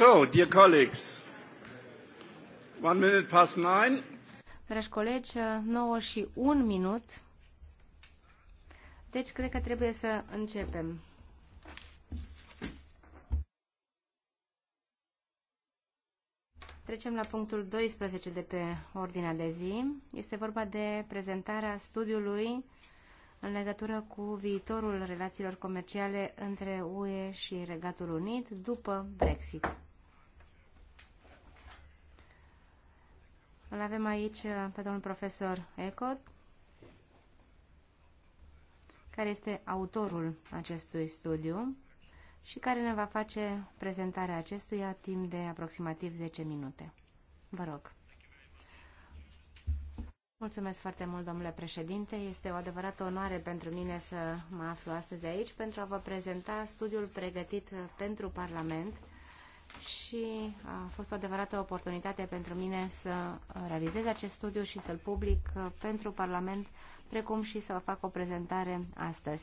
So, dear colleagues, one minute past nine. Dragi colegi, 9 și 1 minut. Deci cred că trebuie să începem. Trecem la punctul 12 de pe ordinea de zi. Este vorba de prezentarea studiului în legătură cu viitorul relațiilor comerciale între UE și Regatul Unit după Brexit. Îl avem aici uh, pe domnul profesor Ecot, care este autorul acestui studiu și care ne va face prezentarea acestuia timp de aproximativ 10 minute. Vă rog. Mulțumesc foarte mult, domnule președinte. Este o adevărată onoare pentru mine să mă aflu astăzi aici pentru a vă prezenta studiul pregătit uh, pentru Parlament și a fost o adevărată oportunitate pentru mine să realizez acest studiu și să-l public uh, pentru Parlament, precum și să fac o prezentare astăzi.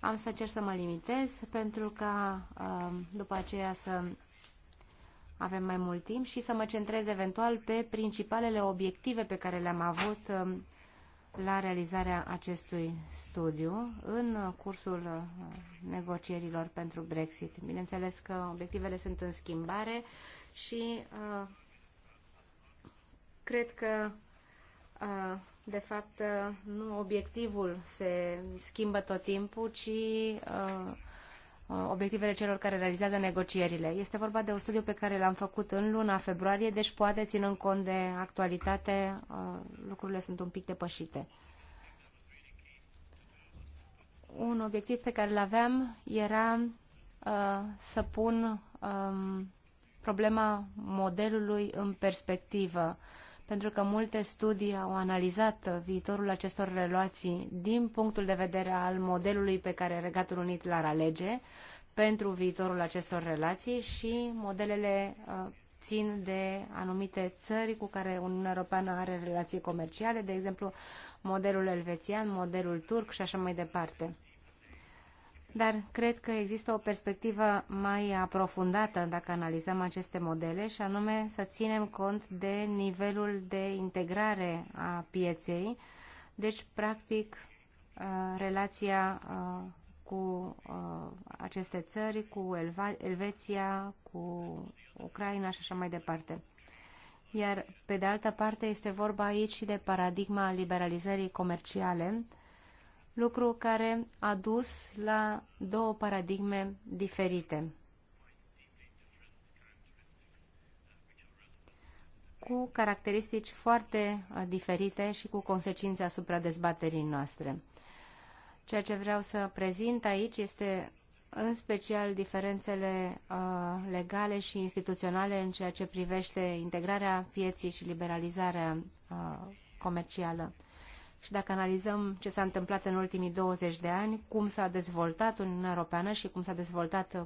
Am să cer să mă limitez pentru ca uh, după aceea să avem mai mult timp și să mă centrez eventual pe principalele obiective pe care le-am avut um, la realizarea acestui studiu în cursul negocierilor pentru Brexit. Bineînțeles că obiectivele sunt în schimbare și uh, cred că uh, de fapt uh, nu obiectivul se schimbă tot timpul, ci uh, Uh, obiectivele celor care realizează negocierile. Este vorba de un studiu pe care l-am făcut în luna februarie, deci poate ținând cont de actualitate, uh, lucrurile sunt un pic depășite. Un obiectiv pe care îl aveam era uh, să pun um, problema modelului în perspectivă. Uh, pentru că multe studii au analizat viitorul acestor relații din punctul de vedere al modelului pe care Regatul Unit l-ar alege pentru viitorul acestor relații și modelele uh, țin de anumite țări cu care Uniunea Europeană are relații comerciale, de exemplu modelul elvețian, modelul turc și așa mai departe dar cred că există o perspectivă mai aprofundată dacă analizăm aceste modele și anume să ținem cont de nivelul de integrare a pieței, deci practic uh, relația uh, cu uh, aceste țări, cu Elveția, cu Ucraina și așa mai departe. Iar, pe de altă parte, este vorba aici și de paradigma liberalizării comerciale, lucru care a dus la două paradigme diferite. cu caracteristici foarte uh, diferite și cu consecințe asupra dezbaterii noastre. Ceea ce vreau să prezint aici este în special diferențele uh, legale și instituționale în ceea ce privește integrarea pieții și liberalizarea uh, comercială și dacă analizăm ce s-a întâmplat în ultimii 20 de ani, cum s-a dezvoltat Uniunea Europeană și cum s-a dezvoltat uh,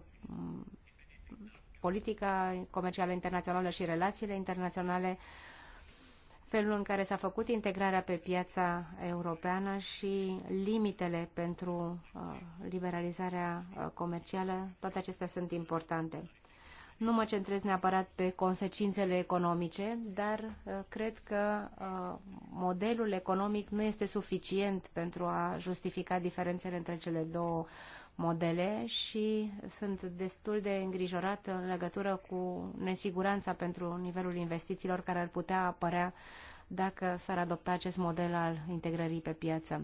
politica comercială internațională și relațiile internaționale, felul în care s-a făcut integrarea pe piața europeană și limitele pentru uh, liberalizarea uh, comercială, toate acestea sunt importante. Nu mă centrez neapărat pe consecințele economice, dar uh, cred că uh, modelul economic nu este suficient pentru a justifica diferențele între cele două modele și sunt destul de îngrijorată în legătură cu nesiguranța pentru nivelul investițiilor care ar putea apărea dacă s-ar adopta acest model al integrării pe piață.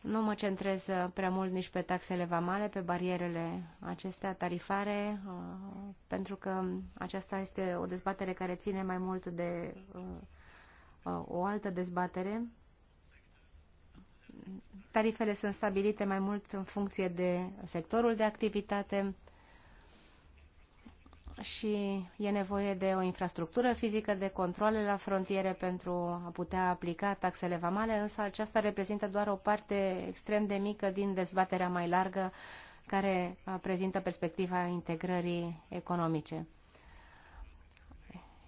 Nu mă centrez uh, prea mult nici pe taxele vamale, pe barierele acestea tarifare, uh, pentru că aceasta este o dezbatere care ține mai mult de uh, o altă dezbatere. Tarifele sunt stabilite mai mult în funcție de sectorul de activitate, și e nevoie de o infrastructură fizică de controle la frontiere pentru a putea aplica taxele vamale, însă aceasta reprezintă doar o parte extrem de mică din dezbaterea mai largă care prezintă perspectiva integrării economice.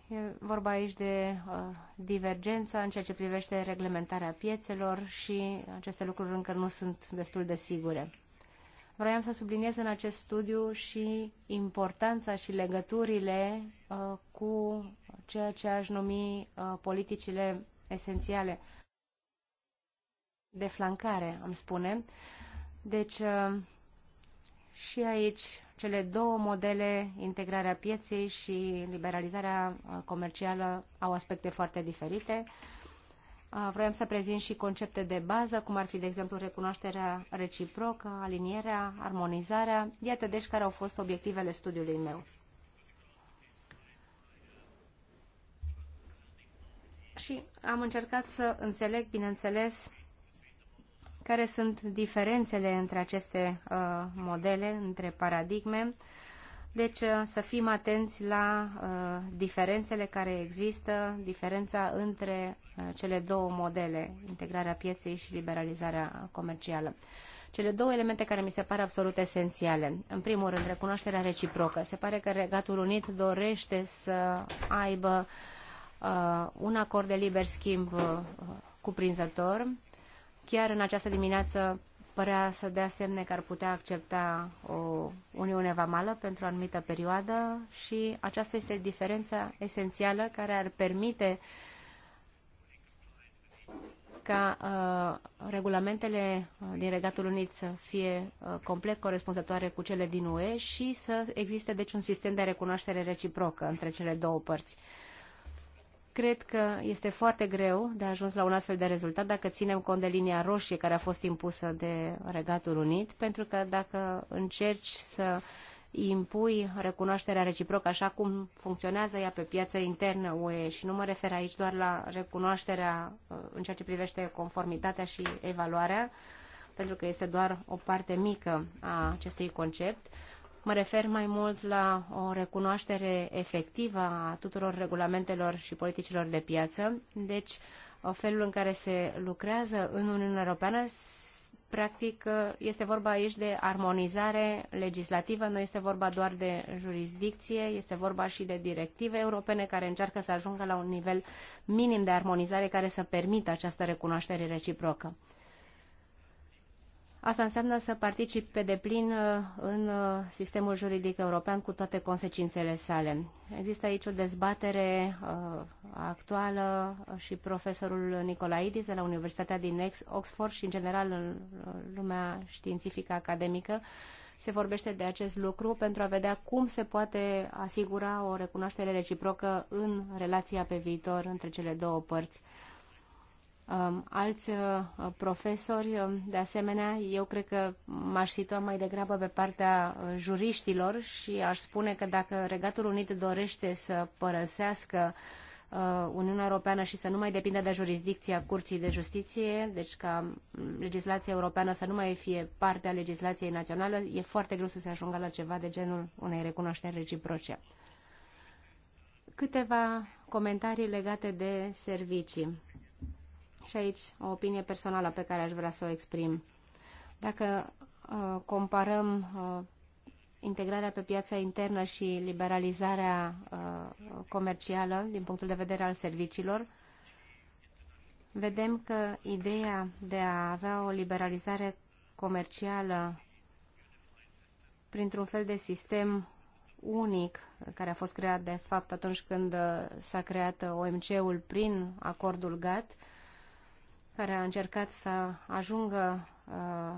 E vorba aici de uh, divergența în ceea ce privește reglementarea piețelor și aceste lucruri încă nu sunt destul de sigure. Vroiam să subliniez în acest studiu și importanța și legăturile uh, cu ceea ce aș numi uh, politicile esențiale de flancare, am spune. Deci, uh, și aici cele două modele, integrarea pieței și liberalizarea uh, comercială, au aspecte foarte diferite. Uh, Vroiam să prezint și concepte de bază, cum ar fi, de exemplu, recunoașterea reciprocă, alinierea, armonizarea. Iată, deci, care au fost obiectivele studiului meu. Și am încercat să înțeleg, bineînțeles, care sunt diferențele între aceste uh, modele, între paradigme. Deci uh, să fim atenți la uh, diferențele care există, diferența între Uh, cele două modele, integrarea pieței și liberalizarea comercială. Cele două elemente care mi se par absolut esențiale. În primul rând, recunoașterea reciprocă. Se pare că Regatul Unit dorește să aibă uh, un acord de liber schimb uh, cuprinzător. Chiar în această dimineață părea să dea semne că ar putea accepta o Uniune Vamală pentru o anumită perioadă și aceasta este diferența esențială care ar permite uh, ca uh, regulamentele uh, din Regatul Unit să fie uh, complet corespunzătoare cu cele din UE și să existe deci un sistem de recunoaștere reciprocă între cele două părți. Cred că este foarte greu de ajuns la un astfel de rezultat dacă ținem cont de linia roșie care a fost impusă de Regatul Unit, pentru că dacă încerci să uh, impui recunoașterea reciprocă așa cum funcționează ea pe piața internă UE și nu mă refer aici doar la recunoașterea uh, în ceea ce privește conformitatea și evaluarea, pentru că este doar o parte mică a acestui concept. Mă refer mai mult la o recunoaștere efectivă a tuturor regulamentelor și politicilor de piață, deci felul în care se lucrează în Uniunea Europeană Practic, uh, este vorba aici de armonizare legislativă, nu este vorba doar de jurisdicție, este vorba și de directive europene care încearcă să ajungă la un nivel minim de armonizare care să permită această recunoaștere reciprocă. Asta înseamnă să participi pe deplin uh, în uh, sistemul juridic european cu toate consecințele sale. Există aici o dezbatere uh, actuală și profesorul Nicolaidis de la Universitatea din Oxford și în general în lumea științifică academică se vorbește de acest lucru pentru a vedea cum se poate asigura o recunoaștere reciprocă în relația pe viitor între cele două părți Um, alți uh, profesori. Um, de asemenea, eu cred că m-aș situa mai degrabă pe partea uh, juriștilor și aș spune că dacă Regatul Unit dorește să părăsească uh, Uniunea Europeană și să nu mai depindă de jurisdicția Curții de Justiție, deci ca um, legislația europeană să nu mai fie parte a legislației naționale, e foarte greu să se ajungă la ceva de genul unei recunoașteri reciproce. Câteva comentarii legate de servicii. Și aici o opinie personală pe care aș vrea să o exprim. Dacă uh, comparăm uh, integrarea pe piața internă și liberalizarea uh, comercială din punctul de vedere al serviciilor, vedem că ideea de a avea o liberalizare comercială printr-un fel de sistem unic care a fost creat de fapt atunci când uh, s-a creat uh, OMC-ul prin acordul GATT, care a încercat să ajungă uh,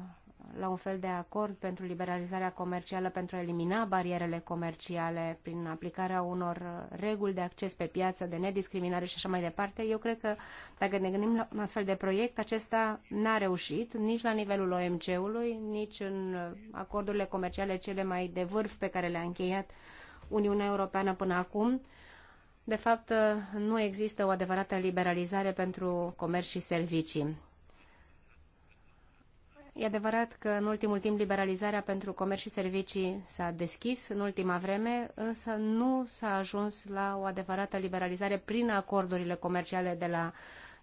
la un fel de acord pentru liberalizarea comercială, pentru a elimina barierele comerciale prin aplicarea unor uh, reguli de acces pe piață, de nediscriminare și așa mai departe, eu cred că dacă ne gândim la un astfel de proiect, acesta n-a reușit nici la nivelul OMC-ului, nici în uh, acordurile comerciale cele mai de vârf pe care le-a încheiat Uniunea Europeană până acum de fapt, nu există o adevărată liberalizare pentru comerț și servicii. E adevărat că în ultimul timp liberalizarea pentru comerț și servicii s-a deschis în ultima vreme, însă nu s-a ajuns la o adevărată liberalizare prin acordurile comerciale de la uh,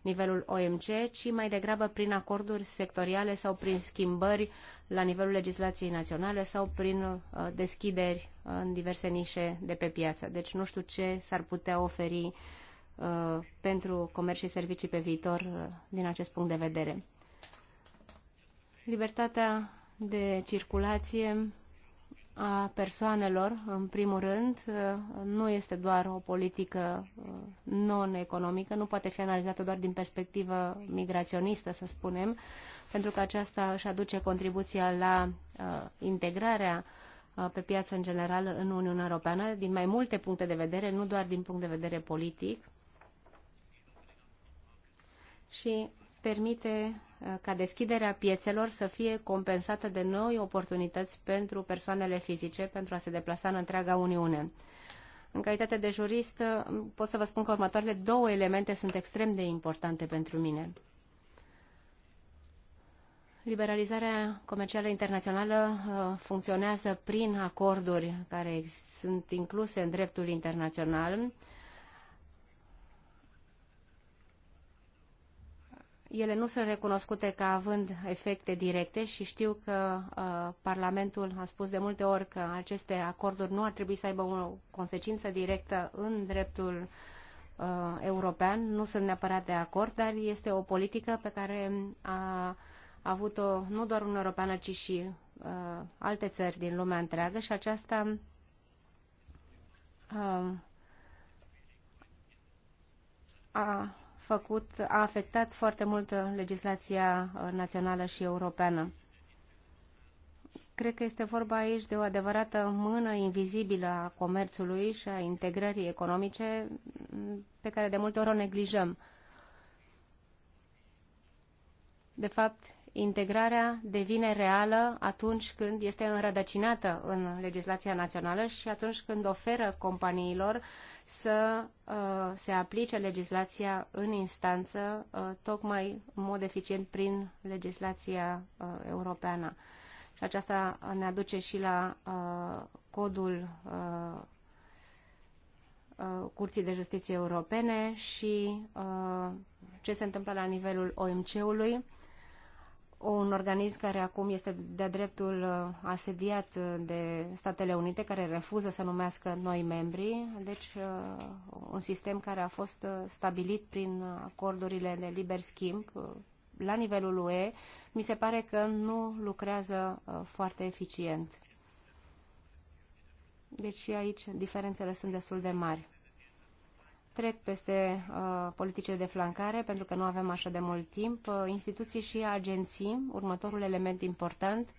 nivelul OMC, ci mai degrabă prin acorduri sectoriale sau prin schimbări la nivelul legislației naționale sau prin uh, deschideri uh, în diverse nișe de pe piață. Deci nu știu ce s-ar putea oferi uh, pentru comerț și servicii pe viitor uh, din acest punct de vedere. Libertatea de circulație a persoanelor, în primul rând, uh, nu este doar o politică uh, non-economică, nu poate fi analizată doar din perspectivă migraționistă, să spunem, pentru că aceasta își aduce contribuția la uh, integrarea pe piață în general în Uniunea Europeană, din mai multe puncte de vedere, nu doar din punct de vedere politic, și permite ca deschiderea piețelor să fie compensată de noi oportunități pentru persoanele fizice pentru a se deplasa în întreaga Uniune. În calitate de jurist, pot să vă spun că următoarele două elemente sunt extrem de importante pentru mine. Liberalizarea comercială internațională uh, funcționează prin acorduri care sunt incluse în dreptul internațional ele nu sunt recunoscute ca având efecte directe și știu că uh, Parlamentul a spus de multe ori că aceste acorduri nu ar trebui să aibă o consecință directă în dreptul uh, european. Nu sunt neapărat de acord, dar este o politică pe care a avut-o nu doar Uniunea Europeană, ci și uh, alte țări din lumea întreagă și aceasta uh, a făcut a afectat foarte mult legislația uh, națională și europeană. Cred că este vorba aici de o adevărată mână invizibilă a comerțului și a integrării economice mm, pe care de multe ori o neglijăm. De fapt, integrarea devine reală atunci când este înrădăcinată în legislația națională și atunci când oferă companiilor să uh, se aplice legislația în instanță, uh, tocmai în mod eficient prin legislația uh, europeană. Și aceasta ne aduce și la uh, codul uh, uh Curții de Justiție Europene și uh, ce se întâmplă la nivelul OMC-ului un organism care acum este de-a dreptul uh, asediat uh, de Statele Unite, care refuză să numească noi membri, deci uh, un sistem care a fost stabilit prin acordurile de liber schimb la nivelul UE, mi se pare că nu lucrează foarte eficient. Deci și aici diferențele sunt destul de mari. Trec peste uh, politicile de flancare, pentru că nu avem așa de mult timp. Uh, instituții și agenții, următorul element important.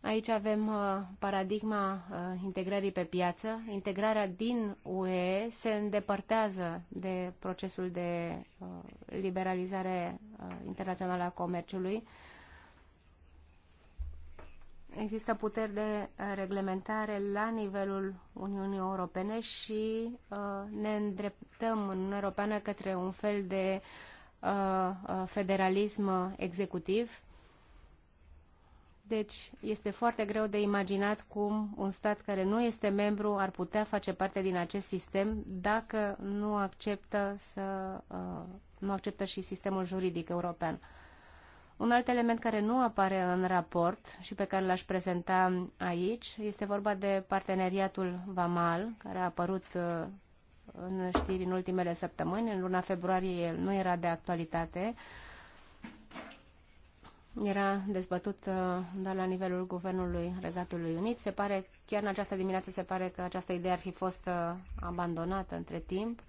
Aici avem uh, paradigma uh, integrării pe piață. Integrarea din UE se îndepărtează de procesul de uh, liberalizare uh, internațională a comerțului. Uh, există puteri de reglementare la nivelul Uniunii Europene și uh, ne îndreptăm în Uniunea Europeană către un fel de uh, uh, federalism executiv. Deci este foarte greu de imaginat cum un stat care nu este membru ar putea face parte din acest sistem dacă nu acceptă, să, nu acceptă și sistemul juridic european. Un alt element care nu apare în raport și pe care l-aș prezenta aici este vorba de parteneriatul VAMAL, care a apărut uh, în știri în ultimele săptămâni. În luna februarie el nu era de actualitate. Era dezbătut uh, doar la nivelul Guvernului Regatului Unit. Se pare, chiar în această dimineață se pare că această idee ar fi fost uh, abandonată între timp. Uh,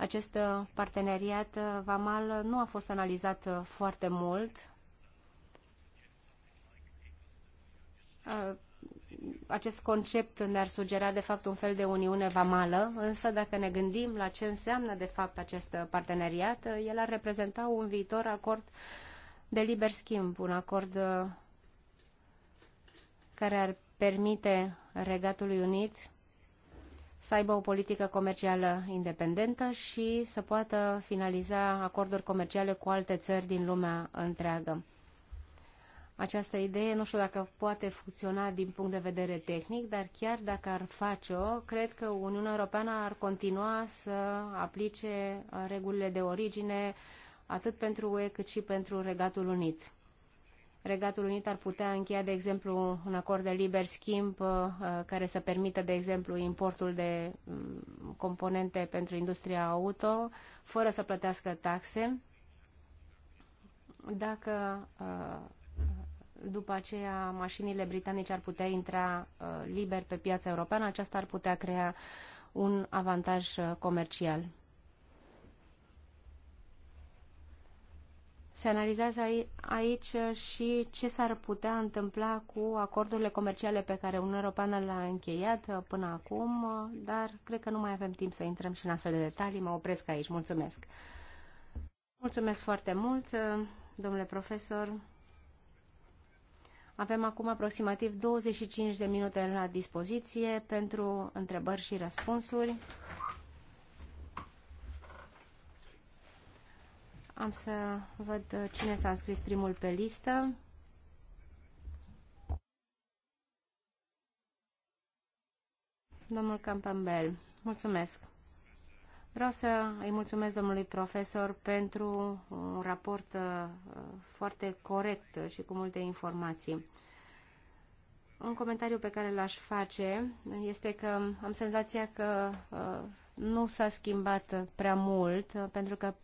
acest uh, parteneriat uh, VAMAL nu a fost analizat uh, foarte mult. Acest concept ne-ar sugera de fapt un fel de uniune vamală, însă dacă ne gândim la ce înseamnă de fapt acest parteneriat, el ar reprezenta un viitor acord de liber schimb, un acord care ar permite Regatului Unit să aibă o politică comercială independentă și să poată finaliza acorduri comerciale cu alte țări din lumea întreagă. Această idee, nu știu dacă poate funcționa din punct de vedere tehnic, dar chiar dacă ar face-o, cred că Uniunea Europeană ar continua să aplice regulile de origine atât pentru UE cât și pentru Regatul Unit. Regatul Unit ar putea încheia, de exemplu, un acord de liber schimb uh, care să permită, de exemplu, importul de mm, componente pentru industria auto, fără să plătească taxe. Dacă uh, după aceea mașinile britanice ar putea intra uh, liber pe piața europeană, aceasta ar putea crea un avantaj comercial. Se analizează aici și ce s-ar putea întâmpla cu acordurile comerciale pe care Uniunea Europeană le-a încheiat până acum, dar cred că nu mai avem timp să intrăm și în astfel de detalii. Mă opresc aici. Mulțumesc! Mulțumesc foarte mult, domnule profesor. Avem acum aproximativ 25 de minute la dispoziție pentru întrebări și răspunsuri. Am să văd uh, cine s-a înscris primul pe listă. Domnul Campambel, mulțumesc. Vreau să îi mulțumesc domnului profesor pentru un raport uh, foarte corect și cu multe informații. Un comentariu pe care l-aș face este că am senzația că uh, nu s-a schimbat prea mult, pentru că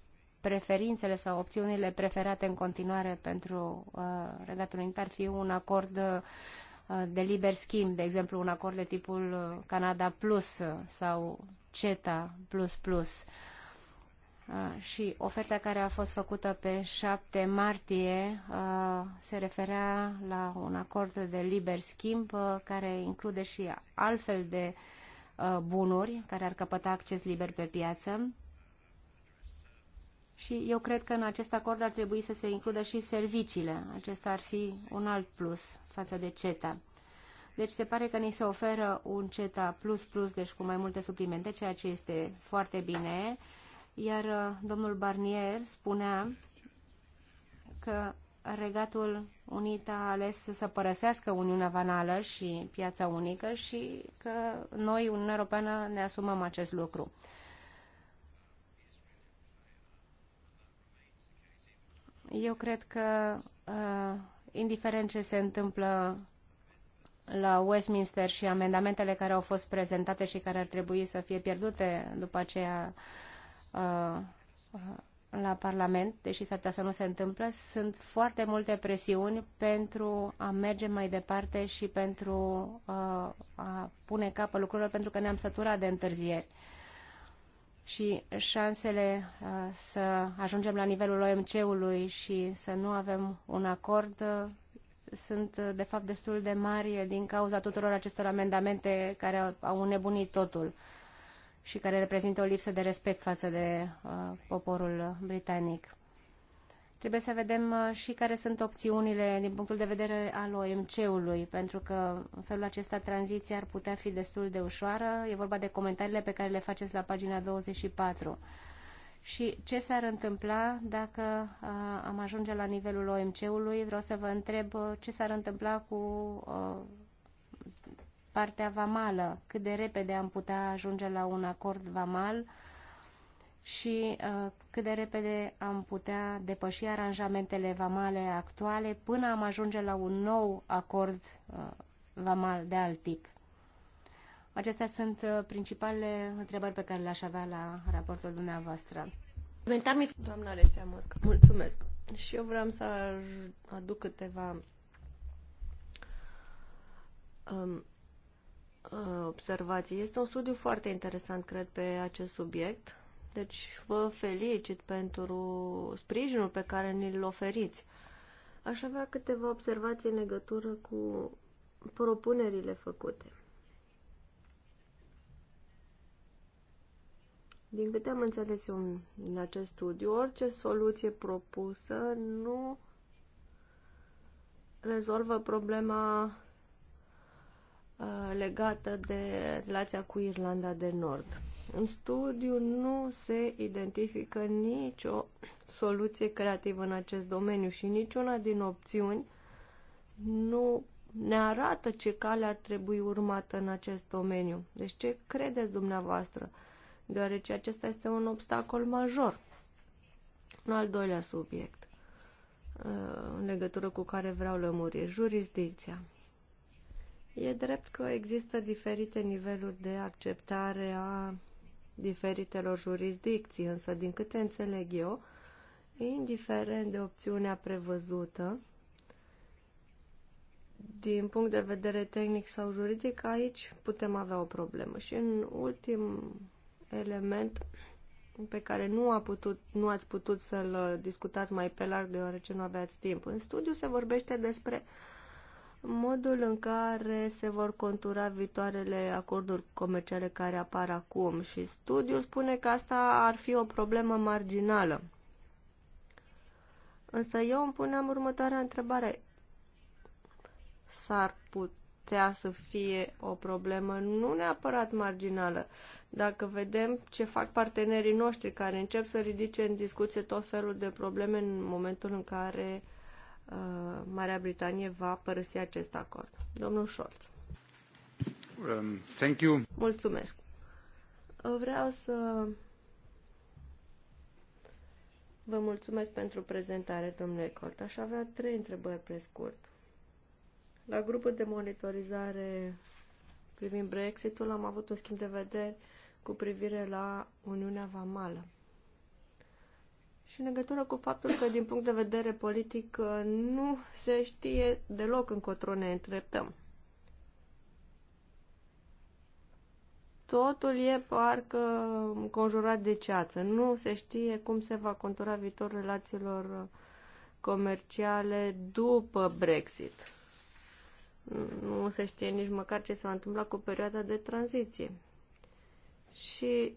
preferințele sau opțiunile preferate în continuare pentru uh, Regatul Unit ar fi un acord uh, de liber schimb, de exemplu un acord de tipul uh, Canada Plus uh, sau CETA Plus Plus. Uh, și oferta care a fost făcută pe 7 martie se referea la un acord de liber schimb care include și altfel de bunuri care ar căpăta acces liber pe piață și eu cred că în acest acord ar trebui să se includă și serviciile. Acesta ar fi un alt plus față de CETA. Deci se pare că ni se oferă un CETA plus plus, deci cu mai multe suplimente, ceea ce este foarte bine. Iar uh, domnul Barnier spunea că Regatul Unit a ales să părăsească Uniunea Vanală și piața unică și că noi, Uniunea Europeană, ne asumăm acest lucru. Eu cred că, uh, indiferent ce se întâmplă la Westminster și amendamentele care au fost prezentate și care ar trebui să fie pierdute după aceea uh, la Parlament, deși s-ar putea să nu se întâmplă, sunt foarte multe presiuni pentru a merge mai departe și pentru uh, a pune capăt lucrurilor, pentru că ne-am săturat de întârzieri și șansele uh, să ajungem la nivelul OMC-ului și să nu avem un acord uh, sunt uh, de fapt destul de mari din cauza tuturor acestor amendamente care au înnebunit totul și care reprezintă o lipsă de respect față de uh, poporul britanic. Trebuie să vedem uh, și care sunt opțiunile din punctul de vedere al OMC-ului, pentru că în felul acesta tranziția ar putea fi destul de ușoară. E vorba de comentariile pe care le faceți la pagina 24. Și ce s-ar întâmpla dacă uh, am ajunge la nivelul OMC-ului? Vreau să vă întreb uh, ce s-ar întâmpla cu a partea vamală, cât de repede am putea ajunge la un acord vamal și uh, cât de repede am putea depăși aranjamentele vamale actuale până am ajunge la un nou acord uh, vamal de alt tip. Acestea sunt uh, principalele întrebări pe care le-aș avea la raportul dumneavoastră. Doamna Alessia Mosca, mulțumesc. Și eu vreau să aduc câteva um, uh, observații. Este un studiu foarte interesant, cred, pe acest subiect deci vă felicit pentru sprijinul pe care ni-l oferiți. Aș avea câteva observații în legătură cu propunerile făcute. Din câte am înțeles eu în acest studiu, orice soluție propusă nu rezolvă problema Uh, legată de relația cu Irlanda de Nord. În studiu nu se identifică nicio soluție creativă în acest domeniu și niciuna din opțiuni nu ne arată ce cale ar trebui urmată în acest domeniu. Deci ce credeți dumneavoastră? Deoarece acesta este un obstacol major. Un al doilea subiect uh, în legătură cu care vreau lămuriri, jurisdicția. E drept că există diferite niveluri de acceptare a diferitelor jurisdicții, însă, din câte înțeleg eu, indiferent de opțiunea prevăzută, din punct de vedere tehnic sau juridic, aici putem avea o problemă. Și în ultim element pe care nu, a putut, nu ați putut să-l discutați mai pe larg deoarece nu aveați timp. În studiu se vorbește despre uh, modul în care se vor contura viitoarele acorduri comerciale care apar acum și studiul spune că asta ar fi o problemă marginală. Însă eu îmi puneam următoarea întrebare. S-ar putea să fie o problemă nu neapărat marginală. Dacă vedem ce fac partenerii noștri care încep să ridice în discuție tot felul de probleme în momentul în care Uh, Marea Britanie va părăsi acest acord. Domnul Scholz. Um, thank you. Mulțumesc. Uh, vreau să vă mulțumesc pentru prezentare, domnule Cort. Aș avea trei întrebări pe scurt. La grupul de monitorizare privind Brexitul am avut un schimb de vedere cu privire la Uniunea Vamală și în legătură cu faptul că, din punct de vedere politic, nu se știe deloc încotro ne întreptăm. Totul e parcă conjurat de ceață. Nu se știe cum se va contura viitorul relațiilor comerciale după Brexit. Nu se știe nici măcar ce se va întâmpla cu perioada de tranziție. Și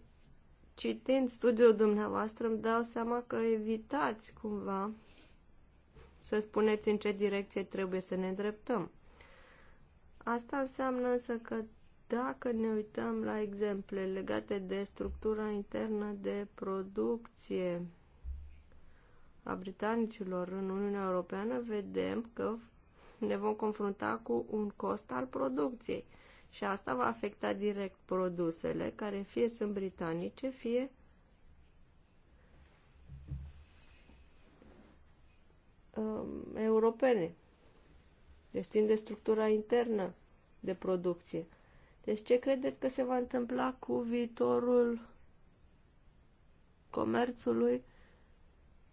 Citind studiul dumneavoastră, îmi dau seama că evitați cumva să spuneți în ce direcție trebuie să ne îndreptăm. Asta înseamnă însă că dacă ne uităm la exemple legate de structura internă de producție a britanicilor în Uniunea Europeană, vedem că ne vom confrunta cu un cost al producției. Și asta va afecta direct produsele care fie sunt britanice, fie um, europene. Deci țin de structura internă de producție. Deci ce credeți că se va întâmpla cu viitorul comerțului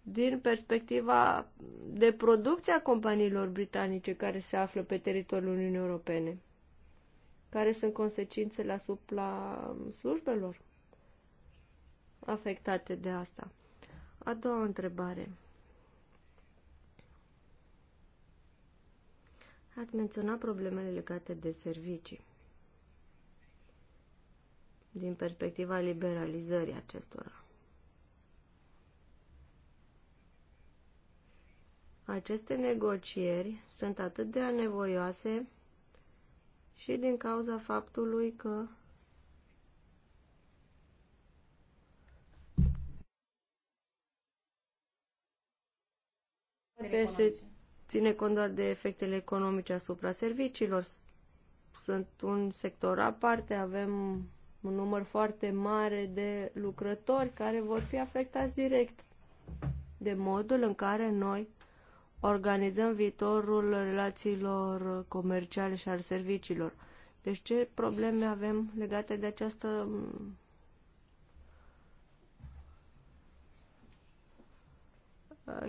din perspectiva de producție a companiilor britanice care se află pe teritoriul Uniunii Europene? care sunt consecințele asupra slujbelor afectate de asta. A doua întrebare. Ați menționat problemele legate de servicii din perspectiva liberalizării acestora. Aceste negocieri sunt atât de anevoioase și din cauza faptului că că se ține cont doar de efectele economice asupra serviciilor. Sunt un sector aparte, avem un număr foarte mare de lucrători care vor fi afectați direct de modul în care noi organizăm viitorul relațiilor comerciale și al serviciilor. Deci ce probleme avem legate de această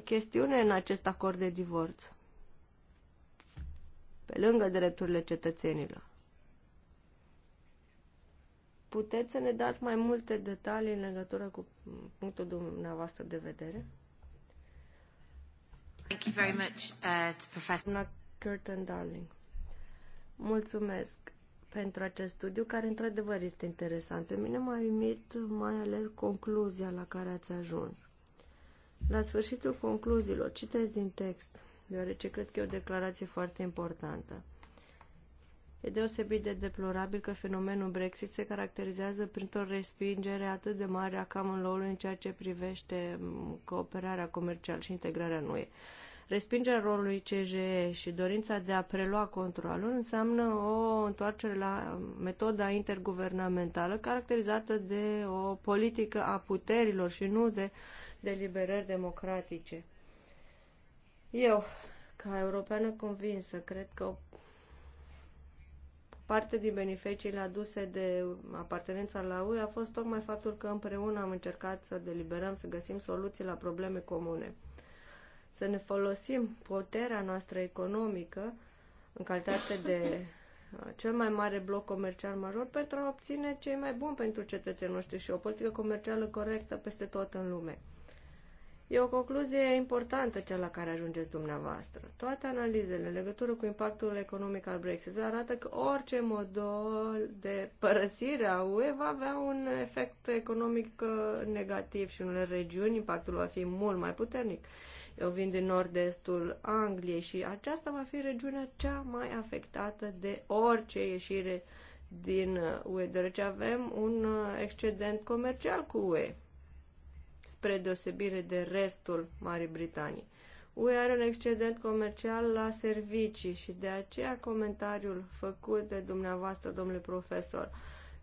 chestiune în acest acord de divorț? Pe lângă drepturile cetățenilor. Puteți să ne dați mai multe detalii în legătură cu punctul dumneavoastră de vedere? Uh, Darling. Mulțumesc pentru acest studiu, care într-adevăr este interesant. Pe mine m-a imit mai ales concluzia la care ați ajuns. La sfârșitul concluziilor, citesc din text, deoarece cred că e o declarație foarte importantă. E deosebit de deplorabil că fenomenul Brexit se caracterizează printr-o respingere atât de mare a common law în ceea ce privește cooperarea comercială și integrarea în UE. Respingerea rolului CGE și dorința de a prelua controlul înseamnă o întoarcere la metoda interguvernamentală caracterizată de o politică a puterilor și nu de deliberări democratice. Eu, ca europeană convinsă, cred că Parte din beneficiile aduse de apartenența la UE a fost tocmai faptul că împreună am încercat să deliberăm, să găsim soluții la probleme comune. Să ne folosim puterea noastră economică în calitate de uh, cel mai mare bloc comercial major pentru a obține cei mai buni pentru cetățenii noștri și o politică comercială corectă peste tot în lume. E o concluzie importantă cea la care ajungeți dumneavoastră. Toate analizele în legătură cu impactul economic al Brexitului arată că orice model de părăsire a UE va avea un efect economic uh, negativ și în unele regiuni impactul va fi mult mai puternic. Eu vin din nord-estul Angliei și aceasta va fi regiunea cea mai afectată de orice ieșire din UE, uh, deoarece avem un uh, excedent comercial cu UE spre deosebire de restul Marii Britanii. UE are un excedent comercial la servicii și de aceea comentariul făcut de dumneavoastră, domnule profesor,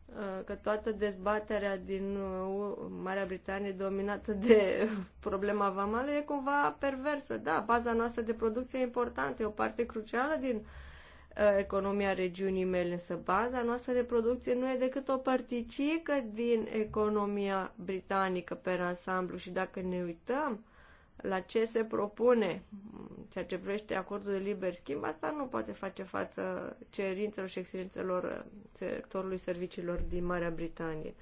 uh, că toată dezbaterea din uh, Marea Britanie dominată de problema vamală e cumva perversă. Da, baza noastră de producție e importantă, e o parte crucială din uh, Uh, economia regiunii mele, însă baza noastră de producție nu e decât o particică din economia britanică pe ansamblu și dacă ne uităm la ce se propune, ceea ce privește acordul de liber schimb, asta nu poate face față cerințelor și exigențelor uh, sectorului serviciilor din Marea Britanie.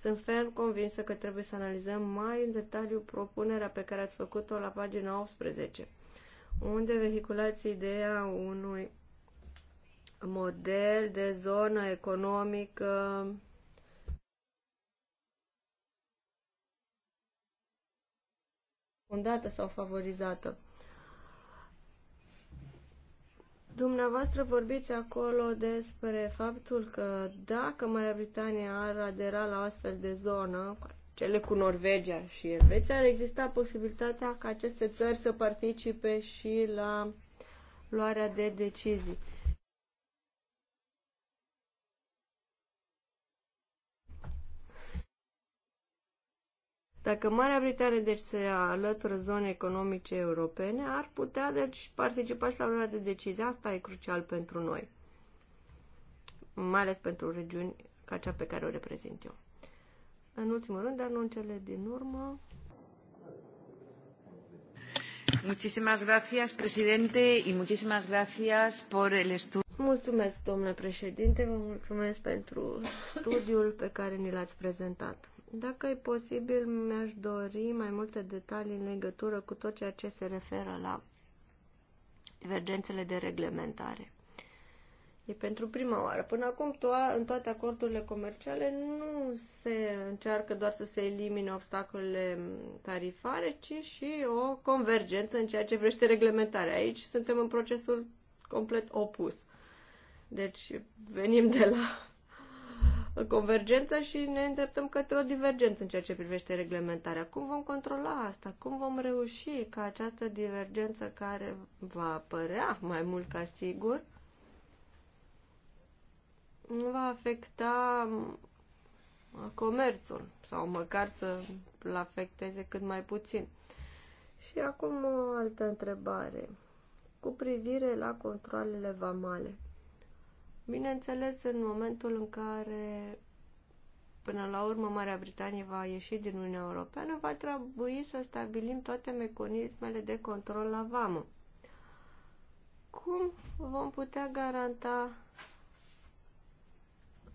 Sunt ferm convinsă că trebuie să analizăm mai în detaliu propunerea pe care ați făcut-o la pagina 18, unde vehiculați ideea unui model de zonă economică fondată sau favorizată. Dumneavoastră vorbiți acolo despre faptul că dacă Marea Britanie ar adera la astfel de zonă, cele cu Norvegia și Elveția, ar exista posibilitatea ca aceste țări să participe și la luarea de decizii. Dacă Marea Britanie deci se alătură zonei economice europene, ar putea deci participa și la luarea de decizie. Asta e crucial pentru noi, mai ales pentru regiuni ca cea pe care o reprezint eu. În ultimul rând, dar nu în cele din urmă, Muchísimas gracias, presidente, y muchísimas gracias por el estudio. Mulțumesc, domnule președinte, vă mulțumesc pentru studiul pe care ni l-ați prezentat. Dacă e posibil, mi-aș dori mai multe detalii în legătură cu tot ceea ce se referă la divergențele de reglementare. E pentru prima oară. Până acum, to- în toate acordurile comerciale nu se încearcă doar să se elimine obstacolele tarifare, ci și o convergență în ceea ce vrește reglementarea. Aici suntem în procesul complet opus. Deci venim de la convergență și ne îndreptăm către o divergență în ceea ce privește reglementarea. Cum vom controla asta? Cum vom reuși ca această divergență care va apărea mai mult ca sigur nu va afecta comerțul sau măcar să-l afecteze cât mai puțin. Și acum o altă întrebare cu privire la controlele vamale. Bineînțeles, în momentul în care, până la urmă, Marea Britanie va ieși din Uniunea Europeană, va trebui să stabilim toate mecanismele de control la vamă. Cum vom putea garanta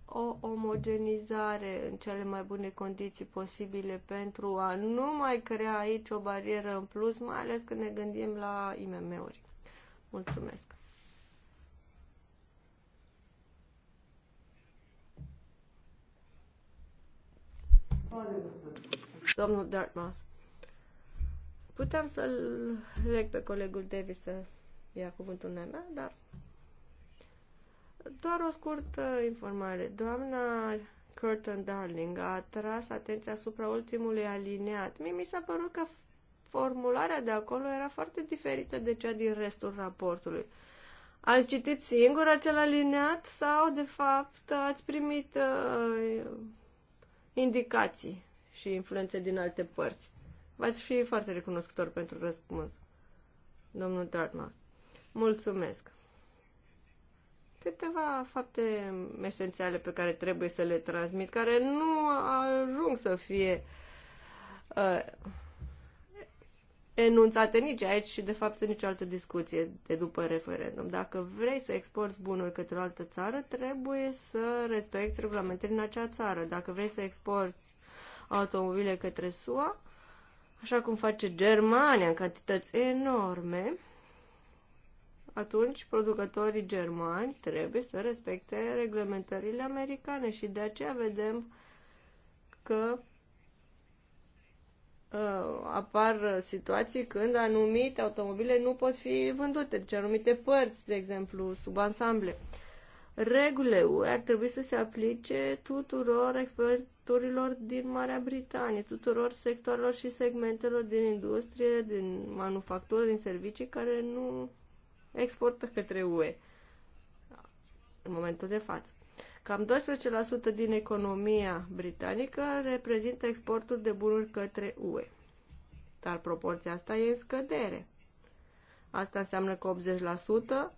o omogenizare în cele mai bune condiții posibile pentru a nu mai crea aici o barieră în plus, mai ales când ne gândim la IMM-uri? Mulțumesc! Domnul Dartmouth. puteam să-l leg pe colegul Davis să ia cuvântul meu, dar doar o scurtă informare. Doamna Curtin Darling a atras atenția asupra ultimului alineat. Mie mi s-a părut că formularea de acolo era foarte diferită de cea din restul raportului. Ați citit singur acel alineat sau, de fapt, ați primit uh, indicații și influențe din alte părți. V-ați fi foarte recunoscător pentru răspuns, domnul Dartmouth. Mulțumesc! Câteva fapte esențiale pe care trebuie să le transmit, care nu ajung să fie uh, enunțate nici aici și, de fapt, în nicio altă discuție de după referendum. Dacă vrei să exporți bunuri către o altă țară, trebuie să respecti regulamentele în acea țară. Dacă vrei să exporți automobile către SUA, așa cum face Germania în cantități enorme, atunci producătorii germani trebuie să respecte reglementările americane și de aceea vedem că Uh, apar situații când anumite automobile nu pot fi vândute, deci anumite părți, de exemplu, sub ansamble. Regulile UE ar trebui să se aplice tuturor exporturilor din Marea Britanie, tuturor sectoarelor și segmentelor din industrie, din manufactură, din servicii care nu exportă către UE în momentul de față. Cam 12% din economia britanică reprezintă exportul de bunuri către UE. Dar proporția asta e în scădere. Asta înseamnă că 80%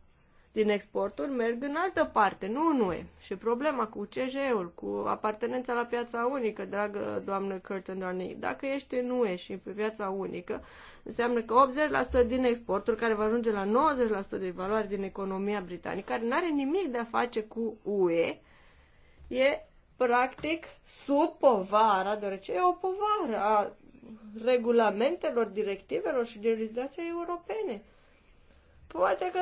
din exporturi merg în altă parte, nu în UE. Și problema cu CJ-ul, cu apartenența la piața unică, dragă doamnă Curtin Darnay, dacă ești în UE și pe piața unică, înseamnă că 80% din exporturi, care va ajunge la 90% de valoare din economia britanică, care nu are nimic de a face cu UE, e practic sub povara, deoarece e o povară a regulamentelor, directivelor și legislației europene. Poate că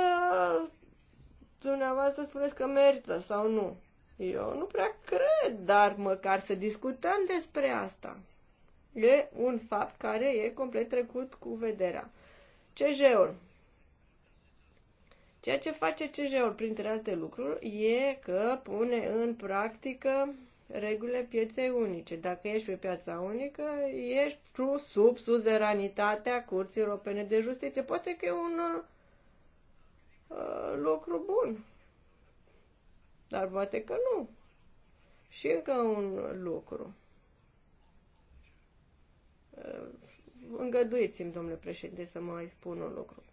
dumneavoastră spuneți că merită sau nu. Eu nu prea cred, dar măcar să discutăm despre asta. E un fapt care e complet trecut cu vederea. CJ-ul, Ceea ce face CJ-ul, printre alte lucruri, e că pune în practică regulile pieței unice. Dacă ești pe piața unică, ești sub suzeranitatea Curții Europene de Justiție. Poate că e un uh, lucru bun, dar poate că nu. Și încă un lucru. Uh, îngăduiți-mi, domnule președinte, să mai spun un lucru.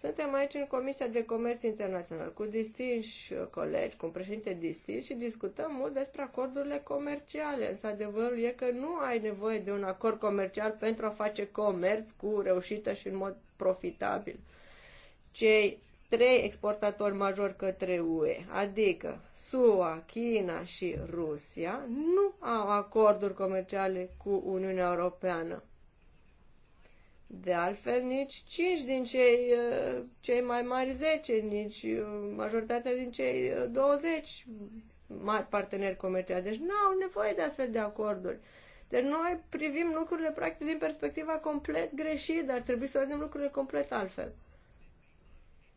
Suntem aici în Comisia de Comerț Internațional cu distinși uh, colegi, cu un președinte distins și discutăm mult despre acordurile comerciale. Însă adevărul e că nu ai nevoie de un acord comercial pentru a face comerț cu reușită și în mod profitabil. Cei trei exportatori majori către UE, adică SUA, China și Rusia, nu au acorduri comerciale cu Uniunea Europeană de altfel, nici 5 din cei, uh, cei mai mari 10, nici uh, majoritatea din cei 20 uh, mari parteneri comerciali. Deci nu au nevoie de astfel de acorduri. Deci noi privim lucrurile practic din perspectiva complet greșită, dar trebuie să vedem lucrurile complet altfel.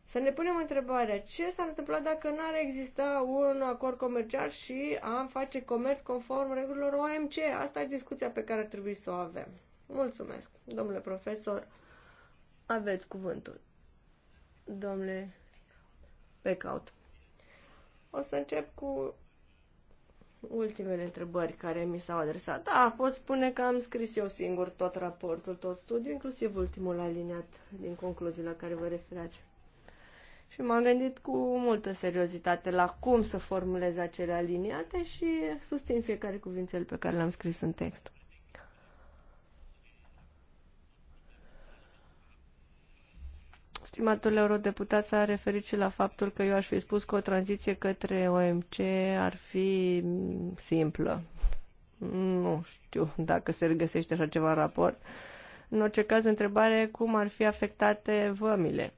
Să ne punem întrebarea, ce s-ar întâmpla dacă n-ar exista un acord comercial și am face comerț conform regulilor OMC? Asta e discuția pe care ar trebui să o avem. Mulțumesc, domnule profesor. Aveți cuvântul. Domnule Pecaut. O să încep cu ultimele întrebări care mi s-au adresat. Da, pot spune că am scris eu singur tot raportul, tot studiul, inclusiv ultimul aliniat din concluzii la care vă referați. Și m-am gândit cu multă seriozitate la cum să formulez acele aliniate și susțin fiecare cuvințel pe care l-am scris în text. Stimatul eurodeputat s-a referit și la faptul că eu aș fi spus că o tranziție către OMC ar fi mm, simplă. Nu știu dacă se regăsește așa ceva în raport. În orice caz, întrebare cum ar fi afectate vămile.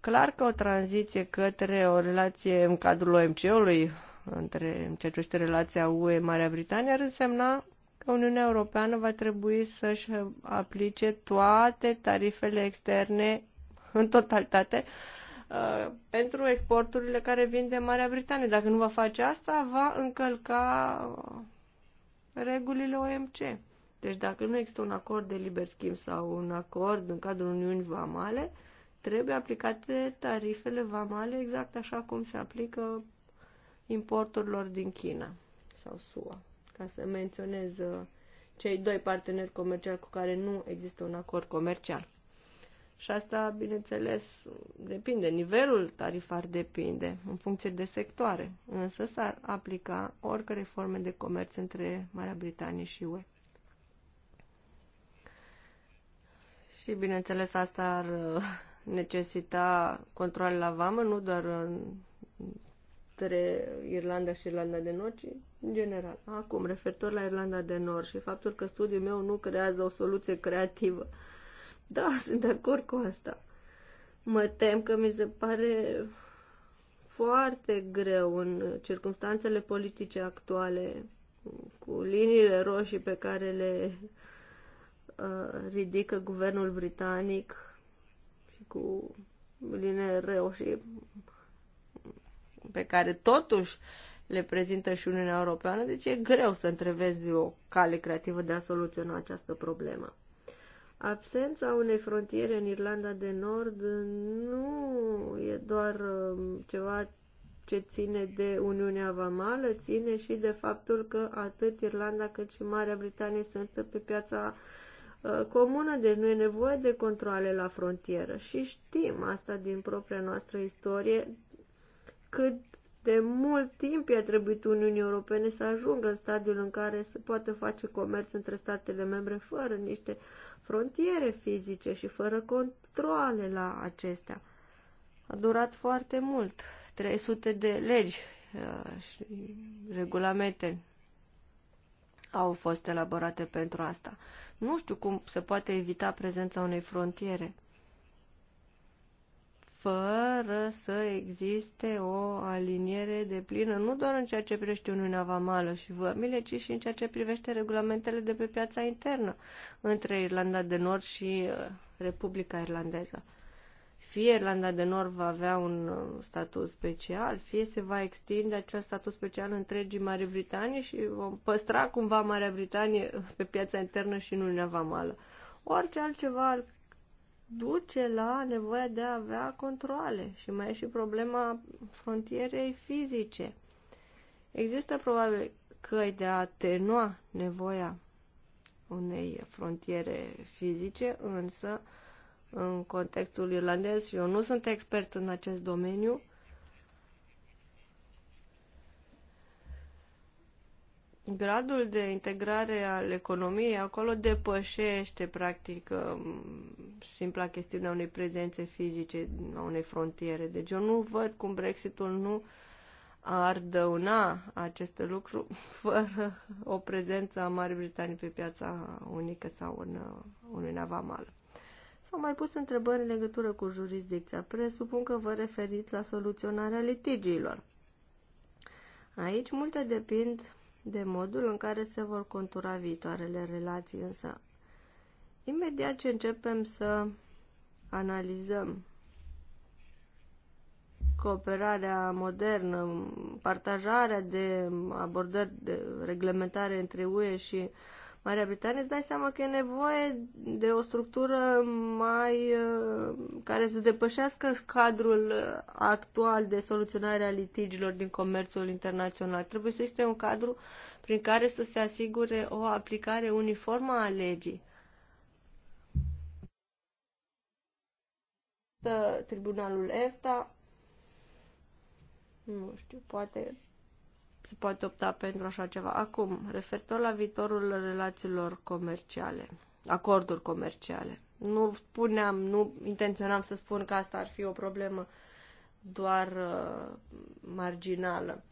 Clar că o tranziție către o relație în cadrul OMC-ului, între ceea ce este relația UE-Marea Britanie, ar însemna că Uniunea Europeană va trebui să-și aplice toate tarifele externe în totalitate uh, pentru exporturile care vin de Marea Britanie. Dacă nu va face asta, va încălca uh, regulile OMC. Deci dacă nu există un acord de liber schimb sau un acord în cadrul Uniunii Vamale, trebuie aplicate tarifele vamale exact așa cum se aplică importurilor din China sau SUA. Ca să menționez uh, cei doi parteneri comerciali cu care nu există un acord comercial. Și asta, bineînțeles, depinde, nivelul tarifar depinde în funcție de sectoare, însă s-ar aplica oricare forme de comerț între Marea Britanie și UE. Și, bineînțeles, asta ar uh, necesita control la vamă, nu doar între Irlanda și Irlanda de Nord, ci în general. Acum, referitor la Irlanda de Nord și faptul că studiul meu nu creează o soluție creativă, uh, da, sunt de acord cu asta. Mă tem că mi se pare foarte greu în circunstanțele politice actuale, cu liniile roșii pe care le uh, ridică guvernul britanic și cu liniile roșii pe care totuși le prezintă și Uniunea Europeană, deci e greu să întrevezi o cale creativă de a soluționa această problemă. Absența unei frontiere în Irlanda de Nord nu e doar um, ceva ce ține de Uniunea Vamală, ține și de faptul că atât Irlanda cât și Marea Britanie sunt pe piața uh, comună, deci nu e nevoie de controle la frontieră. Și știm asta din propria noastră istorie, cât de mult timp i-a trebuit Uniunii Europene să ajungă în stadiul în care se poate face comerț între statele membre fără niște frontiere fizice și fără controle la acestea. A durat foarte mult, 300 de legi uh, și regulamente au fost elaborate pentru asta. Nu știu cum se poate evita prezența unei frontiere fără să existe o aliniere de plină, nu doar în ceea ce privește Uniunea Vamală și vămile, ci și în ceea ce privește regulamentele de pe piața internă între Irlanda de Nord și uh, Republica Irlandeză. Fie Irlanda de Nord va avea un uh, statut special, fie se va extinde acest statut special întregii Marii Britanii și vom păstra cumva Marea Britanie pe piața internă și în Uniunea Vamală. Orice altceva ar duce la nevoia de a avea controle și mai e și problema frontierei fizice. Există probabil căi de a atenua nevoia unei frontiere fizice, însă în contextul irlandez, și eu nu sunt expert în acest domeniu, gradul de integrare al economiei acolo depășește, practic, um, simpla chestiunea unei prezențe fizice a unei frontiere. Deci eu nu văd cum Brexitul nu ar dăuna acest lucru fără o prezență a Marii Britanii pe piața unică sau în uh, Uniunea Vamală. S-au mai pus întrebări în legătură cu jurisdicția. Presupun că vă referiți la soluționarea litigiilor. Aici multe depind de modul în care se vor contura viitoarele relații, însă imediat ce începem să analizăm cooperarea modernă, partajarea de abordări de reglementare între UE și Marea Britanie, îți dai seama că e nevoie de o structură mai uh, care să depășească cadrul uh, actual de soluționare a litigilor din comerțul internațional. Trebuie să existe un cadru prin care să se asigure o aplicare uniformă a legii. Tribunalul EFTA, nu știu, poate se poate opta pentru așa ceva. Acum, referitor la viitorul relațiilor comerciale, acorduri comerciale. Nu spuneam, nu intenționam să spun că asta ar fi o problemă doar uh, marginală.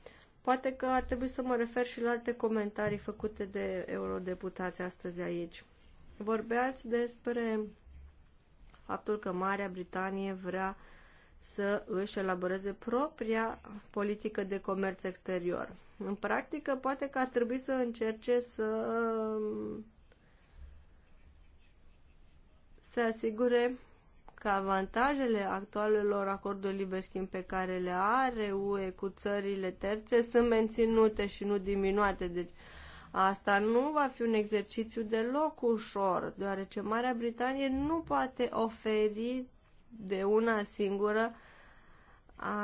Poate că ar trebui să mă refer și la alte comentarii făcute de eurodeputați astăzi aici. Vorbeați despre faptul că Marea Britanie vrea să își elaboreze propria politică de comerț exterior. În practică, poate că ar trebui să încerce să se asigure că avantajele actualelor acorduri liber schimb pe care le are UE cu țările terțe sunt menținute și nu diminuate. Deci asta nu va fi un exercițiu deloc ușor, deoarece Marea Britanie nu poate oferi de una singură uh,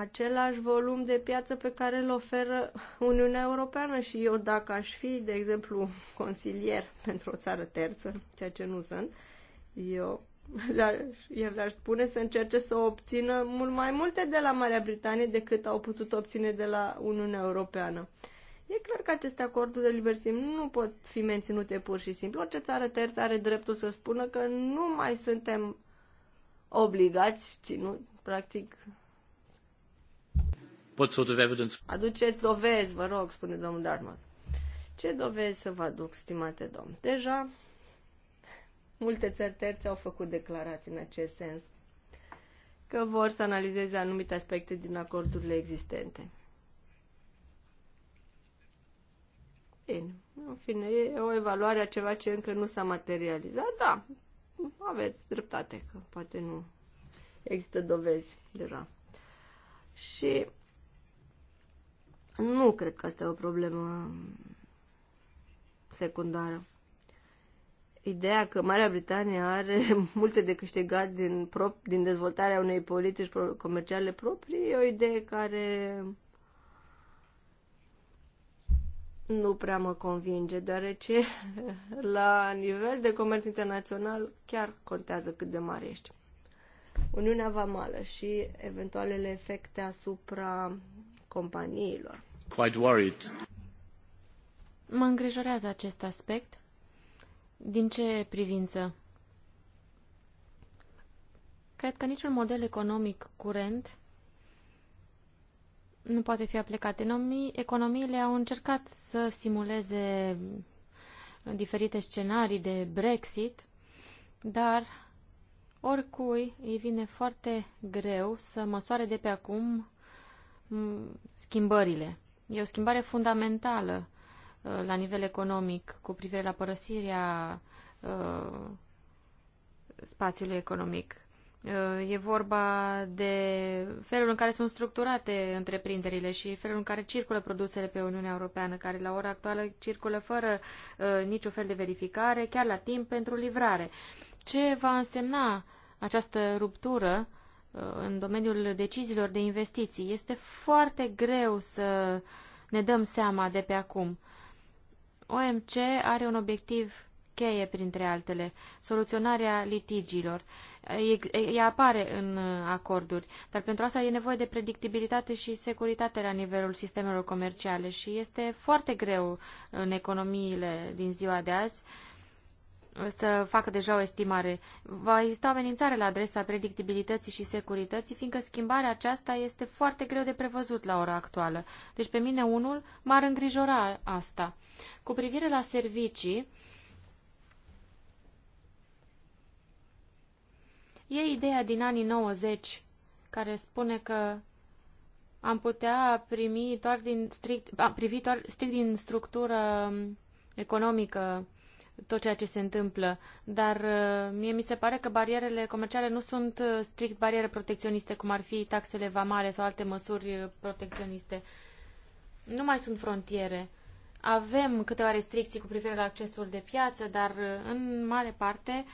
același volum de piață pe care îl oferă Uniunea Europeană și eu dacă aș fi, de exemplu, consilier pentru o țară terță, ceea ce nu sunt, eu el le-aș spune să încerce să obțină mult mai multe de la Marea Britanie decât au putut obține de la Uniunea Europeană. E clar că aceste acorduri de liber schimb nu pot fi menținute pur și simplu. Orice țară terță are dreptul să spună că nu mai suntem obligați, ținut, practic, What sort of evidence? Aduceți dovezi, vă rog, spune domnul Darmat. Ce dovezi să vă aduc, stimate domn? Deja multe țări terțe au făcut declarații în acest sens că vor să analizeze anumite aspecte din acordurile existente. Bine, în fine, e o evaluare a ceva ce încă nu s-a materializat, da, aveți dreptate, că poate nu există dovezi deja. Și nu cred că asta e o problemă secundară. Ideea că Marea Britanie are multe de câștigat din, prop- din dezvoltarea unei politici comerciale proprii e o idee care nu prea mă convinge, deoarece la nivel de comerț internațional chiar contează cât de mare ești. Uniunea Vamală și eventualele efecte asupra companiilor. Quite worried. Mă îngrijorează acest aspect. Din ce privință? Cred că niciun model economic curent nu poate fi aplicat. Economii, economiile au încercat să simuleze diferite scenarii de Brexit, dar oricui îi vine foarte greu să măsoare de pe acum schimbările E o schimbare fundamentală uh, la nivel economic cu privire la părăsirea uh, spațiului economic. Uh, e vorba de felul în care sunt structurate întreprinderile și felul în care circulă produsele pe Uniunea Europeană, care la ora actuală circulă fără uh, niciun fel de verificare, chiar la timp pentru livrare. Ce va însemna această ruptură în domeniul deciziilor de investiții. Este foarte greu să ne dăm seama de pe acum. OMC are un obiectiv cheie, printre altele, soluționarea litigiilor. Ea apare în acorduri, dar pentru asta e nevoie de predictibilitate și securitate la nivelul sistemelor comerciale și este foarte greu în economiile din ziua de azi uh, să facă deja o estimare. Va exista o amenințare la adresa predictibilității și securității, fiindcă schimbarea aceasta este foarte greu de prevăzut la ora actuală. Deci pe mine unul m-ar îngrijora asta. Cu privire la servicii, e ideea din anii 90 care spune că am putea primi doar din strict, a, privi doar strict din structură um, economică tot ceea ce se întâmplă, dar uh, mie mi se pare că barierele comerciale nu sunt uh, strict bariere protecționiste, cum ar fi taxele vamale sau alte măsuri uh, protecționiste. Nu mai sunt frontiere. Avem câteva restricții cu privire la accesul de piață, dar în mare parte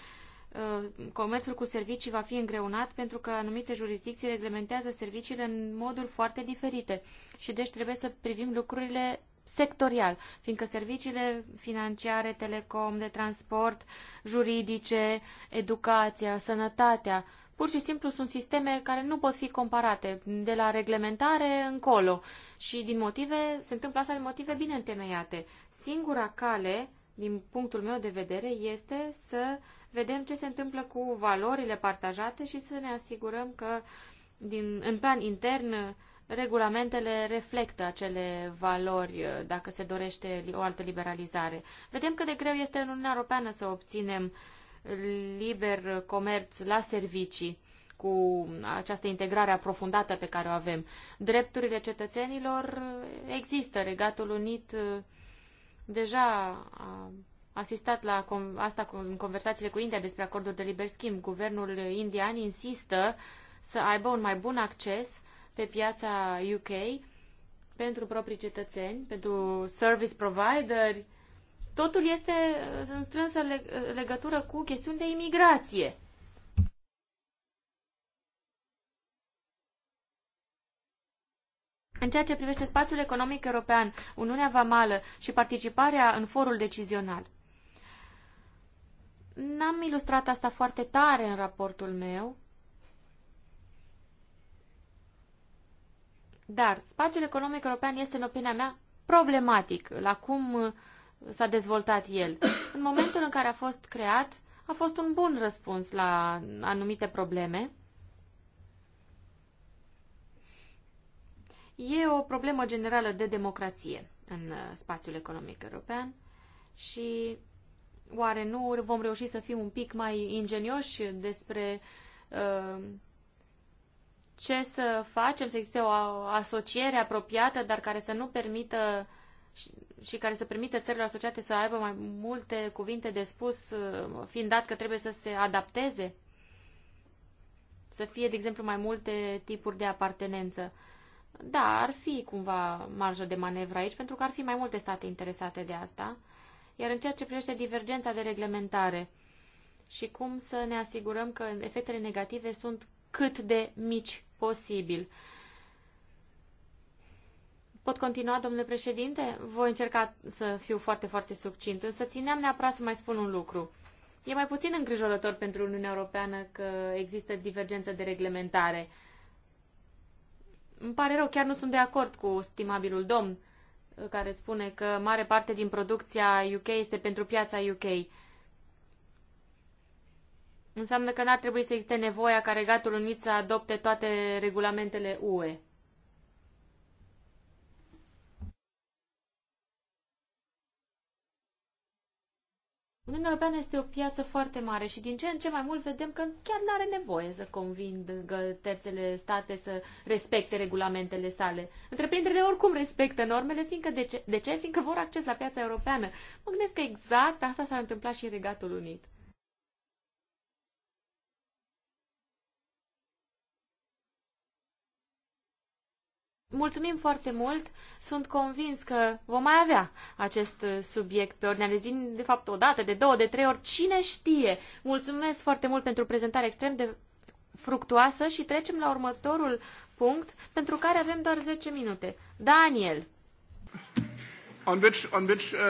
comerțul cu servicii va fi îngreunat pentru că anumite jurisdicții reglementează serviciile în moduri foarte diferite și deci trebuie să privim lucrurile sectorial, fiindcă serviciile financiare, telecom, de transport, juridice, educația, sănătatea, pur și simplu sunt sisteme care nu pot fi comparate de la reglementare încolo și din motive, se întâmplă asta din motive bine întemeiate. Singura cale, din punctul meu de vedere, este să vedem ce se întâmplă cu valorile partajate și să ne asigurăm că din, în plan intern regulamentele reflectă acele valori uh, dacă se dorește o altă liberalizare. Vedem că de greu este în Uniunea Europeană să obținem liber comerț la servicii cu această integrare aprofundată pe care o avem. Drepturile cetățenilor uh, există. Regatul Unit uh, deja a asistat la asta în conversațiile cu India despre acordul de liber schimb. Guvernul indian insistă să aibă un mai bun acces pe piața UK pentru proprii cetățeni, pentru service provideri. Totul este în strânsă legătură cu chestiuni de imigrație. În ceea ce privește spațiul economic european, Uniunea Vamală și participarea în forul decizional. N-am ilustrat asta foarte tare în raportul meu, Dar spațiul economic european este, în opinia mea, problematic la cum uh, s-a dezvoltat el. În momentul în care a fost creat, a fost un bun răspuns la anumite probleme. E o problemă generală de democrație în uh, spațiul economic european și oare nu vom reuși să fim un pic mai ingenioși despre uh, ce să facem, să existe o asociere apropiată, dar care să nu permită și care să permită țărilor asociate să aibă mai multe cuvinte de spus, fiind dat că trebuie să se adapteze? Să fie, de exemplu, mai multe tipuri de apartenență. Da, ar fi cumva marjă de manevră aici, pentru că ar fi mai multe state interesate de asta. Iar în ceea ce privește divergența de reglementare și cum să ne asigurăm că efectele negative sunt cât de mici posibil. Pot continua, domnule președinte? Voi încerca să fiu foarte, foarte succint, însă țineam neapărat să mai spun un lucru. E mai puțin îngrijorător pentru Uniunea Europeană că există divergență de reglementare. Îmi pare rău, chiar nu sunt de acord cu stimabilul domn care spune că mare parte din producția UK este pentru piața UK. Înseamnă că n-ar trebui să existe nevoia ca Regatul Unit să adopte toate regulamentele UE. Uniunea Europeană este o piață foarte mare și din ce în ce mai mult vedem că chiar nu are nevoie să convingă terțele state să respecte regulamentele sale. Întreprinderile oricum respectă normele, fiindcă de ce? de ce? Fiindcă vor acces la piața europeană. Mă gândesc că exact asta s-a întâmplat și în Regatul Unit. Mulțumim foarte mult. Sunt convins că vom mai avea acest subiect pe ordinea de zi, de fapt, o dată, de două, de trei ori, cine știe. Mulțumesc foarte mult pentru prezentarea extrem de fructuoasă și trecem la următorul punct, pentru care avem doar 10 minute. Daniel. On which, on which, uh,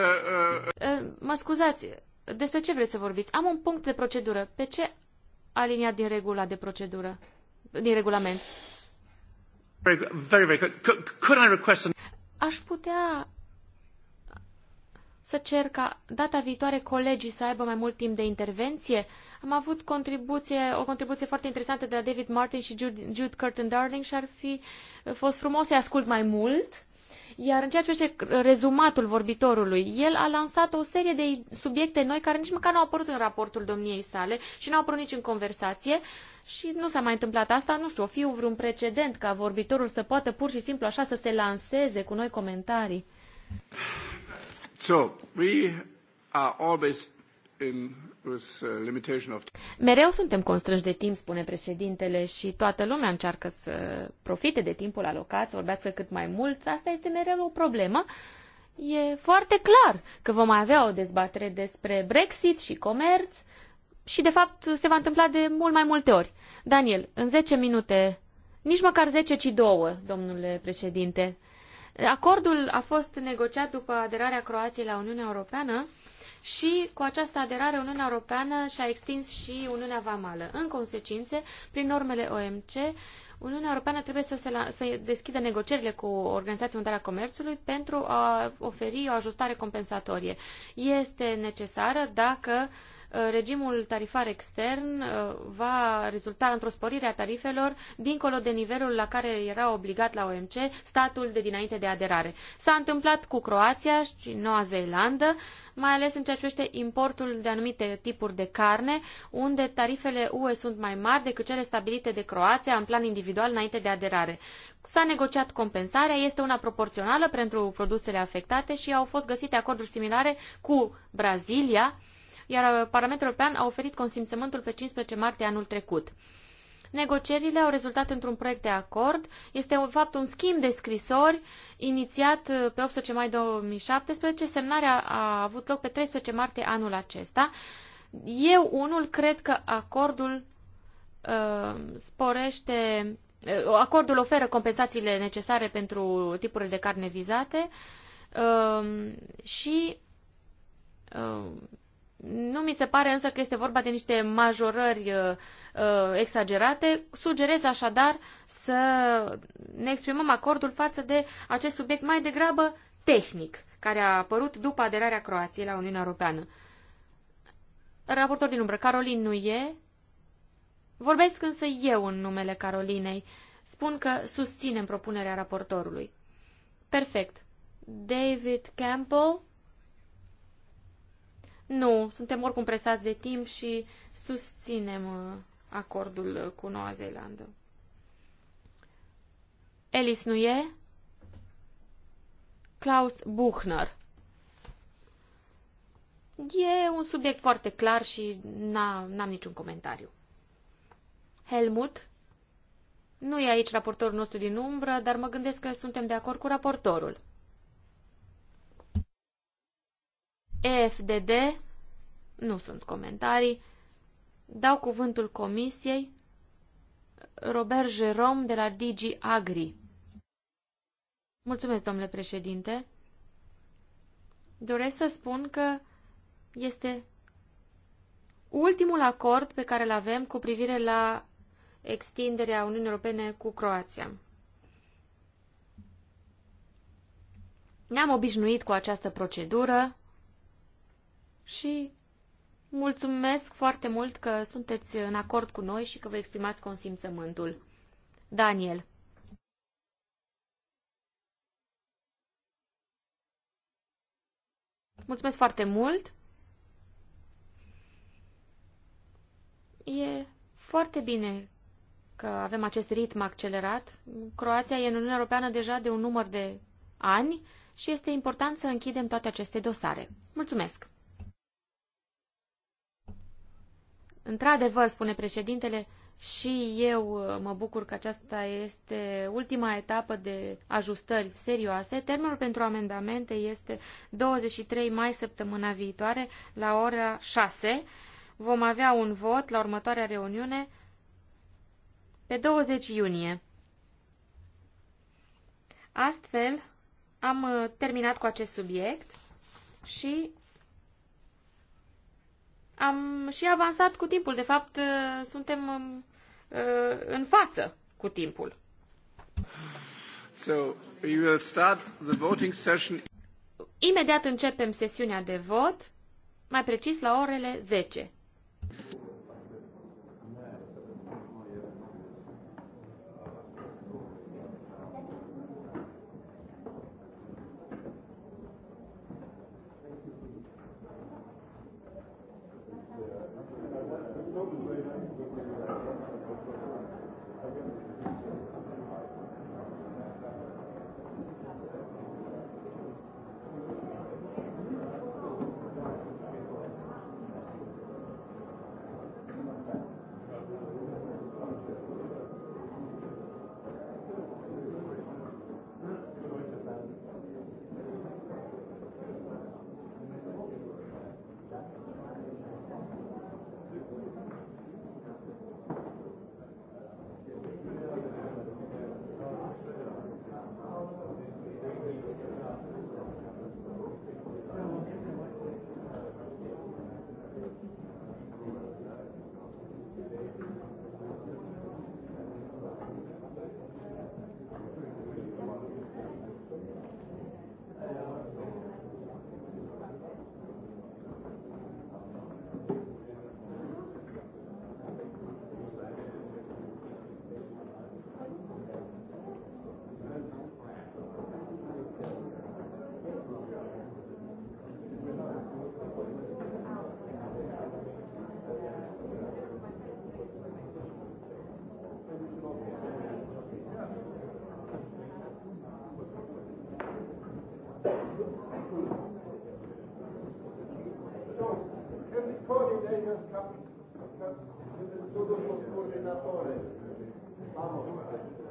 uh, uh... Mă scuzați, despre ce vreți să vorbiți? Am un punct de procedură. Pe ce aliniat din regula de procedură? Din regulament? Very, very, Could I request an... Aș putea să cer ca data viitoare colegii să aibă mai mult timp de intervenție. Am avut contribuție, o contribuție foarte interesantă de la David Martin și Jude, Jude Curtin Darling și ar fi fost frumos să-i ascult mai mult. Iar în ceea ce privește rezumatul vorbitorului, el a lansat o serie de subiecte noi care nici măcar nu au apărut în raportul domniei sale și nu au apărut nici în conversație. Uh, și nu s-a mai întâmplat asta, nu știu, o fi vreun precedent ca vorbitorul să poată pur și simplu așa să se lanseze cu noi comentarii. So, we are always in with uh, limitation of... Mereu suntem constrânși de timp, spune președintele, și toată lumea încearcă să profite de timpul alocat, să vorbească cât mai mult. Asta este mereu o problemă. E foarte clar că vom avea o dezbatere despre Brexit și comerț, și, de fapt, se va întâmpla de mult mai multe ori. Daniel, în 10 minute, nici măcar 10, ci 2, domnule președinte. Acordul a fost negociat după aderarea Croației la Uniunea Europeană și cu această aderare Uniunea Europeană și-a extins și Uniunea Vamală. În consecințe, prin normele OMC, Uniunea Europeană trebuie să, se la, să deschidă negocierile cu Organizația Mondială a Comerțului pentru a oferi o ajustare compensatorie. Este necesară dacă uh, Uh, regimul tarifar extern uh, va rezulta într-o sporire a tarifelor dincolo de nivelul la care era obligat la OMC statul de dinainte de aderare. S-a întâmplat cu Croația și Noua Zeelandă, mai ales în ceea ce privește importul de anumite tipuri de carne, unde tarifele UE sunt mai mari decât cele stabilite de Croația în plan individual înainte de aderare. S-a negociat compensarea, este una proporțională pentru produsele afectate și au fost găsite acorduri similare cu Brazilia, iar uh, Parlamentul European a oferit consimțământul pe 15 martie anul trecut. Negocierile au rezultat într-un proiect de acord. Este, în fapt, un schimb de scrisori inițiat uh, pe 18 mai 2017. Semnarea a avut loc pe 13 martie anul acesta. Eu, unul, cred că acordul uh, sporește... Uh, acordul oferă compensațiile necesare pentru tipurile de carne vizate uh, și uh, nu mi se pare însă că este vorba de niște majorări uh, uh, exagerate. Sugerez așadar să ne exprimăm acordul față de acest subiect mai degrabă tehnic, care a apărut după aderarea Croației la Uniunea Europeană. Raportor din umbră, Carolin nu e. Vorbesc însă eu în numele Carolinei. Spun că susținem propunerea raportorului. Perfect. David Campbell nu, suntem oricum presați de timp și susținem uh, acordul uh, cu Noua Zeelandă. Elis nu e? Klaus Buchner. E un subiect foarte clar și n-am niciun comentariu. Helmut? Nu e aici raportorul nostru din umbră, dar mă gândesc că suntem de acord cu raportorul. EFDD, nu sunt comentarii, dau cuvântul comisiei, Robert Jerome de la Digi Agri. Mulțumesc, domnule președinte. Doresc să spun că este ultimul acord pe care îl avem cu privire la extinderea Uniunii Europene cu Croația. Ne-am obișnuit cu această procedură, și mulțumesc foarte mult că sunteți în acord cu noi și că vă exprimați consimțământul. Daniel. Mulțumesc foarte mult. E foarte bine că avem acest ritm accelerat. Croația e în Uniunea Europeană deja de un număr de ani și este important să închidem toate aceste dosare. Mulțumesc! Într-adevăr, spune președintele, și eu uh, mă bucur că aceasta este ultima etapă de ajustări serioase. Termenul pentru amendamente este 23 mai săptămâna viitoare la ora 6. Vom avea un vot la următoarea reuniune pe 20 iunie. Astfel, am uh, terminat cu acest subiect și am și avansat cu timpul. De fapt, uh, suntem um, uh, în față cu timpul. So, we will start the voting session. Imediat începem sesiunea de vot, mai precis la orele 10. Vamos.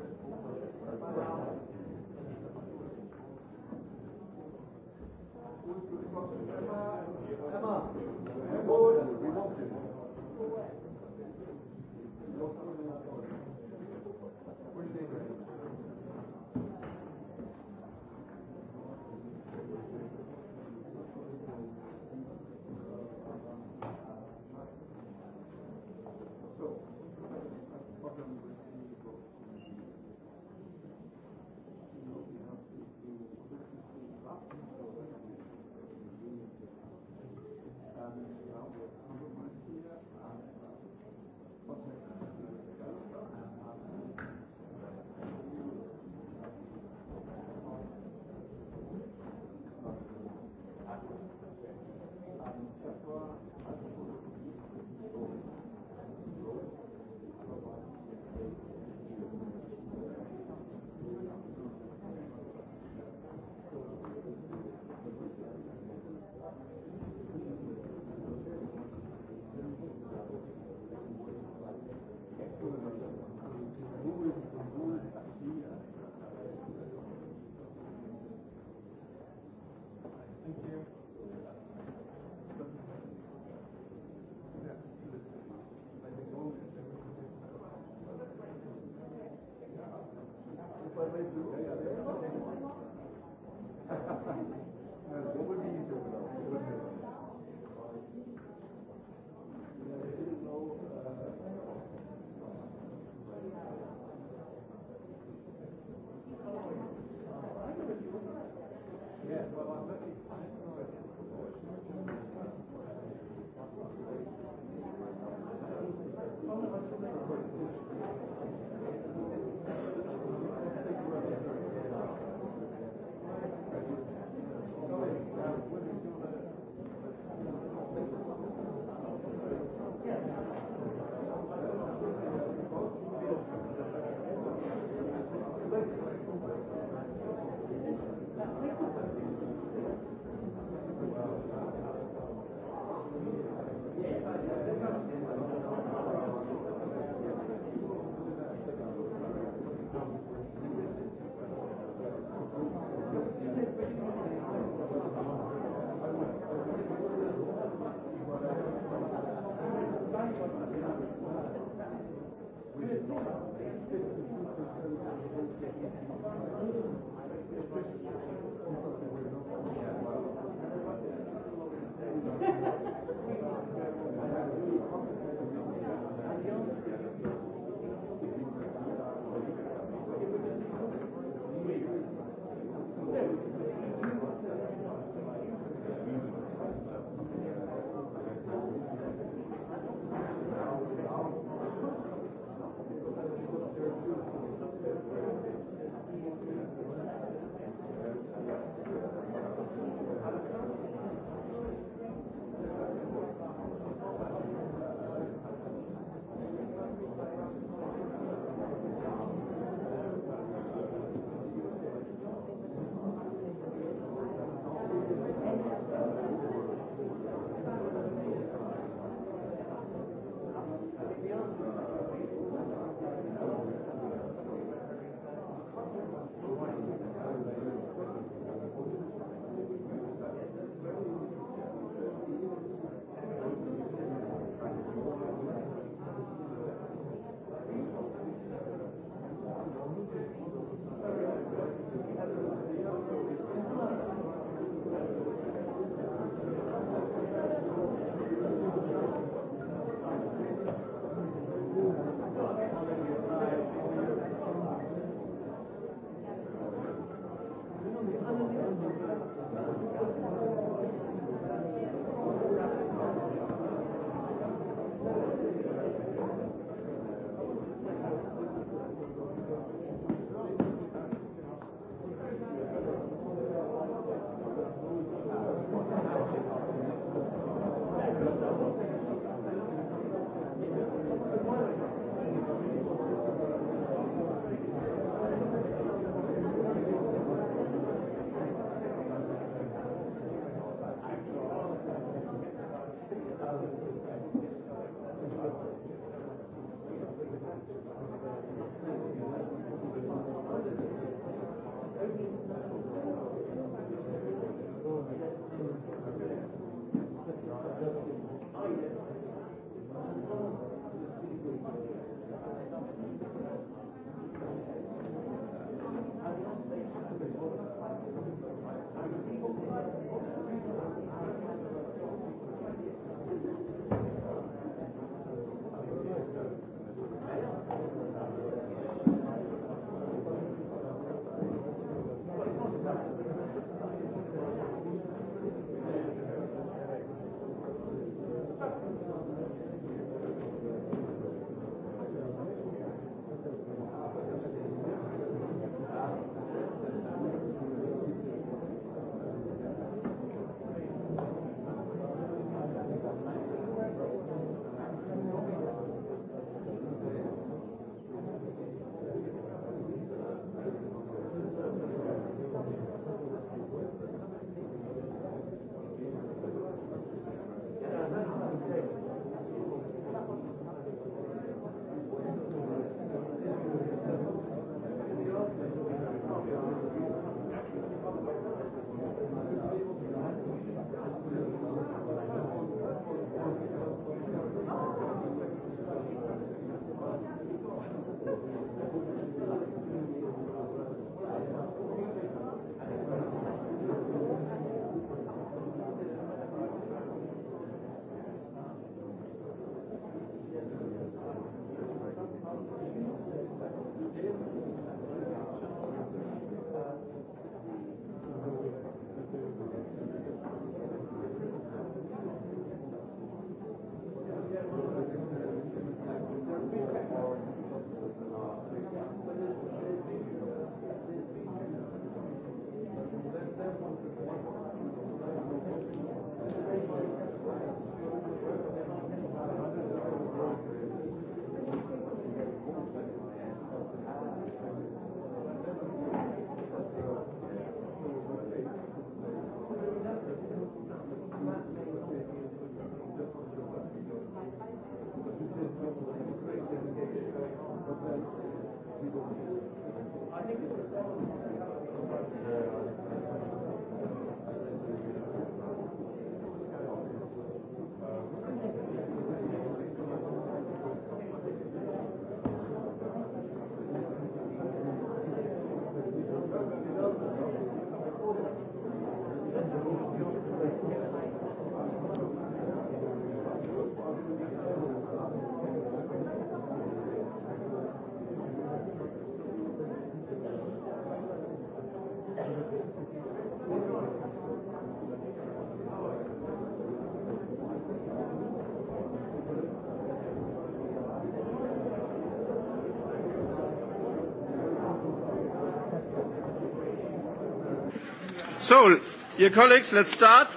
So, dear colleagues, let's start.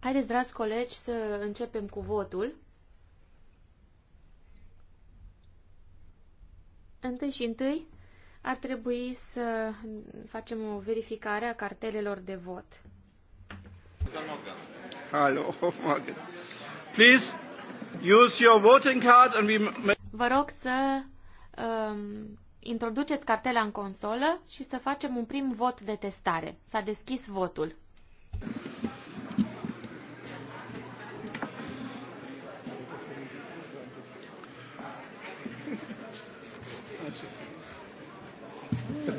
Haideți, dragi colegi, să începem cu votul. Întâi și întâi ar trebui să facem o verificare a cartelelor de vot. Hello, Morgan. Please use your voting card and we... Vă rog să um, introduceți cartela în consolă și să facem un prim vot de testare. S-a deschis votul. You're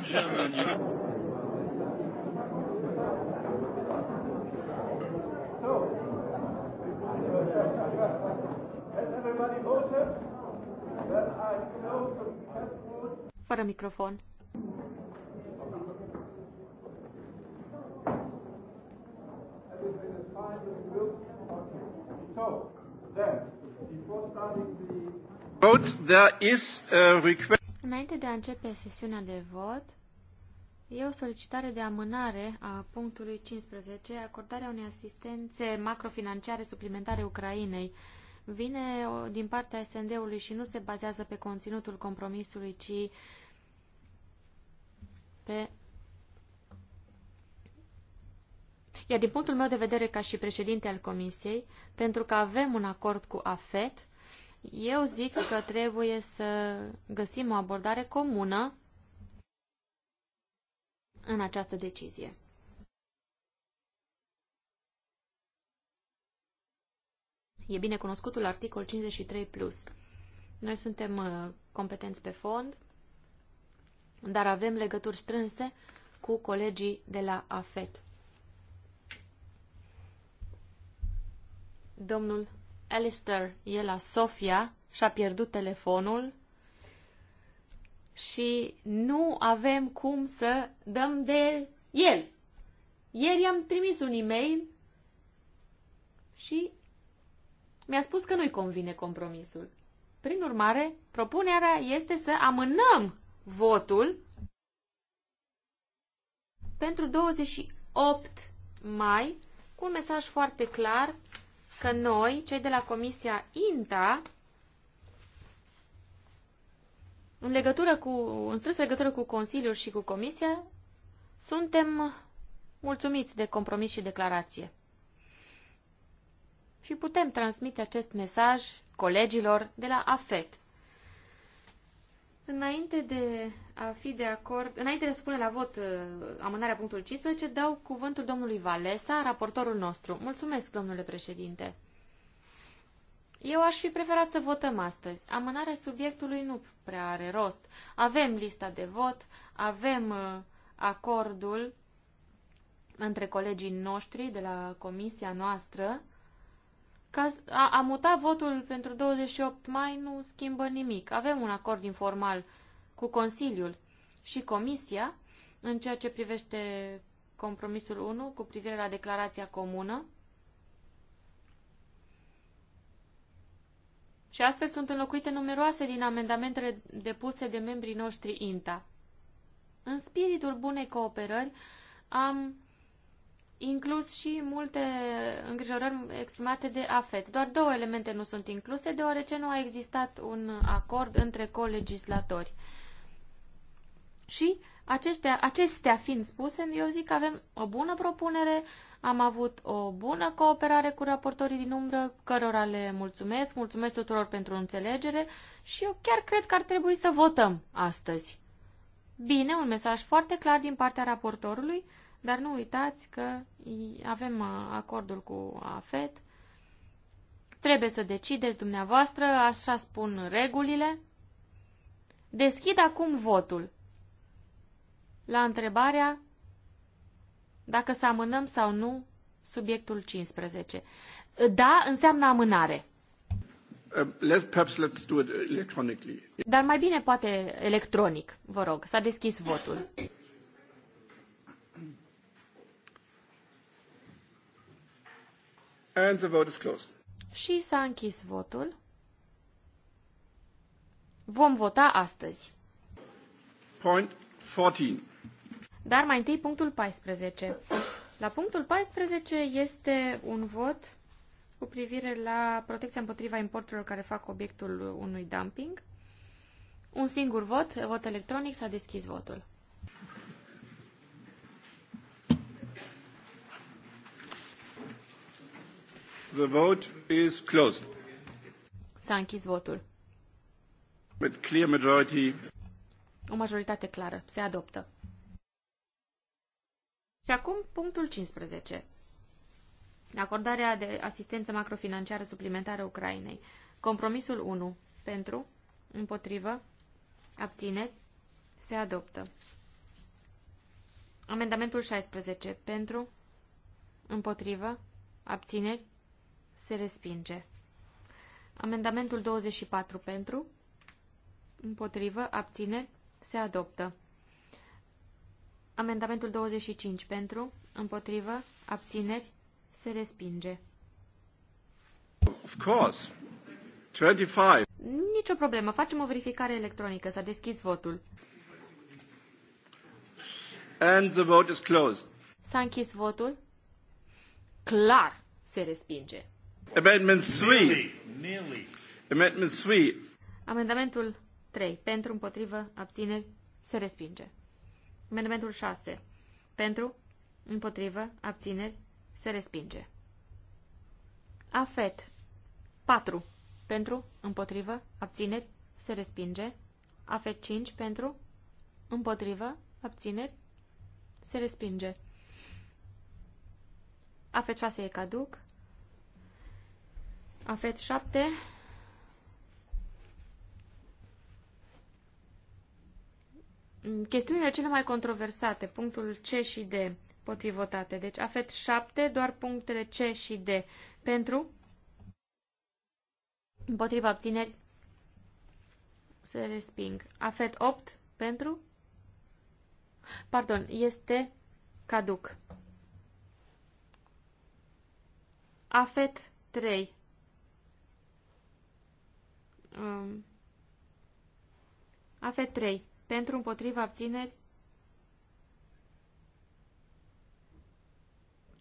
German, you're... fără microfon. Înainte de a începe sesiunea de vot, E o solicitare de amânare a punctului 15, acordarea unei asistențe macrofinanciare suplimentare Ucrainei. Vine din partea SND-ului și nu se bazează pe conținutul compromisului, ci pe iar din punctul meu de vedere ca și președinte al Comisiei, pentru că avem un acord cu AFET, eu zic că trebuie să găsim o abordare comună în această decizie. E bine cunoscutul articol 53+. Plus. Noi suntem uh, competenți pe fond, dar avem legături strânse cu colegii de la AFET. Domnul Alistair e la Sofia și-a pierdut telefonul și nu avem cum să dăm de el. Ieri am trimis un e-mail și mi-a spus că nu-i convine compromisul. Prin urmare, propunerea este să amânăm votul pentru 28 mai cu un mesaj foarte clar că noi, cei de la Comisia INTA, în legătură cu, în strâns legătură cu Consiliul și cu Comisia, suntem mulțumiți de compromis și declarație. Și putem transmite acest mesaj colegilor de la AFET. Înainte de a fi de acord, înainte de a spune la vot uh, amânarea punctului 15, dau cuvântul domnului Valesa, raportorul nostru. Mulțumesc, domnule președinte. Eu aș fi preferat să votăm astăzi. Amânarea subiectului nu prea are rost. Avem lista de vot, avem uh, acordul între colegii noștri de la comisia noastră ca a, a muta votul pentru 28 mai nu schimbă nimic. Avem un acord informal cu Consiliul și Comisia în ceea ce privește compromisul 1 cu privire la declarația comună. Și astfel sunt înlocuite numeroase din amendamentele depuse de membrii noștri INTA. În spiritul bunei cooperări, am inclus și multe îngrijorări exprimate de AFET. Doar două elemente nu sunt incluse, deoarece nu a existat un acord între colegislatori. Și acestea, acestea fiind spuse, eu zic că avem o bună propunere, am avut o bună cooperare cu raportorii din umbră, cărora le mulțumesc, mulțumesc tuturor pentru înțelegere și eu chiar cred că ar trebui să votăm astăzi. Bine, un mesaj foarte clar din partea raportorului, dar nu uitați că avem uh, acordul cu AFET. Trebuie să decideți dumneavoastră, așa spun regulile. Deschid acum votul. La întrebarea dacă să amânăm sau nu subiectul 15. Da, înseamnă amânare. Uh, Dar mai bine poate electronic, vă rog. S-a deschis votul. And the vote is closed. Și s-a închis votul. Vom vota astăzi. Point 14. Dar mai întâi punctul 14. La punctul 14 este un vot cu privire la protecția împotriva importurilor care fac obiectul unui dumping. Un singur vot, vot electronic, s-a deschis votul. The vote is closed. S-a închis votul. With clear majority. O majoritate clară. Se adoptă. Și acum punctul 15. Acordarea de asistență macrofinanciară suplimentară Ucrainei. Compromisul 1. Pentru, împotrivă, abțineri, se adoptă. Amendamentul 16. Pentru, împotrivă, abțineri, se respinge. Amendamentul 24 pentru, împotrivă, Abține. se adoptă. Amendamentul 25 pentru, împotrivă, abțineri, se respinge. Of course. 25. Nicio problemă, facem o verificare electronică, s-a deschis votul. And the vote is closed. S-a închis votul. Clar se respinge. Amendment 3. Nearly. Amendment 3. Amendamentul 3. Pentru, împotrivă, abțineri, se respinge. Amendamentul 6. Pentru, împotrivă, abțineri, se respinge. Afet. 4. Pentru, împotrivă, abțineri, se respinge. Afet 5. Pentru, împotrivă, abțineri, se respinge. Afet 6 e caduc. Afet 7. Mm, chestiunile cele mai controversate, punctul C și D, pot fi votate. Deci afet 7, doar punctele C și D. Pentru, împotriva abțineri, se resping. Afet 8, pentru, pardon, este caduc. Afet 3, Um, af 3. Pentru împotriva abțineri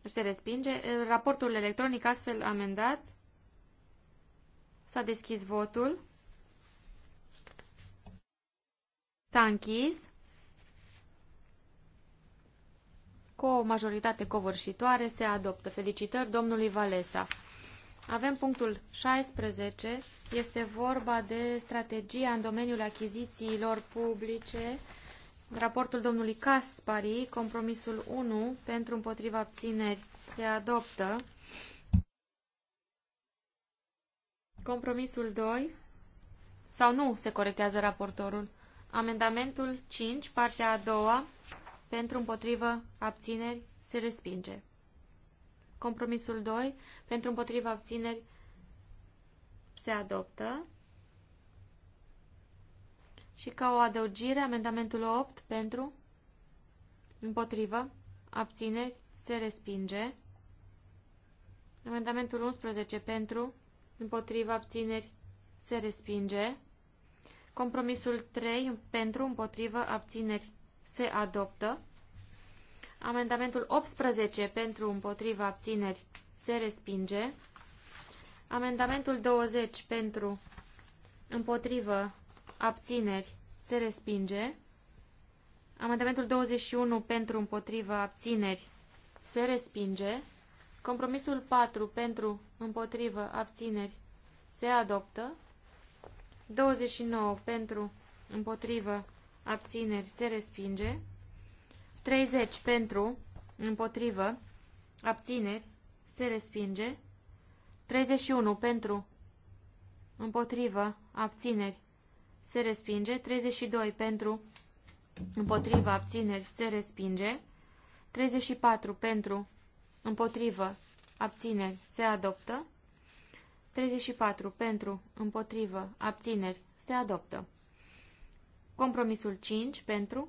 se respinge. Raportul electronic astfel amendat. S-a deschis votul. S-a închis. Cu o majoritate covârșitoare se adoptă. Felicitări domnului Valesa. Avem punctul 16, este vorba de strategia în domeniul achizițiilor publice, raportul domnului Caspari, compromisul 1, pentru împotriva abțineri, se adoptă. Compromisul 2, sau nu, se corectează raportorul. Amendamentul 5, partea a doua, pentru împotrivă abțineri, se respinge. Compromisul 2 pentru împotriva abțineri se adoptă. Și ca o adăugire, amendamentul 8 pentru împotrivă abțineri se respinge. Amendamentul 11 pentru împotriva abțineri se respinge. Compromisul 3 pentru împotrivă abțineri se adoptă. Amendamentul 18 pentru împotriva abțineri se respinge. Amendamentul 20 pentru împotrivă abțineri se respinge. Amendamentul 21 pentru împotrivă abțineri se respinge. Compromisul 4 pentru împotrivă abțineri se adoptă. 29 pentru împotrivă abțineri se respinge. 30 pentru, împotrivă, abțineri, se respinge. 31 pentru, împotrivă, abțineri, se respinge. 32 pentru, împotrivă, abțineri, se respinge. 34 pentru, împotrivă, abțineri, se adoptă. 34 pentru, împotrivă, abțineri, se adoptă. Compromisul 5 pentru,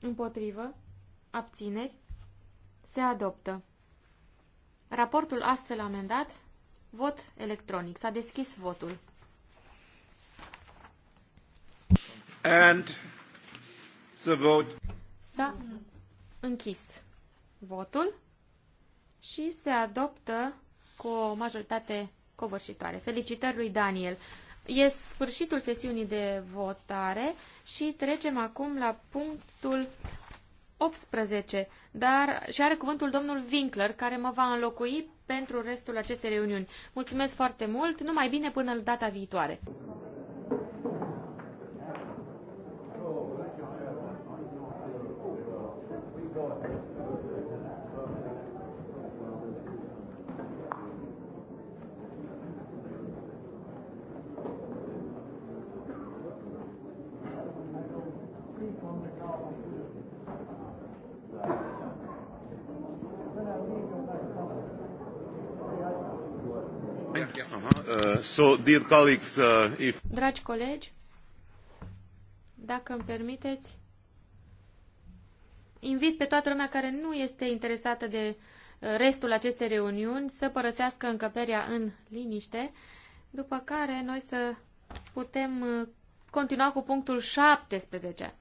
Împotrivă. Abțineri. Se adoptă. Raportul astfel amendat. Vot electronic. S-a deschis votul. And the vote. S-a închis votul și se adoptă cu o majoritate covârșitoare. Felicitări lui Daniel! E sfârșitul sesiunii de votare și trecem acum la punctul 18, dar și are cuvântul domnul Winkler, care mă va înlocui pentru restul acestei reuniuni. Mulțumesc foarte mult, numai bine până data viitoare! so, dear colleagues, uh, if... Dragi colegi, dacă îmi permiteți, invit pe toată lumea care nu este interesată de uh, restul acestei reuniuni să părăsească încăperea în liniște, după care noi să putem uh, continua cu punctul 17.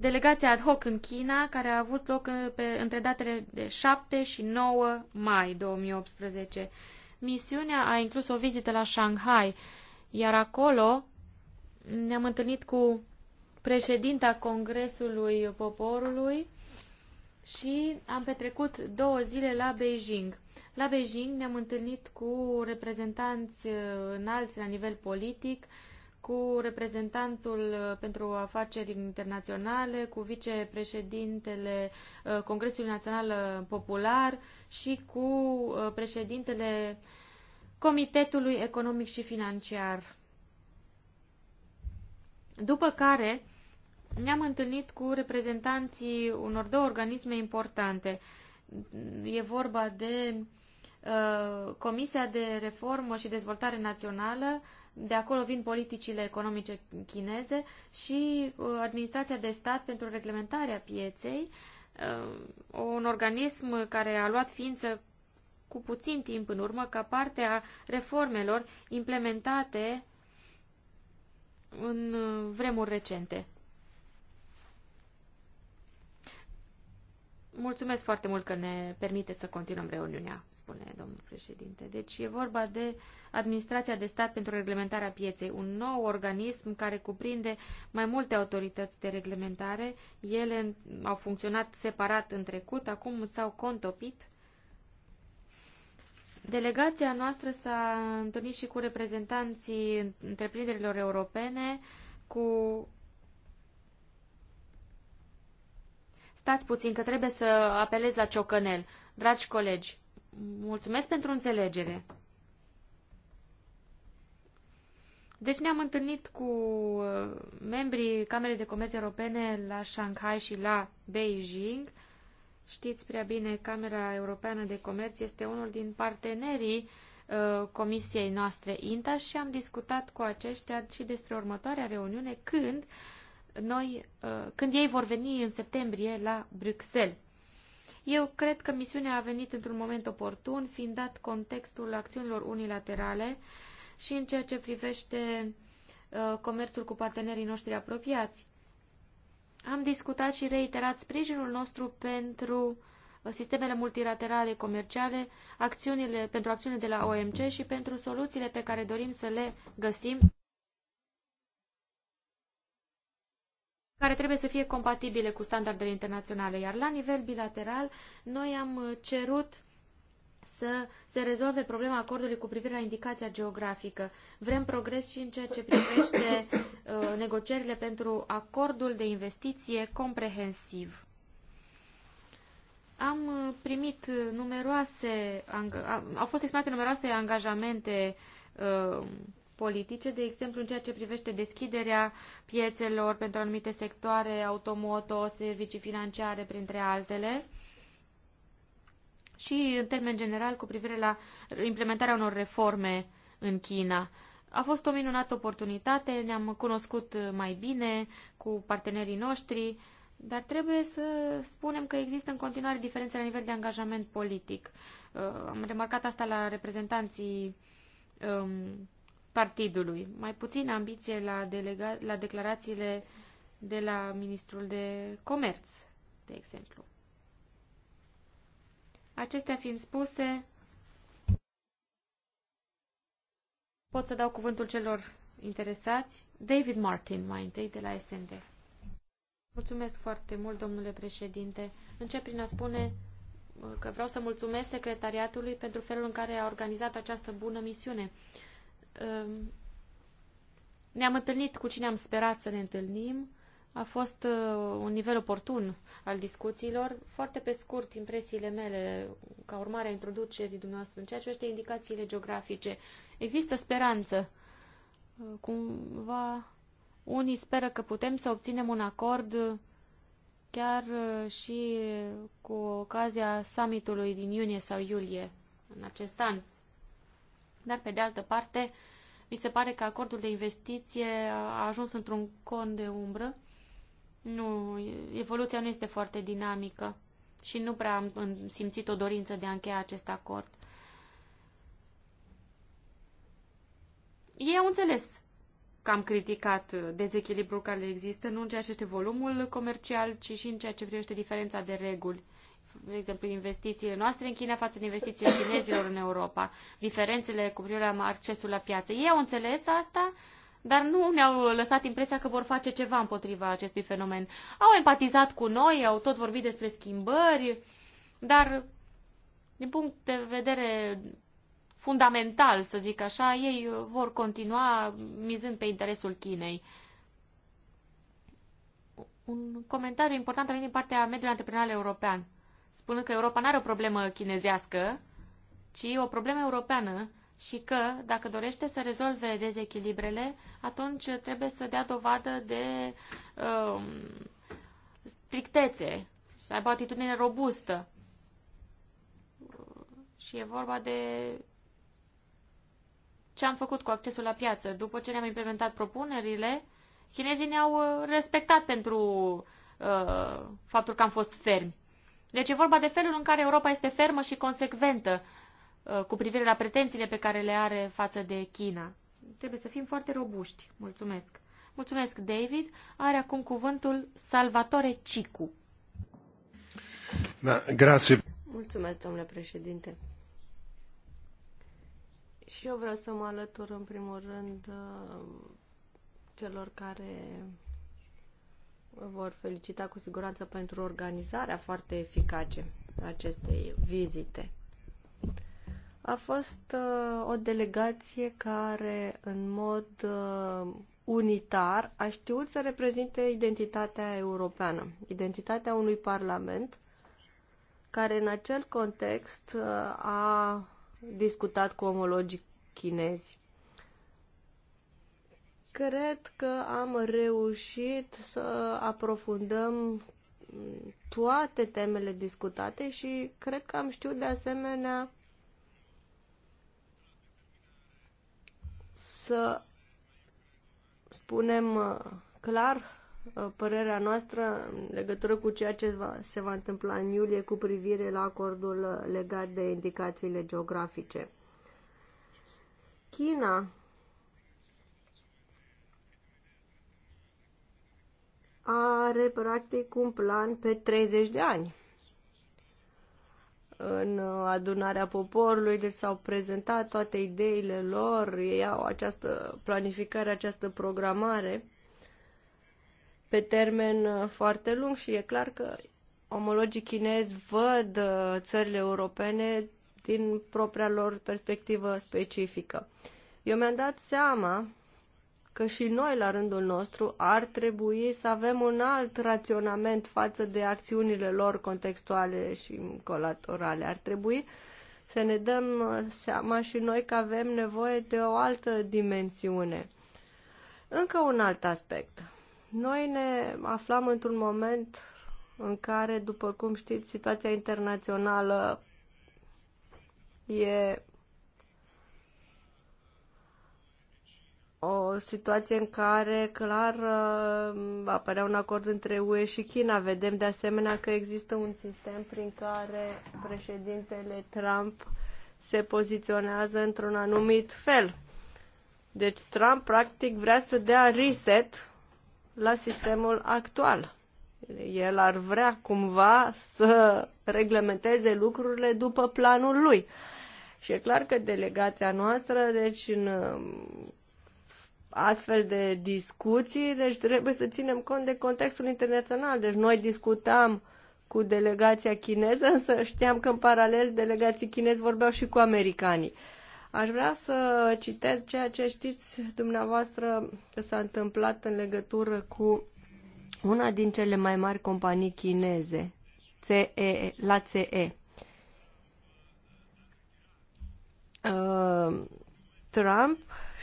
Delegația ad hoc în China, care a avut loc uh, pe, între datele de 7 și 9 mai 2018. Misiunea a inclus o vizită la Shanghai, iar acolo ne-am întâlnit cu președinta Congresului Poporului și am petrecut două zile la Beijing. La Beijing ne-am întâlnit cu reprezentanți înalți la nivel politic, cu reprezentantul uh, pentru afaceri internaționale, cu vicepreședintele uh, Congresului Național uh, Popular și cu președintele Comitetului Economic și Financiar. După care ne-am întâlnit cu reprezentanții unor două organisme importante. E vorba de uh, Uh, Comisia de Reformă și Dezvoltare Națională, de acolo vin politicile economice chineze și uh, Administrația de Stat pentru Reglementarea Pieței, uh, un organism care a luat ființă cu puțin timp în urmă ca parte a reformelor implementate în vremuri recente. Mulțumesc foarte mult că ne permiteți să continuăm reuniunea, spune domnul președinte. Deci e vorba de Administrația de Stat pentru Reglementarea Pieței, un nou organism care cuprinde mai multe autorități de reglementare. Ele au funcționat separat în trecut, acum s-au contopit. Delegația noastră s-a întâlnit și cu reprezentanții întreprinderilor europene, cu Stați puțin că trebuie să apelez la ciocănel. Dragi colegi, mulțumesc pentru înțelegere. Deci ne-am întâlnit cu uh, membrii Camerei de Comerț Europene la Shanghai și la Beijing. Știți prea bine, Camera Europeană de Comerț este unul din partenerii uh, comisiei noastre INTA și am discutat cu aceștia și despre următoarea reuniune când uh, noi, uh, când ei vor veni în septembrie la Bruxelles. Eu cred că misiunea a venit într-un moment oportun, fiind dat contextul acțiunilor unilaterale și în ceea ce privește uh, comerțul cu partenerii noștri apropiați. Am discutat și reiterat sprijinul nostru pentru uh, sistemele multilaterale comerciale, acțiunile, pentru acțiunile de la OMC și pentru soluțiile pe care dorim să le găsim. care trebuie să fie compatibile cu standardele internaționale. Iar la nivel bilateral, noi am cerut să se rezolve problema acordului cu privire la indicația geografică. Vrem progres și în ceea ce privește uh, negocierile pentru acordul de investiție comprehensiv. Am uh, primit uh, numeroase, au fost exprimate numeroase angajamente uh, politice, de exemplu în ceea ce privește deschiderea piețelor pentru anumite sectoare, automoto, servicii financiare, printre altele, și în termen general cu privire la implementarea unor reforme în China. A fost o minunată oportunitate, ne-am cunoscut mai bine cu partenerii noștri, dar trebuie să spunem că există în continuare diferențe la nivel de angajament politic. Uh, am remarcat asta la reprezentanții um, partidului. Mai puțin ambiție la, delega- la declarațiile de la ministrul de comerț, de exemplu. Acestea fiind spuse, pot să dau cuvântul celor interesați. David Martin, mai întâi, de la SND. Mulțumesc foarte mult, domnule președinte. Încep prin a spune uh, că vreau să mulțumesc secretariatului pentru felul în care a organizat această bună misiune. Ehm, ne-am întâlnit cu cine am sperat să ne întâlnim. A fost uh, un nivel oportun al discuțiilor. Foarte pe scurt, impresiile mele ca urmare a introducerii dumneavoastră în ceea ce este indicațiile geografice. Există speranță. Uh, cumva unii speră că putem să obținem un acord uh, chiar și cu ocazia summitului din iunie sau iulie în acest an. Dar, pe de altă parte, mi se pare că acordul de investiție a ajuns într-un con de umbră. Nu, evoluția nu este foarte dinamică și nu prea am simțit o dorință de a încheia acest acord. Ei au înțeles că am criticat dezechilibrul care există, nu în ceea ce este volumul comercial, ci și în ceea ce privește diferența de reguli de exemplu, investițiile noastre în China față de investițiile chinezilor în Europa, diferențele cu privire la accesul la piață. Ei au înțeles asta, dar nu ne-au lăsat impresia că vor face ceva împotriva acestui fenomen. Au empatizat cu noi, au tot vorbit despre schimbări, dar din punct de vedere fundamental, să zic așa, ei vor continua mizând pe interesul Chinei. Un comentariu important a venit din partea mediului antreprenorial european spunând că Europa nu are o problemă chinezească, ci o problemă europeană și că, dacă dorește să rezolve dezechilibrele, atunci trebuie să dea dovadă de um, strictețe, să aibă o atitudine robustă. Și e vorba de ce am făcut cu accesul la piață. După ce ne-am implementat propunerile, chinezii ne-au respectat pentru uh, faptul că am fost fermi. Deci e vorba de felul în care Europa este fermă și consecventă uh, cu privire la pretențiile pe care le are față de China. Trebuie să fim foarte robuști. Mulțumesc. Mulțumesc, David. Are acum cuvântul Salvatore Cicu. Da, grazie. Mulțumesc, domnule președinte. Și eu vreau să mă alătur, în primul rând, uh, celor care vor felicita cu siguranță pentru organizarea foarte eficace acestei vizite. A fost uh, o delegație care, în mod uh, unitar, a știut să reprezinte identitatea europeană, identitatea unui parlament care, în acel context, uh, a discutat cu omologii chinezi. Cred că am reușit să aprofundăm toate temele discutate și cred că am știut de asemenea să spunem uh, clar uh, părerea noastră în legătură cu ceea ce va, se va întâmpla în iulie cu privire la acordul uh, legat de indicațiile geografice. China are practic un plan pe 30 de ani. În adunarea poporului, deci s-au prezentat toate ideile lor, ei au această planificare, această programare pe termen foarte lung și e clar că omologii chinezi văd uh, țările europene din propria lor perspectivă specifică. Eu mi-am dat seama că și noi, la rândul nostru, ar trebui să avem un alt raționament față de acțiunile lor contextuale și colaterale. Ar trebui să ne dăm seama și noi că avem nevoie de o altă dimensiune. Încă un alt aspect. Noi ne aflam într-un moment în care, după cum știți, situația internațională e o situație în care clar uh, apărea un acord între UE și China. Vedem de asemenea că există un sistem prin care președintele Trump se poziționează într-un anumit fel. Deci Trump practic vrea să dea reset la sistemul actual. El ar vrea cumva să reglementeze lucrurile după planul lui. Și e clar că delegația noastră, deci în astfel de discuții, deci trebuie să ținem cont de contextul internațional. Deci noi discutam cu delegația chineză, însă știam că în paralel delegații chinezi vorbeau și cu americanii. Aș vrea să citesc ceea ce știți dumneavoastră că s-a întâmplat în legătură cu una din cele mai mari companii chineze, CE, la CE. Uh, Trump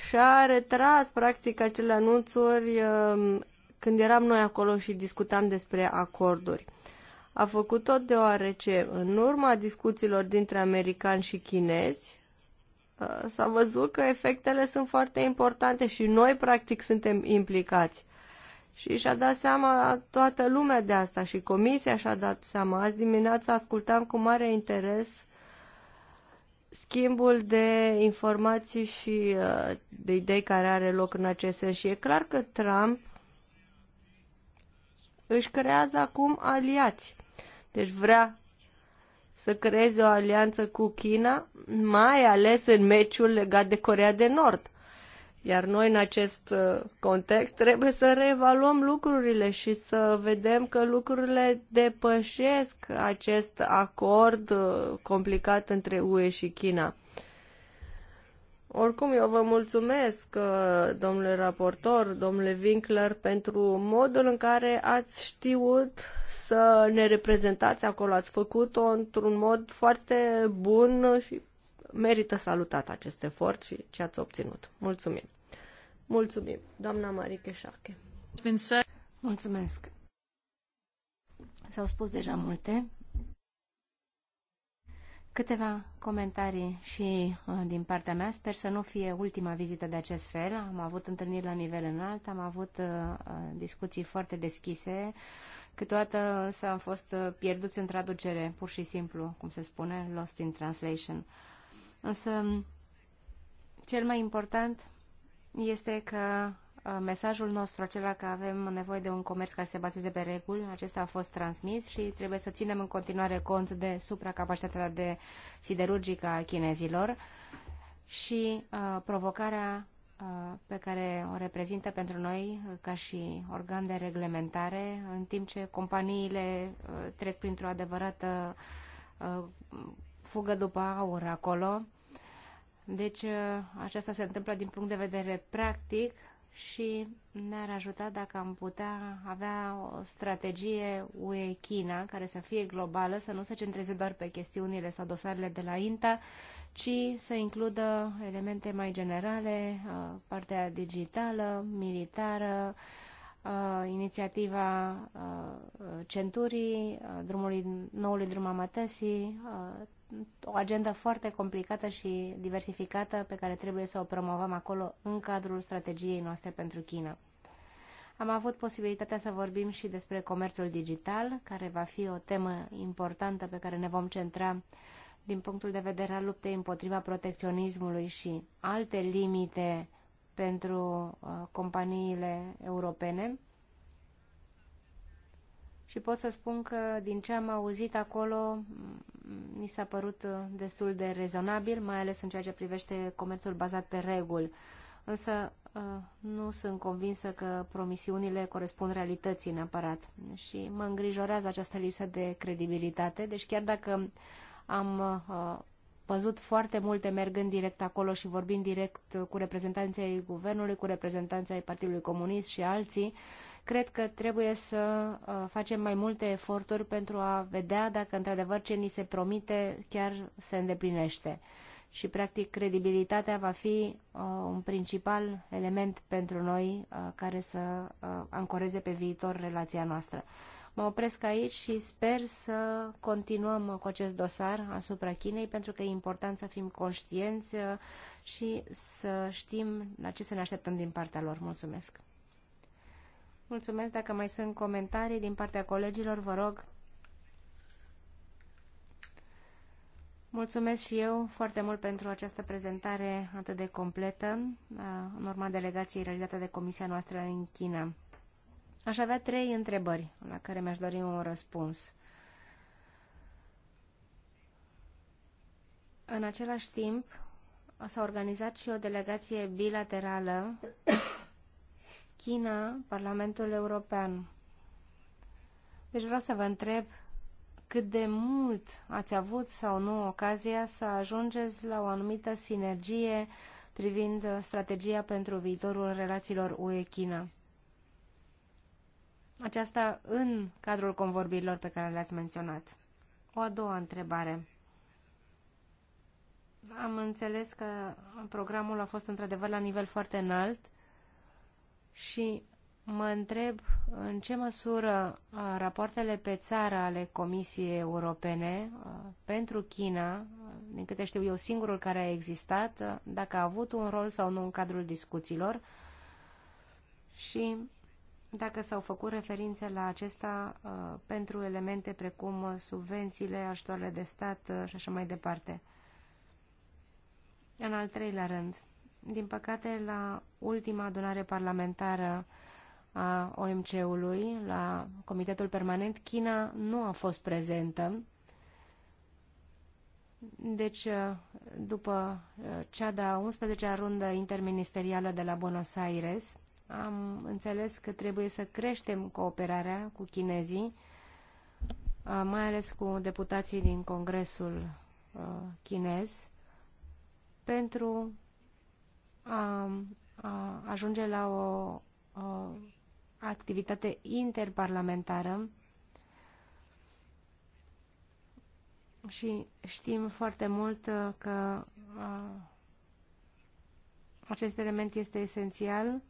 și-a retras practic acele anunțuri um, când eram noi acolo și discutam despre acorduri. A făcut-o deoarece, în urma discuțiilor dintre americani și chinezi, uh, s-a văzut că efectele sunt foarte importante și noi, practic, suntem implicați. Și și-a dat seama toată lumea de asta și comisia și-a dat seama. Azi dimineața ascultam cu mare interes schimbul de informații și uh, de idei care are loc în acest sens. Și e clar că Trump își creează acum aliați. Deci vrea să creeze o alianță cu China, mai ales în meciul legat de Corea de Nord. Iar noi, în acest uh, context, trebuie să reevaluăm lucrurile și să vedem că lucrurile depășesc acest acord uh, complicat între UE și China. Oricum, eu vă mulțumesc, uh, domnule raportor, domnule Winkler, pentru modul în care ați știut să ne reprezentați acolo. Ați făcut-o într-un mod foarte bun și merită salutat acest efort și ce ați obținut. Mulțumim! Mulțumim, doamna Marie Șache. Mulțumesc! S-au spus deja multe. Câteva comentarii și uh, din partea mea. Sper să nu fie ultima vizită de acest fel. Am avut întâlniri la nivel înalt, am avut uh, uh, discuții foarte deschise. Câteodată s au fost pierduți în traducere, pur și simplu, cum se spune, lost in translation. Uh, Însă, cel mai important este că uh, mesajul nostru, acela că avem nevoie de un comerț care se bazeze pe reguli, acesta a fost transmis și trebuie să ținem în continuare cont de supracapacitatea de siderurgică a chinezilor și uh, provocarea uh, pe care o reprezintă pentru noi uh, ca și organ de reglementare, în timp ce companiile uh, trec printr-o adevărată uh, fugă după aur acolo. Deci uh, aceasta se întâmplă din punct de vedere practic și ne-ar ajuta dacă am putea avea o strategie UE-China care să fie globală, să nu se centreze doar pe chestiunile sau dosarele de la INTA, ci să includă elemente mai generale, uh, partea digitală, militară, uh, inițiativa centurii, drumului, noului drum a mătăsii, o agendă foarte complicată și diversificată pe care trebuie să o promovăm acolo în cadrul strategiei noastre pentru China. Am avut posibilitatea să vorbim și despre comerțul digital, care va fi o temă importantă pe care ne vom centra din punctul de vedere al luptei împotriva protecționismului și alte limite pentru uh, companiile europene și pot să spun că din ce am auzit acolo mi s-a părut uh, destul de rezonabil, mai ales în ceea ce privește comerțul bazat pe reguli. Însă uh, nu sunt convinsă că promisiunile corespund realității neapărat și mă îngrijorează această lipsă de credibilitate. Deci chiar dacă am uh, văzut foarte multe mergând direct acolo și vorbind direct cu reprezentanții guvernului, cu reprezentanții ai Partidului Comunist și alții, uh, Cred că trebuie să uh, facem mai multe eforturi pentru a vedea dacă într-adevăr ce ni se promite chiar se îndeplinește. Și, practic, credibilitatea va fi uh, un principal element pentru noi uh, care să uh, ancoreze pe viitor relația noastră. Mă opresc aici și sper să continuăm cu acest dosar asupra Chinei, pentru că e important să fim conștienți uh, și să știm la ce să ne așteptăm din partea lor. Mulțumesc! Mulțumesc. Dacă mai sunt comentarii din partea colegilor, vă rog. Mulțumesc și eu foarte mult pentru această prezentare atât de completă în urma delegației realizate de comisia noastră în China. Aș avea trei întrebări la care mi-aș dori un răspuns. În același timp, s-a organizat și o delegație bilaterală China, Parlamentul European. Deci vreau să vă întreb cât de mult ați avut sau nu ocazia să ajungeți la o anumită sinergie privind strategia pentru viitorul relațiilor UE-China. Aceasta în cadrul convorbirilor pe care le-ați menționat. O a doua întrebare. Am înțeles că programul a fost într-adevăr la nivel foarte înalt și mă întreb în ce măsură uh, rapoartele pe țară ale Comisiei Europene uh, pentru China, uh, din câte știu eu singurul care a existat, dacă a avut un rol sau nu în cadrul discuțiilor și dacă s-au făcut referințe la acesta pentru elemente precum subvențiile, ajutoarele de stat și așa mai departe. În al treilea rând, din păcate, la ultima adunare parlamentară a OMC-ului, la Comitetul Permanent, China nu a fost prezentă. Deci, după uh, cea de-a 11-a rundă interministerială de la Buenos Aires, am înțeles că trebuie să creștem cooperarea cu chinezii, uh, mai ales cu deputații din Congresul uh, chinez, pentru a, a ajunge la o a, activitate interparlamentară și știm foarte mult uh, că a, acest element este esențial.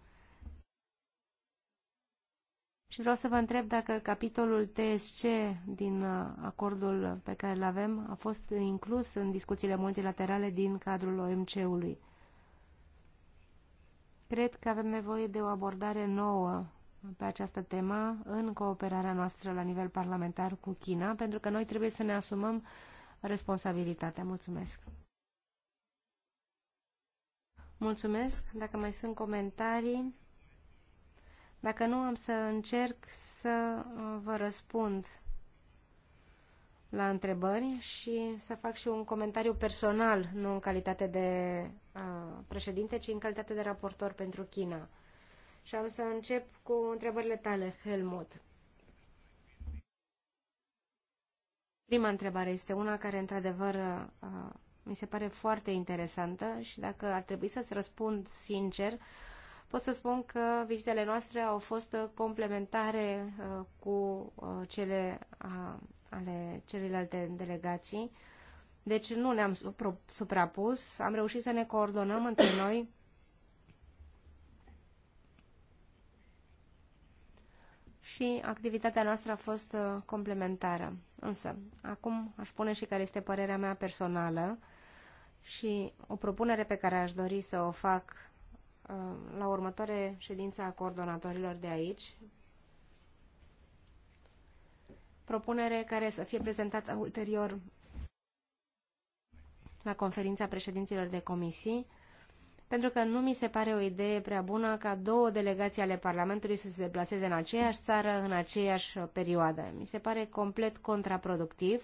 Și vreau să vă întreb dacă capitolul TSC din uh, acordul pe care îl avem a fost inclus în discuțiile multilaterale din cadrul OMC-ului. Cred că avem nevoie de o abordare nouă pe această temă în cooperarea noastră la nivel parlamentar cu China, pentru că noi trebuie să ne asumăm responsabilitatea. Mulțumesc! Mulțumesc! Dacă mai sunt comentarii, dacă nu, am să încerc să vă răspund la întrebări și să fac și un comentariu personal, nu în calitate de uh, președinte, ci în calitate de raportor pentru China. Și am să încep cu întrebările tale, Helmut. Prima întrebare este una care, într-adevăr, uh, mi se pare foarte interesantă și dacă ar trebui să-ți răspund sincer, uh, pot să spun că vizitele noastre au fost uh, complementare uh, cu uh, cele ale celelalte delegații. Deci nu ne-am suprapus, am reușit să ne coordonăm între noi și activitatea noastră a fost complementară. Însă, acum aș pune și care este părerea mea personală și o propunere pe care aș dori să o fac Uh, la următoare ședință a coordonatorilor de aici, propunere care să fie prezentată ulterior la conferința președinților de comisii, pentru că nu mi se pare o idee prea bună ca două delegații ale Parlamentului să se deplaseze în aceeași țară în aceeași perioadă. Mi se pare complet contraproductiv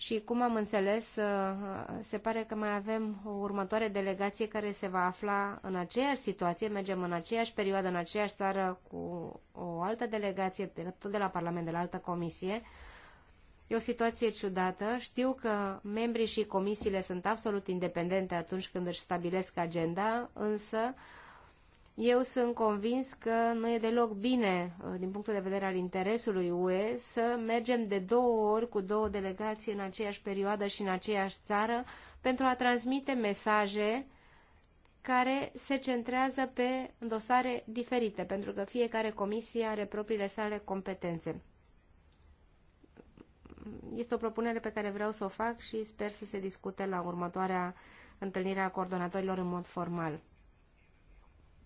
și cum am înțeles, uh, se pare că mai avem o următoare delegație care se va afla în aceeași situație, mergem în aceeași perioadă, în aceeași țară cu o altă delegație, tot de la Parlament, de la altă comisie. E o situație ciudată. Știu că membrii și comisiile sunt absolut independente atunci când își stabilesc agenda, însă uh, eu sunt convins că nu e deloc bine, uh, din punctul de vedere al interesului UE, să mergem de două ori cu două delegații în aceeași perioadă și în aceeași țară pentru a transmite mesaje care se centrează pe dosare diferite, pentru că fiecare comisie are propriile sale competențe. Este o propunere pe care vreau să o fac și sper să se discute la următoarea întâlnire a coordonatorilor în mod formal.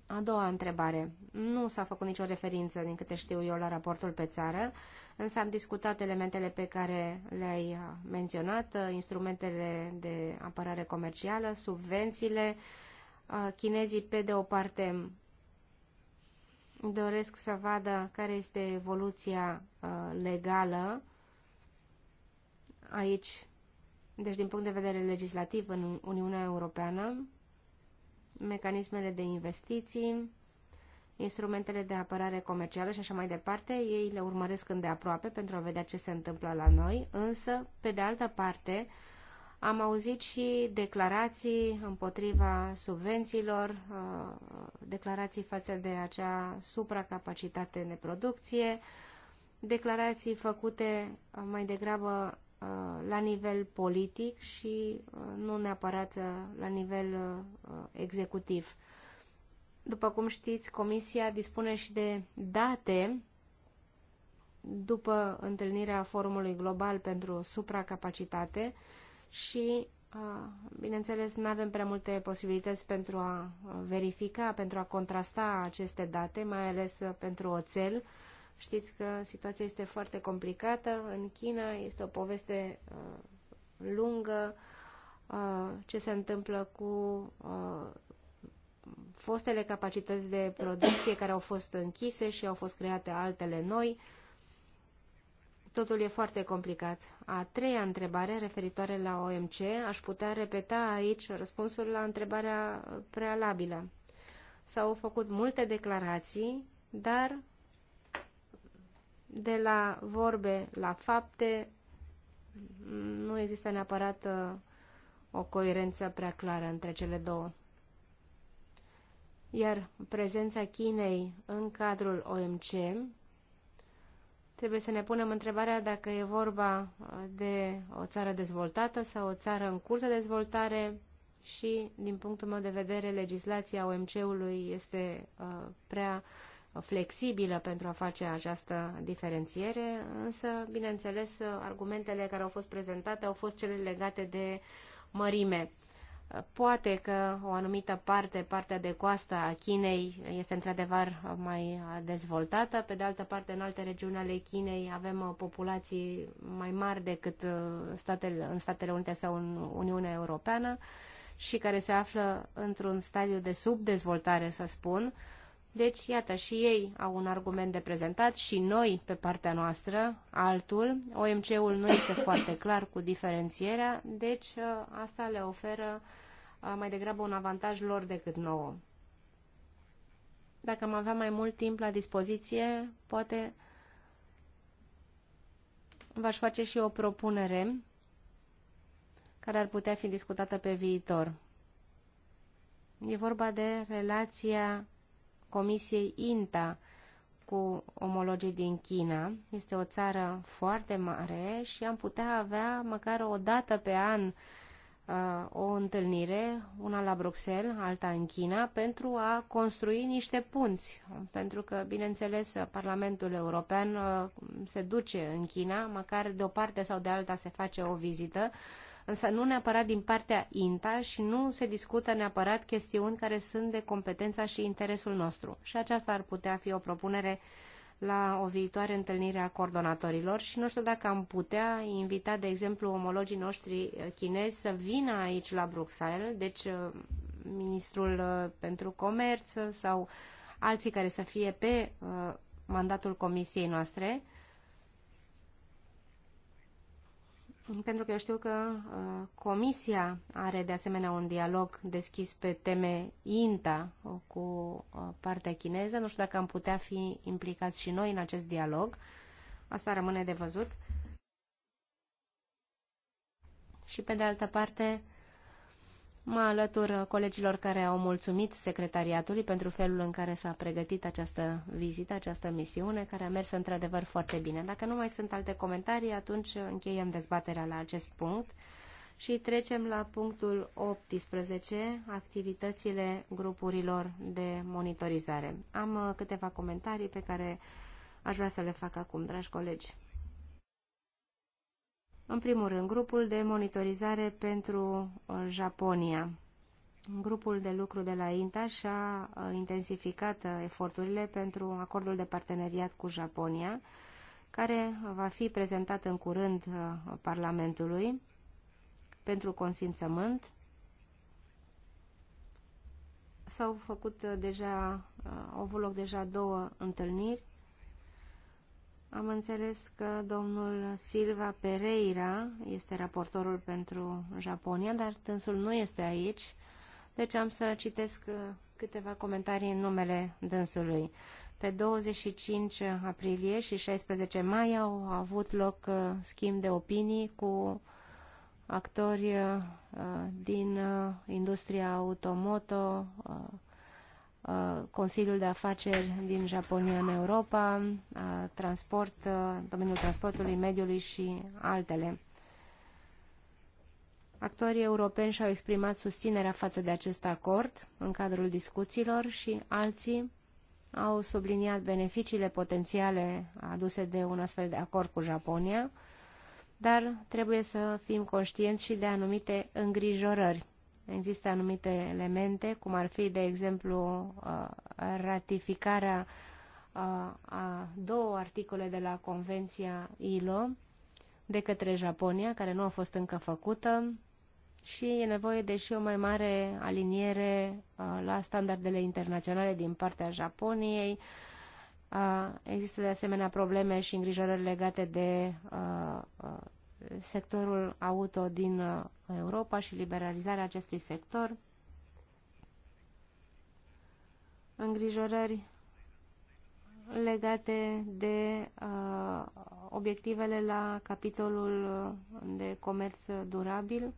A doua întrebare. Nu s-a făcut nicio referință, din câte știu eu, la raportul pe țară, însă am discutat elementele pe care le-ai uh, menționat, uh, instrumentele de apărare comercială, subvențiile. Uh, chinezii, pe de o parte, doresc să vadă care este evoluția legală aici, deci din punct de vedere legislativ în Uniunea Europeană, mecanismele de investiții, instrumentele de apărare comercială și așa mai departe, ei le urmăresc îndeaproape pentru a vedea ce se întâmplă la noi, însă, pe de altă parte, am auzit și declarații împotriva subvențiilor, uh, declarații față de acea supracapacitate de producție, declarații făcute mai degrabă Uh, la nivel politic și uh, nu neapărat uh, la nivel executiv. După cum știți, Comisia dispune și de date după întâlnirea Forumului Global pentru Supracapacitate și, bineînțeles, nu avem prea multe posibilități pentru a verifica, pentru a contrasta aceste date, mai ales pentru oțel, Știți că situația este foarte complicată în China, este o poveste uh, lungă, uh, ce se întâmplă cu uh, fostele capacități de producție care au fost închise și au fost create altele noi. Totul e foarte complicat. A treia întrebare, referitoare la OMC, aș putea repeta aici răspunsul la întrebarea prealabilă. S-au făcut multe declarații, dar de la vorbe la fapte, nu există neapărat uh, o coerență prea clară între cele două. Iar prezența Chinei în cadrul OMC trebuie să ne punem întrebarea dacă e vorba uh, de o țară dezvoltată sau o țară în curs de dezvoltare și, din punctul meu de vedere, legislația OMC-ului este uh, prea uh, flexibilă pentru a face această diferențiere, însă, bineînțeles, argumentele care au fost prezentate au fost cele legate de mărime. Poate că o anumită parte, partea de coastă a Chinei, este într-adevăr mai dezvoltată. Pe de altă parte, în alte regiuni ale Chinei avem populații mai mari decât statele, în Statele Unite sau în Uniunea Europeană și care se află într-un stadiu de subdezvoltare, să spun, deci, iată, și ei au un argument de prezentat și noi, pe partea noastră, altul. OMC-ul nu este foarte clar cu diferențierea, deci ă, asta le oferă ă, mai degrabă un avantaj lor decât nouă. Dacă am avea mai mult timp la dispoziție, poate v-aș face și o propunere care ar putea fi discutată pe viitor. E vorba de relația Comisiei INTA cu omologii din China. Este o țară foarte mare și am putea avea măcar o dată pe an uh, o întâlnire, una la Bruxelles, alta în China, pentru a construi niște punți. Pentru că, bineînțeles, Parlamentul European uh, se duce în China, măcar de o parte sau de alta se face o vizită însă nu neapărat din partea INTA și nu se discută neapărat chestiuni care sunt de competența și interesul nostru. Și aceasta ar putea fi o propunere la o viitoare întâlnire a coordonatorilor și nu știu dacă am putea invita, de exemplu, omologii noștri chinezi să vină aici la Bruxelles, deci uh, ministrul uh, pentru comerț sau alții care să fie pe uh, mandatul comisiei noastre pentru că eu știu că uh, Comisia are de asemenea un dialog deschis pe teme INTA uh, cu uh, partea chineză. Nu știu dacă am putea fi implicați și noi în acest dialog. Asta rămâne de văzut. Și pe de altă parte, Mă alătur colegilor care au mulțumit secretariatului pentru felul în care s-a pregătit această vizită, această misiune, care a mers într-adevăr foarte bine. Dacă nu mai sunt alte comentarii, atunci încheiem dezbaterea la acest punct și trecem la punctul 18, activitățile grupurilor de monitorizare. Am câteva comentarii pe care aș vrea să le fac acum, dragi colegi. În primul rând, grupul de monitorizare pentru uh, Japonia. Grupul de lucru de la INTA și-a uh, intensificat uh, eforturile pentru acordul de parteneriat cu Japonia, care va fi prezentat în curând Parlamentului pentru consimțământ. S-au făcut deja, au avut loc deja două întâlniri am înțeles că domnul Silva Pereira este raportorul pentru Japonia, dar dânsul nu este aici, deci am să citesc uh, câteva comentarii în numele dânsului. Pe 25 aprilie și 16 mai au avut loc uh, schimb de opinii cu actori uh, din industria automoto, Uh, Consiliul de Afaceri din Japonia în Europa, uh, transport, uh, domeniul transportului, mediului și altele. Actorii europeni și-au exprimat susținerea față de acest acord în cadrul discuțiilor și alții au subliniat beneficiile potențiale aduse de un astfel de acord cu Japonia, dar trebuie să fim conștienți și de anumite îngrijorări Există anumite elemente, cum ar fi, de exemplu, uh, ratificarea uh, a două articole de la Convenția ILO de către Japonia, care nu a fost încă făcută, și e nevoie de și o mai mare aliniere uh, la standardele internaționale din partea Japoniei. Există de asemenea probleme și îngrijorări legate de sectorul auto din uh, Europa și liberalizarea acestui sector, îngrijorări legate de uh, obiectivele la capitolul uh, de comerț durabil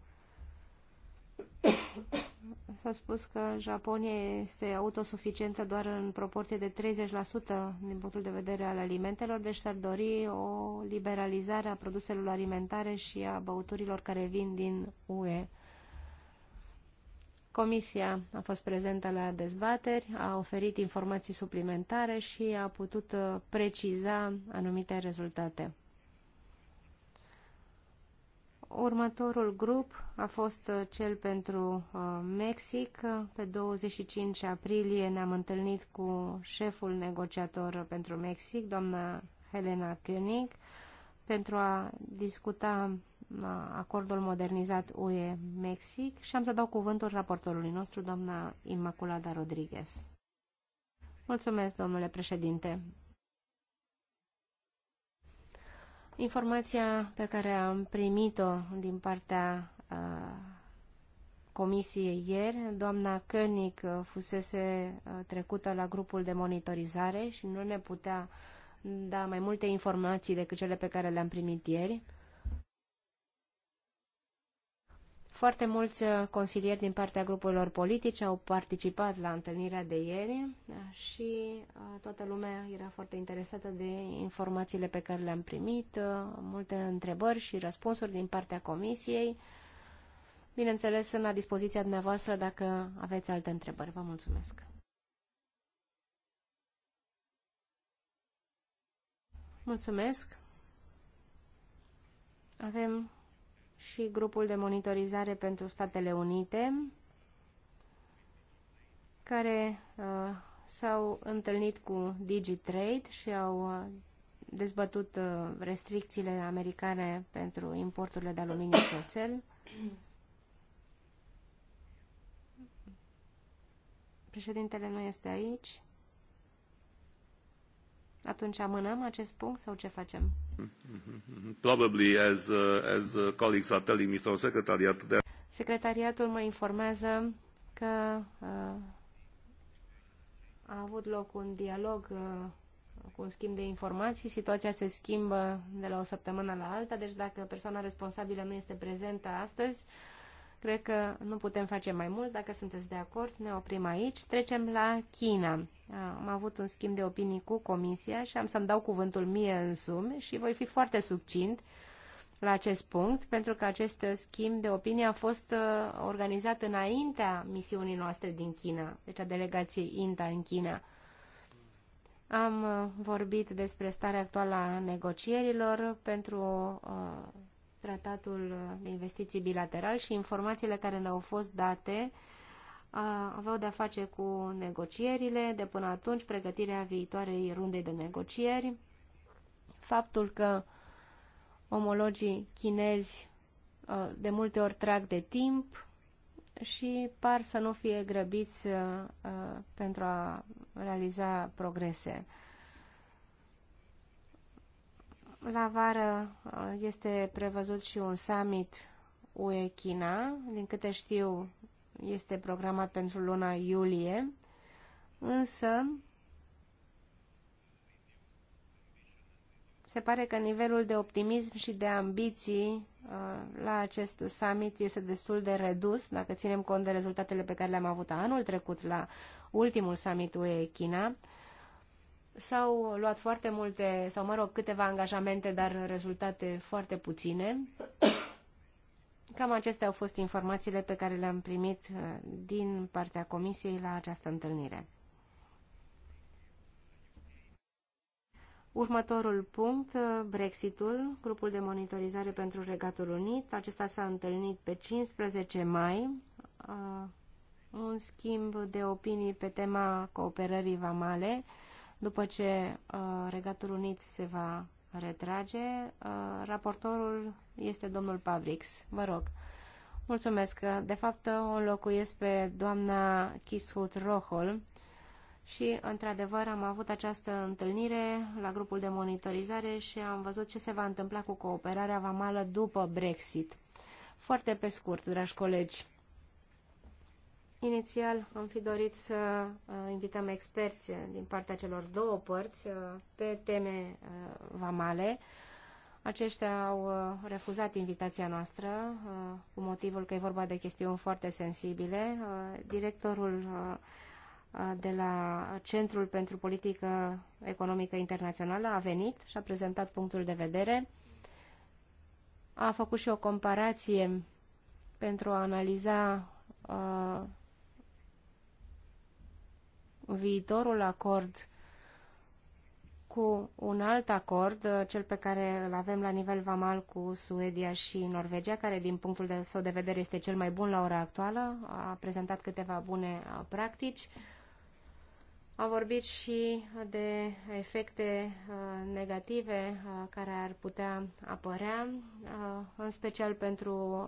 S-a spus că Japonia este autosuficientă doar în proporție de 30% din punctul de vedere al alimentelor, deci s-ar dori o liberalizare a produselor alimentare și a băuturilor care vin din UE. Comisia a fost prezentă la dezbateri, a oferit informații suplimentare și a putut preciza anumite rezultate. Următorul grup a fost uh, cel pentru uh, Mexic. Pe 25 aprilie ne-am întâlnit cu șeful negociator pentru Mexic, doamna Helena König, pentru a discuta uh, acordul modernizat UE-Mexic și am să dau cuvântul raportorului nostru, doamna Immaculada Rodriguez. Mulțumesc, domnule președinte. Informația pe care am primit-o din partea uh, comisiei ieri, doamna Koenig fusese trecută la grupul de monitorizare și nu ne putea da mai multe informații decât cele pe care le-am primit ieri. Foarte mulți uh, consilieri din partea grupurilor politice au participat la întâlnirea de ieri da, și uh, toată lumea era foarte interesată de informațiile pe care le-am primit, uh, multe întrebări și răspunsuri din partea comisiei. Bineînțeles, sunt la dispoziția dumneavoastră dacă aveți alte întrebări. Vă mulțumesc! Mulțumesc! Avem și grupul de monitorizare pentru Statele Unite, care uh, s-au întâlnit cu DigiTrade și au uh, dezbătut uh, restricțiile americane pentru importurile de aluminiu și oțel. Președintele nu este aici. Atunci amânăm acest punct sau ce facem? Probably as, uh, as uh, colleagues are telling me from secretariat that... Secretariatul mă informează că uh, a avut loc un dialog uh, cu un schimb de informații. Situația se schimbă de la o săptămână la alta, deci dacă persoana responsabilă nu este prezentă astăzi, uh, Cred că nu putem face mai mult. Dacă sunteți de acord, ne oprim aici. Trecem la China. Am avut un schimb de opinii cu Comisia și am să-mi dau cuvântul mie însumi și voi fi foarte succint la acest punct, pentru că acest schimb de opinie a fost uh, organizat înaintea misiunii noastre din China, deci a delegației INTA în China. Am uh, vorbit despre starea actuală a negocierilor pentru uh, tratatul de investiții bilateral și informațiile care ne au fost date aveau de-a face cu negocierile de până atunci, pregătirea viitoarei runde de negocieri, faptul că omologii chinezi de multe ori trag de timp și par să nu fie grăbiți pentru a realiza progrese. La vară uh, este prevăzut și un summit UE-China, din câte știu este programat pentru luna iulie, însă se pare că nivelul de optimism și de ambiții uh, la acest summit este destul de redus, dacă ținem cont de rezultatele pe care le-am avut anul trecut la ultimul summit UE-China, S-au luat foarte multe, sau mă rog, câteva angajamente, dar rezultate foarte puține. Cam acestea au fost informațiile pe care le-am primit uh, din partea Comisiei la această întâlnire. Următorul punct, uh, Brexitul, grupul de monitorizare pentru Regatul Unit. Acesta s-a întâlnit pe 15 mai. Uh, un schimb de opinii pe tema cooperării vamale. După ce uh, Regatul Unit se va retrage, uh, raportorul este domnul Pavrix. Vă rog. Mulțumesc. De fapt, o înlocuiesc pe doamna Kishut Rohol și, într-adevăr, am avut această întâlnire la grupul de monitorizare și am văzut ce se va întâmpla cu cooperarea vamală după Brexit. Foarte pe scurt, dragi colegi. Inițial am fi dorit să uh, invităm experți uh, din partea celor două părți uh, pe teme vamale. Aceștia au refuzat invitația noastră cu motivul că e vorba de chestiuni foarte sensibile. Directorul de la Centrul pentru Politică Economică Internațională a venit și a prezentat punctul de vedere. A făcut și o comparație pentru a analiza viitorul acord cu un alt acord, uh, cel pe care îl avem la nivel vamal cu Suedia și Norvegia, care din punctul de său de vedere este cel mai bun la ora actuală, a prezentat câteva bune uh, practici, a vorbit și de efecte uh, negative care ar putea apărea, în special pentru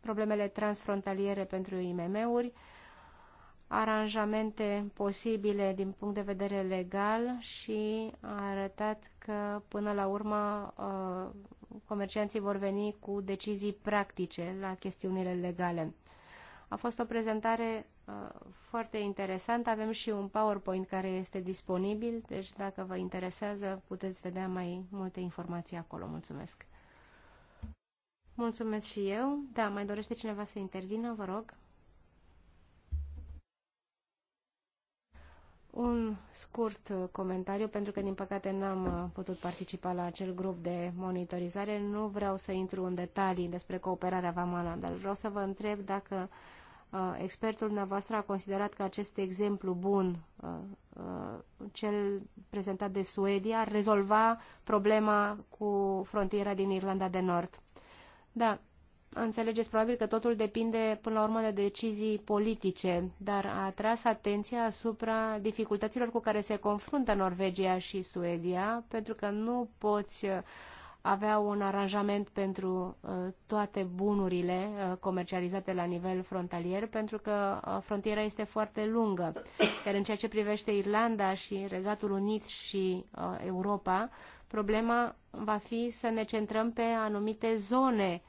problemele transfrontaliere pentru IMM-uri, aranjamente posibile din punct de vedere legal și a arătat că până la urmă uh, comercianții vor veni cu decizii practice la chestiunile legale. A fost o prezentare uh, foarte interesantă. Avem și un PowerPoint care este disponibil, deci dacă vă interesează puteți vedea mai multe informații acolo. Mulțumesc! Mulțumesc și eu. Da, mai dorește cineva să intervină, vă rog. Un scurt uh, comentariu, pentru că din păcate n-am uh, putut participa la acel grup de monitorizare. Nu vreau să intru în detalii despre cooperarea vamală, dar vreau să vă întreb dacă uh, expertul dumneavoastră a considerat că acest exemplu bun, cel prezentat de Suedia, ar rezolva problema cu frontiera din Irlanda de Nord. Da, Înțelegeți probabil că totul depinde până la urmă de decizii politice, dar a atras atenția asupra dificultăților cu care se confruntă Norvegia și Suedia, pentru că nu poți uh, avea un aranjament pentru uh, toate bunurile uh, comercializate la nivel frontalier, pentru că frontiera este foarte lungă. Iar în ceea ce privește Irlanda și Regatul Unit și Europa, problema va fi să ne centrăm pe anumite zone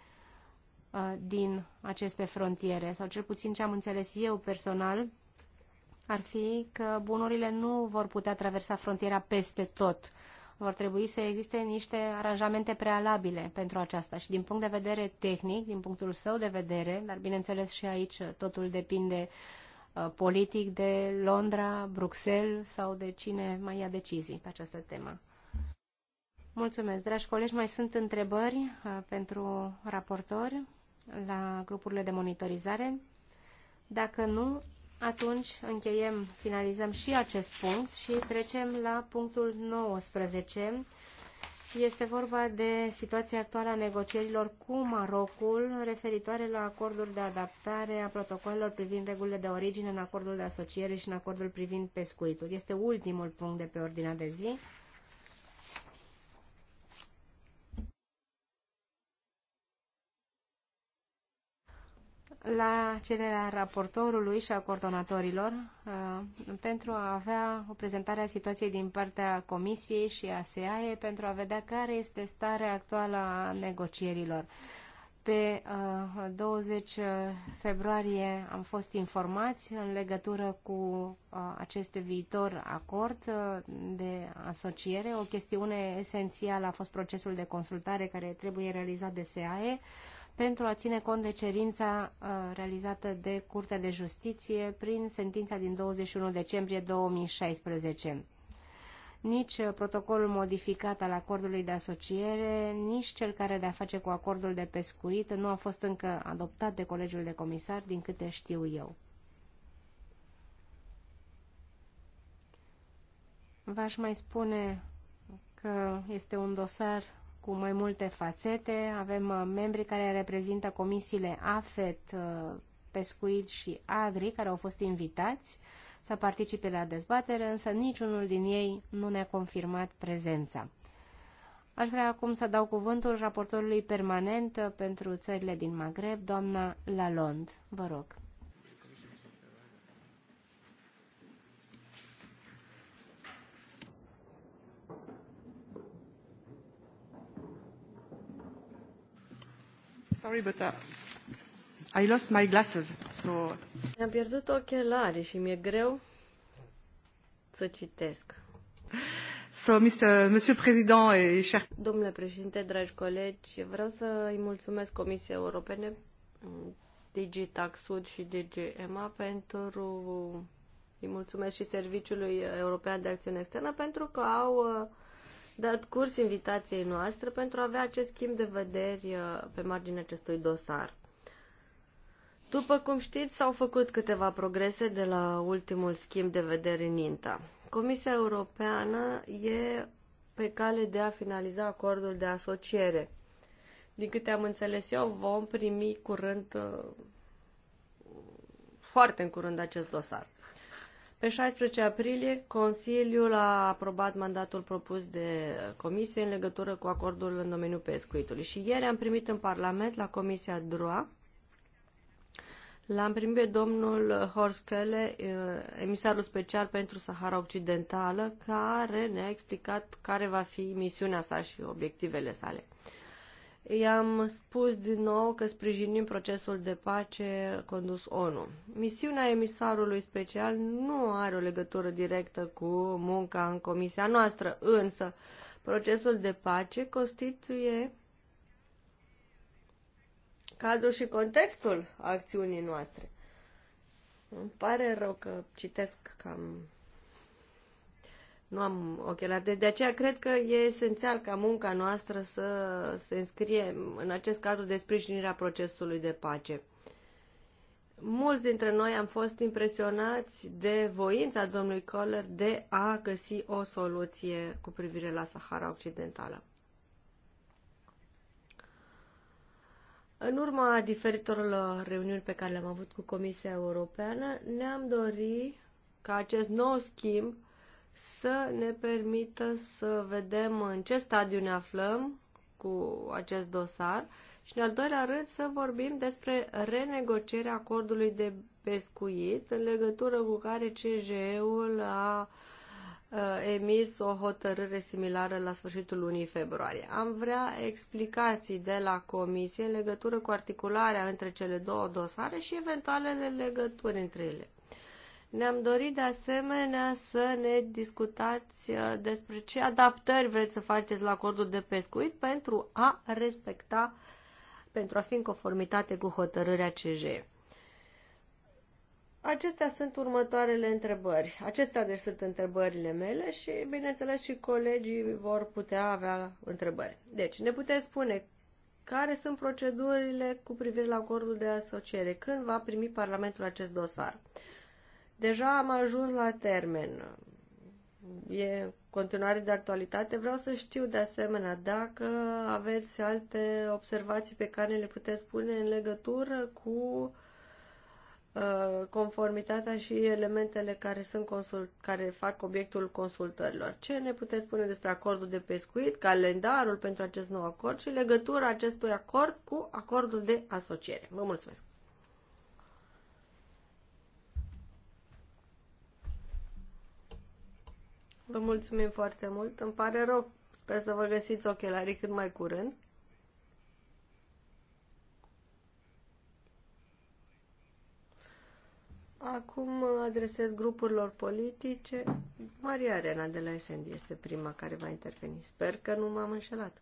Uh, din aceste frontiere, sau cel puțin ce am înțeles eu personal, ar fi că bunurile nu vor putea traversa frontiera peste tot. Vor trebui să existe niște aranjamente prealabile pentru aceasta și din punct de vedere tehnic, din punctul său de vedere, dar bineînțeles și aici totul depinde uh, politic de Londra, Bruxelles sau de cine mai ia decizii pe această temă. Mulțumesc, dragi colegi. Mai sunt întrebări uh, pentru raportori? la grupurile de monitorizare. Dacă nu, atunci încheiem, finalizăm și acest punct și trecem la punctul 19. Este vorba de situația actuală a negocierilor cu Marocul referitoare la acordul de adaptare a protocolelor privind regulile de origine în acordul de asociere și în acordul privind pescuitul. Este ultimul punct de pe ordinea de zi. la cererea raportorului și a coordonatorilor uh, pentru a avea o prezentare a situației din partea Comisiei și a SEAE pentru a vedea care este starea actuală a negocierilor. Pe 20 uh, uh, februarie am fost informați în legătură cu acest viitor acord de asociere. O chestiune esențială a fost procesul de consultare care trebuie realizat de SEAE pentru a ține cont de cerința uh, realizată de Curtea de Justiție prin sentința din 21 decembrie 2016. Nici uh, protocolul modificat al acordului de asociere, nici cel care de-a face cu acordul de pescuit nu a fost încă adoptat de Colegiul de Comisar, din câte știu eu. V-aș mai spune că este un dosar cu mai multe fațete. Avem uh, membri care reprezintă comisiile AFET, uh, Pescuit și Agri, care au fost invitați să participe la dezbatere, însă niciunul din ei nu ne-a confirmat prezența. Aș vrea acum să dau cuvântul raportorului permanent uh, pentru țările din Maghreb, doamna Lalonde. Vă rog. Uh, I lost my glasses, so... Mi-am pierdut ochelarii și mi-e greu să citesc. So, Mr. Monsieur President cher... Domnule președinte, dragi colegi, vreau să îi mulțumesc Comisiei Europene, DigiTaxud și DGMA pentru îi mulțumesc și Serviciului European de Acțiune Externă pentru că au uh, dat curs invitației noastre pentru a avea acest schimb de vederi uh, pe marginea acestui dosar. După cum știți, s-au făcut câteva progrese de la ultimul schimb de vedere în INTA. Comisia Europeană e pe cale de a finaliza acordul de asociere. Din câte am înțeles eu, vom primi curând, uh, foarte în curând, acest dosar. Pe 16 aprilie, Consiliul a aprobat mandatul propus de Comisie în legătură cu acordul în domeniul pescuitului. Și ieri am primit în Parlament, la Comisia DROA, L-am primit pe domnul Horskele, uh, emisarul special pentru Sahara Occidentală, care ne-a explicat care va fi misiunea sa și obiectivele sale i-am spus din nou că sprijinim procesul de pace condus ONU. Misiunea emisarului special nu are o legătură directă cu munca în comisia noastră, însă procesul de pace constituie cadrul și contextul acțiunii noastre. Îmi pare rău că citesc cam nu am ochelari. Deci de aceea cred că e esențial ca munca noastră să se înscrie în acest cadru de sprijinirea procesului de pace. Mulți dintre noi am fost impresionați de voința domnului Coller de a găsi o soluție cu privire la Sahara Occidentală. În urma diferitor reuniuni pe care le-am avut cu Comisia Europeană, ne-am dorit ca acest nou schimb să ne permită să vedem în ce stadiu ne aflăm cu acest dosar și, în al doilea rând, să vorbim despre renegocierea acordului de pescuit în legătură cu care cge ul a emis o hotărâre similară la sfârșitul lunii februarie. Am vrea explicații de la comisie în legătură cu articularea între cele două dosare și eventualele legături între ele. Ne-am dorit de asemenea să ne discutați uh, despre ce adaptări vreți să faceți la acordul de pescuit pentru a respecta, pentru a fi în conformitate cu hotărârea CJ. Acestea sunt următoarele întrebări. Acestea deci sunt întrebările mele și, bineînțeles, și colegii vor putea avea întrebări. Deci, ne puteți spune care sunt procedurile cu privire la acordul de asociere? Când va primi Parlamentul acest dosar? Deja am ajuns la termen. E continuare de actualitate. Vreau să știu de asemenea dacă aveți alte observații pe care le puteți spune în legătură cu uh, conformitatea și elementele care, sunt consult- care fac obiectul consultărilor. Ce ne puteți spune despre acordul de pescuit, calendarul pentru acest nou acord și legătura acestui acord cu acordul de asociere? Vă mulțumesc! Vă mulțumim foarte mult. Îmi pare rău. Sper să vă găsiți ochelarii cât mai curând. Acum adresez grupurilor politice. Maria Arena de la SND este prima care va interveni. Sper că nu m-am înșelat.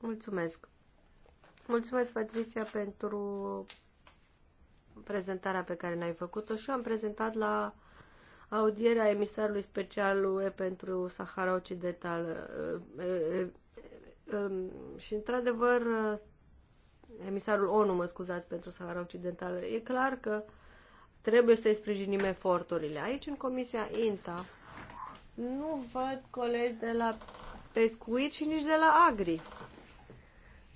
Mulțumesc. Mulțumesc, Patricia, pentru prezentarea pe care ne-ai făcut-o și eu am prezentat la audierea emisarului special UE pentru Sahara Occidentală. Um, și, într-adevăr, emisarul ONU, mă scuzați, pentru Sahara Occidentală. E clar că trebuie să-i sprijinim eforturile. Aici, în Comisia INTA, nu văd colegi de la pescuit și nici de la agri.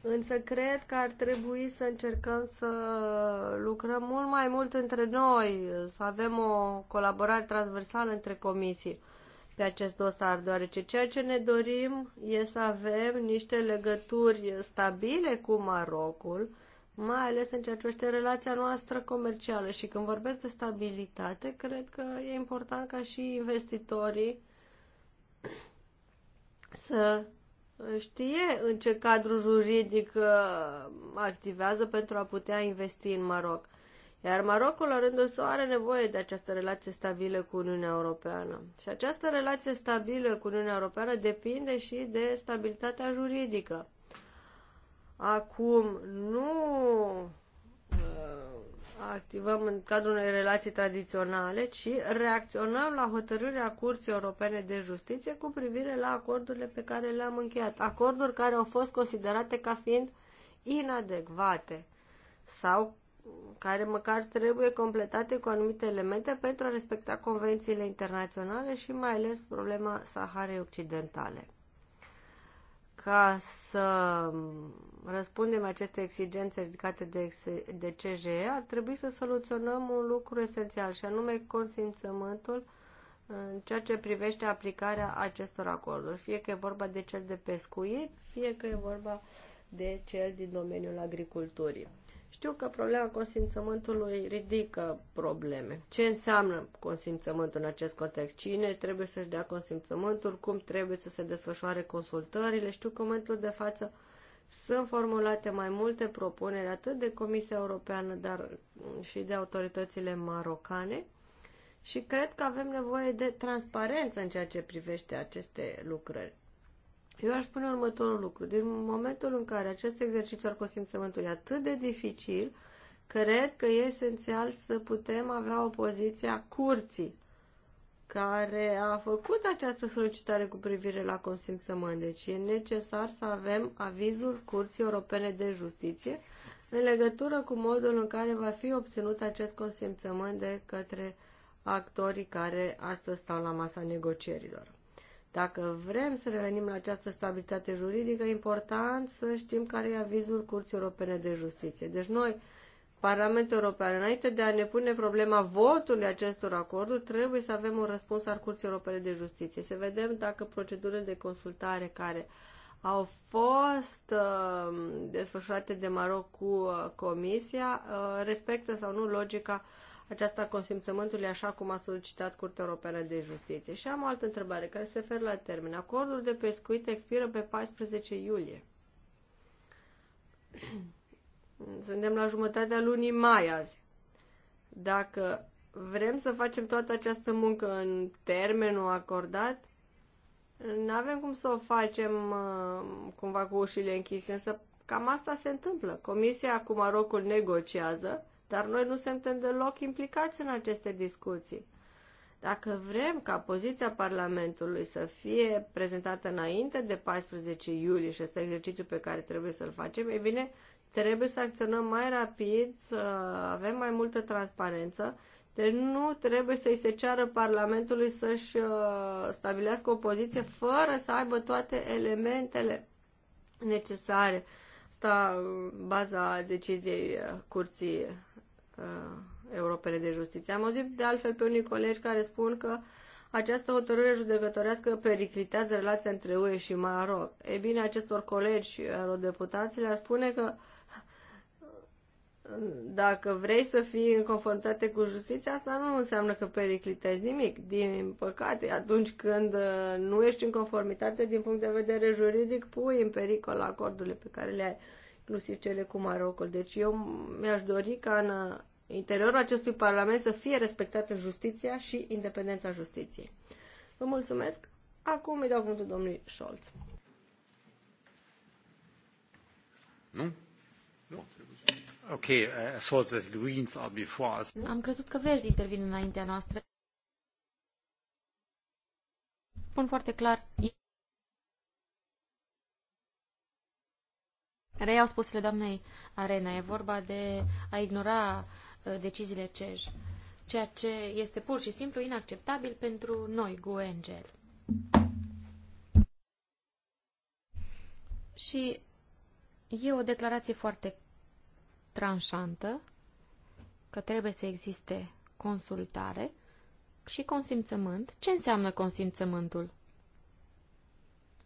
Însă cred că ar trebui să încercăm să lucrăm mult mai mult între noi, să avem o colaborare transversală între comisii pe acest dosar, deoarece ceea ce ne dorim e să avem niște legături stabile cu Marocul, mai ales în ceea ce este relația noastră comercială. Și când vorbesc de stabilitate, cred că e important ca și investitorii să știe în ce cadru juridic uh, activează pentru a putea investi în Maroc. Iar Marocul, la rândul său, are nevoie de această relație stabilă cu Uniunea Europeană. Și această relație stabilă cu Uniunea Europeană depinde și de stabilitatea juridică. Acum, nu activăm în cadrul unei relații tradiționale, ci reacționăm la hotărârea Curții Europene de Justiție cu privire la acordurile pe care le-am încheiat. Acorduri care au fost considerate ca fiind inadecvate sau care măcar trebuie completate cu anumite elemente pentru a respecta convențiile internaționale și mai ales problema Saharei Occidentale. Ca să răspundem aceste exigențe ridicate de, de CJE, ar trebui să soluționăm un lucru esențial, și anume consimțământul în ceea ce privește aplicarea acestor acorduri, fie că e vorba de cel de pescuit, fie că e vorba de cel din domeniul agriculturii. Știu că problema consimțământului ridică probleme. Ce înseamnă consimțământul în acest context? Cine trebuie să-și dea consimțământul? Cum trebuie să se desfășoare consultările? Știu că în momentul de față sunt formulate mai multe propuneri atât de Comisia Europeană, dar și de autoritățile marocane și cred că avem nevoie de transparență în ceea ce privește aceste lucrări. Eu aș spune următorul lucru. Din momentul în care acest exercițiu al consimțământului e atât de dificil, cred că e esențial să putem avea o poziție a curții care a făcut această solicitare cu privire la consimțământ. Deci e necesar să avem avizul Curții Europene de Justiție în legătură cu modul în care va fi obținut acest consimțământ de către actorii care astăzi stau la masa negocierilor. Dacă vrem să revenim la această stabilitate juridică, e important să știm care e avizul Curții Europene de Justiție. Deci noi, Parlamentul European, înainte de a ne pune problema votului acestor acorduri, trebuie să avem un răspuns al Curții Europene de Justiție. Să vedem dacă procedurile de consultare care au fost uh, desfășurate de Maroc cu uh, Comisia uh, respectă sau nu logica uh, aceasta consimțământului așa cum a solicitat Curtea Europeană de Justiție. Și am o altă întrebare care se referă la termen. Acordul de pescuit expiră pe 14 iulie. Suntem la jumătatea lunii mai azi. Dacă vrem să facem toată această muncă în termenul acordat, nu avem cum să o facem uh, cumva cu ușile închise, însă cam asta se întâmplă. Comisia acum Marocul negociază dar noi nu suntem deloc implicați în aceste discuții. Dacă vrem ca poziția Parlamentului să fie prezentată înainte de 14 iulie și este exercițiul pe care trebuie să-l facem, e bine, trebuie să acționăm mai rapid, să avem mai multă transparență. Deci nu trebuie să-i se ceară Parlamentului să-și uh, stabilească o poziție fără să aibă toate elementele necesare. Asta baza deciziei uh, curții Uh, europene de justiție. Am auzit de altfel pe unii colegi care spun că această hotărâre judecătorească periclitează relația între UE și Maroc. E bine, acestor colegi eurodeputați le-ar spune că dacă vrei să fii în conformitate cu justiția, asta nu înseamnă că periclitezi nimic. Din păcate, atunci când uh, nu ești în conformitate din punct de vedere juridic, pui în pericol acordurile pe care le ai, inclusiv cele cu Marocul. Deci eu mi-aș dori ca în uh, interiorul acestui Parlament să fie respectată justiția și independența justiției. Vă mulțumesc. Acum îi dau cuvântul domnului Scholz. Nu? Nu. Ok, I eh, Greens are before us. Am crezut că verzi intervin înaintea noastră. Spun foarte clar. Reiau spusele doamnei Arena. E vorba de a ignora Uh, deciziile CEJ, ceea ce este pur și simplu inacceptabil pentru noi, Guengel. Și e o declarație foarte tranșantă că trebuie să existe consultare și consimțământ. Ce înseamnă consimțământul?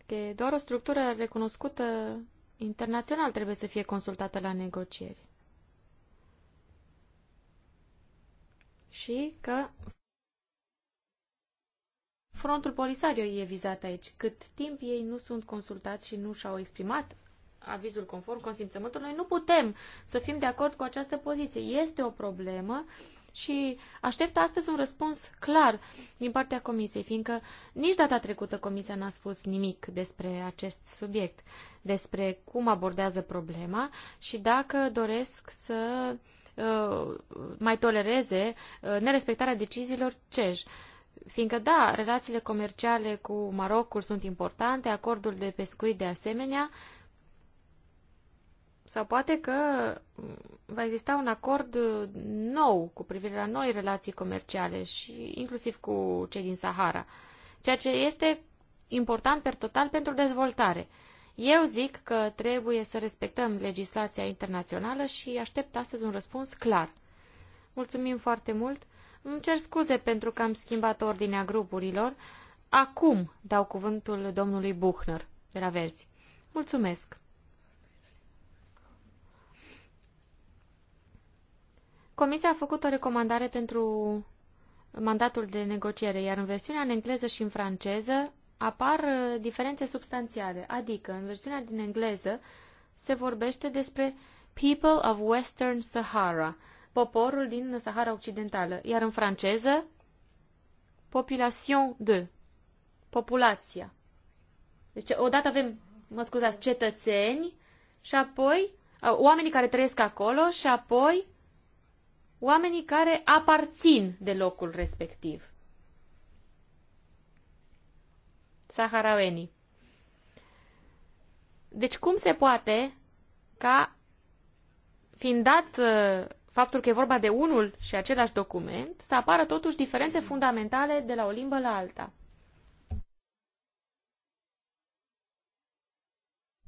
Că doar o structură recunoscută internațional trebuie să fie consultată la negocieri. și că frontul Polisario e vizat aici. Cât timp ei nu sunt consultați și nu și-au exprimat avizul conform consimțământului, noi nu putem să fim de acord cu această poziție. Este o problemă și aștept astăzi un răspuns clar din partea Comisiei, fiindcă nici data trecută Comisia n-a spus nimic despre acest subiect, despre cum abordează problema și dacă doresc să uh, Uh, mai tolereze uh, nerespectarea deciziilor CEJ. Fiindcă, da, relațiile comerciale cu Marocul sunt importante, acordul de pescuit de asemenea, sau poate că va exista un acord nou cu privire la noi relații comerciale și inclusiv cu cei din Sahara, ceea ce este important per total pentru dezvoltare. Eu zic că trebuie să respectăm legislația internațională și aștept astăzi un răspuns clar. Mulțumim foarte mult. Îmi cer scuze pentru că am schimbat ordinea grupurilor. Acum dau cuvântul domnului Buchner de la Verzi. Mulțumesc. Comisia a făcut o recomandare pentru mandatul de negociere, iar în versiunea în engleză și în franceză apar uh, diferențe substanțiale, adică în versiunea din engleză se vorbește despre People of Western Sahara, poporul din Sahara Occidentală, iar în franceză Population de, populația. Deci odată avem, mă scuzați, cetățeni și apoi oamenii care trăiesc acolo și apoi oamenii care aparțin de locul respectiv. saharauenii. Deci cum se poate ca, fiind dat uh, faptul că e vorba de unul și același document, să apară totuși diferențe fundamentale de la o limbă la alta?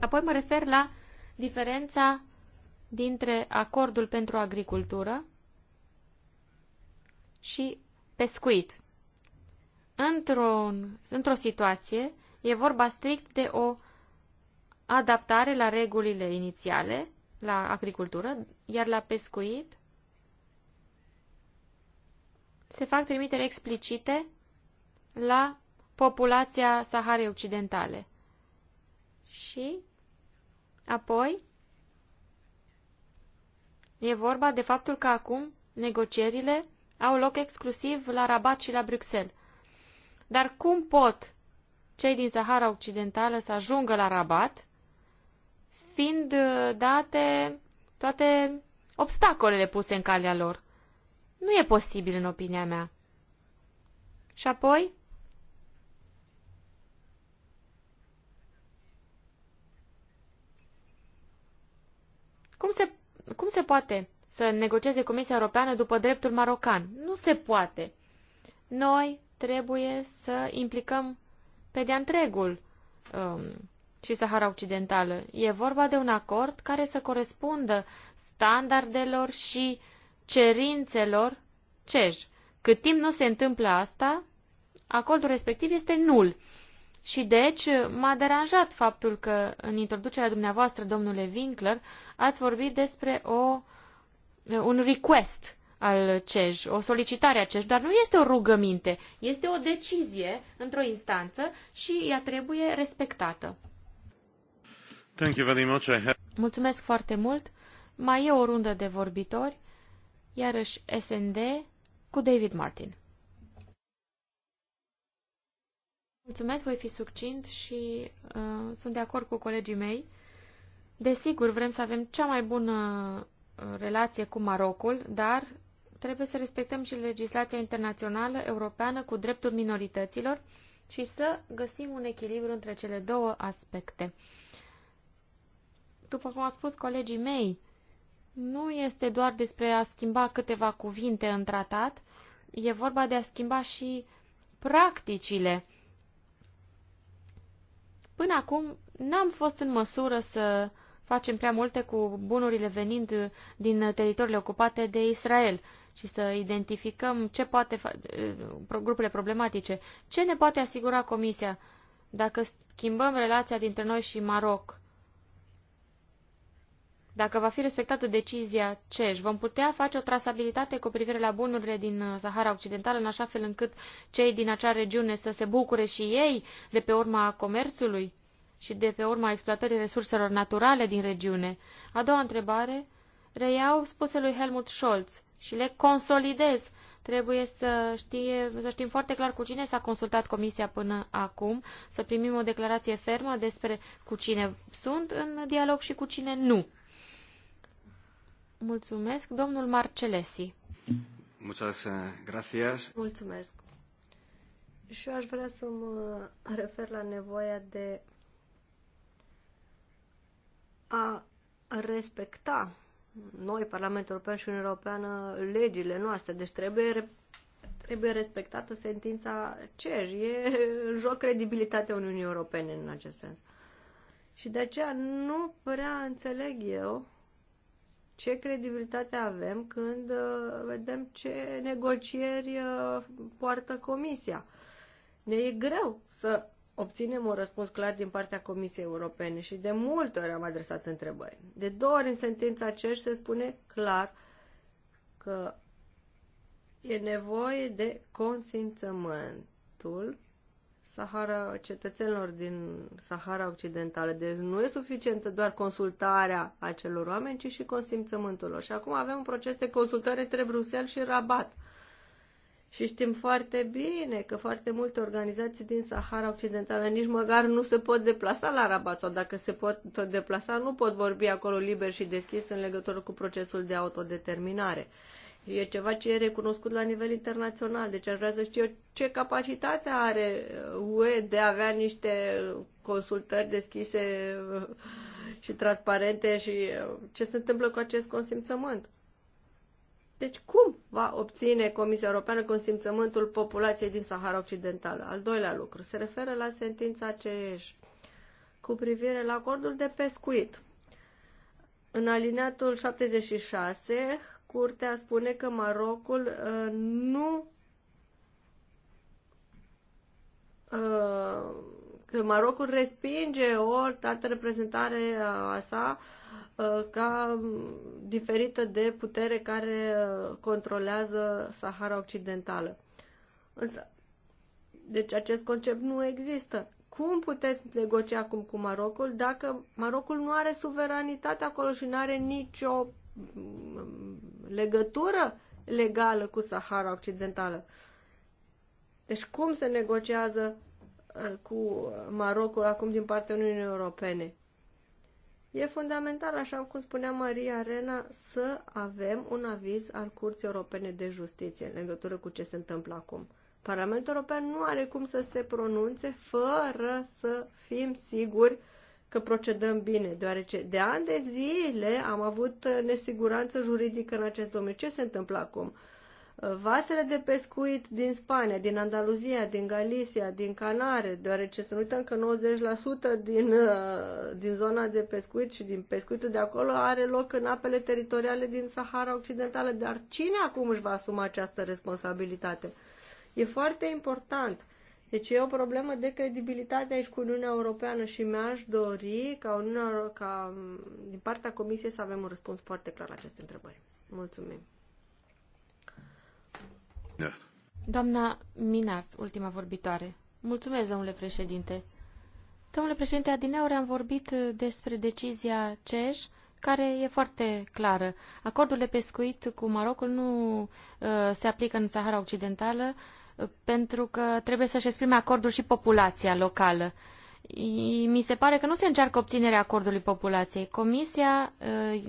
Apoi mă refer la diferența dintre acordul pentru agricultură și pescuit într-o într situație e vorba strict de o adaptare la regulile inițiale, la agricultură, iar la pescuit se fac trimiteri explicite la populația Saharei Occidentale. Și apoi e vorba de faptul că acum negocierile au loc exclusiv la Rabat și la Bruxelles. Dar cum pot cei din Sahara Occidentală să ajungă la Rabat, fiind uh, date toate obstacolele puse în calea lor? Nu e posibil, în opinia mea. Și apoi? Cum se, cum se poate să negocieze Comisia Europeană după dreptul marocan? Nu se poate. Noi trebuie să implicăm pe de-a întregul um, și Sahara Occidentală. E vorba de un acord care să corespundă standardelor și cerințelor CEJ. Cât timp nu se întâmplă asta, acordul respectiv este nul. Și deci m-a deranjat faptul că în introducerea dumneavoastră, domnule Winkler, ați vorbit despre o, un request al CEJ, o solicitare a CEJ, dar nu este o rugăminte, este o decizie într-o instanță și ea trebuie respectată. Thank you very much. I have... Mulțumesc foarte mult. Mai e o rundă de vorbitori, iarăși SND cu David Martin. Mulțumesc, voi fi succint și uh, sunt de acord cu colegii mei. Desigur, vrem să avem cea mai bună uh, relație cu Marocul, dar trebuie să respectăm și legislația internațională europeană cu drepturi minorităților și să găsim un echilibru între cele două aspecte. După cum au spus colegii mei, nu este doar despre a schimba câteva cuvinte în tratat, e vorba de a schimba și practicile. Până acum n-am fost în măsură să facem prea multe cu bunurile venind din teritoriile ocupate de Israel și să identificăm ce poate fa- grupurile problematice. Ce ne poate asigura Comisia dacă schimbăm relația dintre noi și Maroc? Dacă va fi respectată decizia CEJ, vom putea face o trasabilitate cu privire la bunurile din uh, Sahara Occidentală, în așa fel încât cei din acea regiune să se bucure și ei de pe urma comerțului și de pe urma exploatării resurselor naturale din regiune. A doua întrebare reiau spuse lui Helmut Scholz și le consolidez. Trebuie să, știe, să știm foarte clar cu cine s-a consultat comisia până acum, să primim o declarație fermă despre cu cine sunt în dialog și cu cine nu. Mulțumesc, domnul Marcelesi. Muchas eh, gracias. Mulțumesc. Și eu aș vrea să mă refer la nevoia de a respecta noi, Parlamentul European și Uniunea Europeană, legile noastre. Deci trebuie, trebuie respectată sentința CEJ. E în joc credibilitatea Uniunii Europene în acest sens. Și de aceea nu prea înțeleg eu ce credibilitate avem când uh, vedem ce negocieri uh, poartă Comisia. Ne e greu să obținem un răspuns clar din partea Comisiei Europene și de multe ori am adresat întrebări. De două ori în sentința acești se spune clar că e nevoie de consimțământul Sahara, cetățenilor din Sahara Occidentală. Deci nu e suficientă doar consultarea acelor oameni, ci și consimțământul lor. Și acum avem un proces de consultare între Bruxelles și Rabat. Uh, și știm foarte bine că foarte multe organizații din Sahara Occidentală nici măcar nu se pot deplasa la Rabat sau dacă se pot deplasa nu pot vorbi acolo liber și deschis în legătură cu procesul de autodeterminare. E ceva ce e recunoscut la nivel internațional, deci ar vrea să știu ce capacitate are UE de a avea niște consultări deschise și transparente și ce se întâmplă cu acest consimțământ. Deci cum va obține Comisia Europeană consimțământul populației din Sahara Occidentală? Al doilea lucru se referă la sentința CEJ cu privire la acordul de pescuit. În alineatul 76, curtea spune că Marocul uh, nu uh, că Marocul respinge o altă reprezentare a sa Uh, ca diferită de putere care uh, controlează Sahara Occidentală. Însă, deci acest concept nu există. Cum puteți negocia acum cu Marocul dacă Marocul nu are suveranitate acolo și nu are nicio mm, legătură legală cu Sahara Occidentală? Deci cum se negociază uh, cu Marocul acum din partea Uniunii Europene? E fundamental, așa cum spunea Maria Arena, să avem un aviz al Curții Europene de Justiție în legătură cu ce se întâmplă acum. Parlamentul European nu are cum să se pronunțe fără să fim siguri că procedăm bine, deoarece de ani de zile am avut nesiguranță juridică în acest domeniu. Ce se întâmplă acum? vasele de pescuit din Spania, din Andaluzia, din Galicia, din Canare, deoarece să nu uităm că 90% din, uh, din zona de pescuit și din pescuitul de acolo are loc în apele teritoriale din Sahara Occidentală. Dar cine acum își va asuma această responsabilitate? E foarte important. Deci e o problemă de credibilitate aici cu Uniunea Europeană și mi-aș dori ca, Uniunea, ca mm, din partea Comisiei să avem un răspuns foarte clar la aceste întrebări. Mulțumim! Doamna Minart, ultima vorbitoare. Mulțumesc, domnule președinte. Domnule președinte, adineori am vorbit uh, despre decizia CEJ, care e foarte clară. Acordul de pescuit cu Marocul nu uh, se aplică în Sahara Occidentală uh, pentru că trebuie să-și exprime acordul și populația locală. Uh, mi se pare că nu se încearcă obținerea acordului populației. Comisia uh,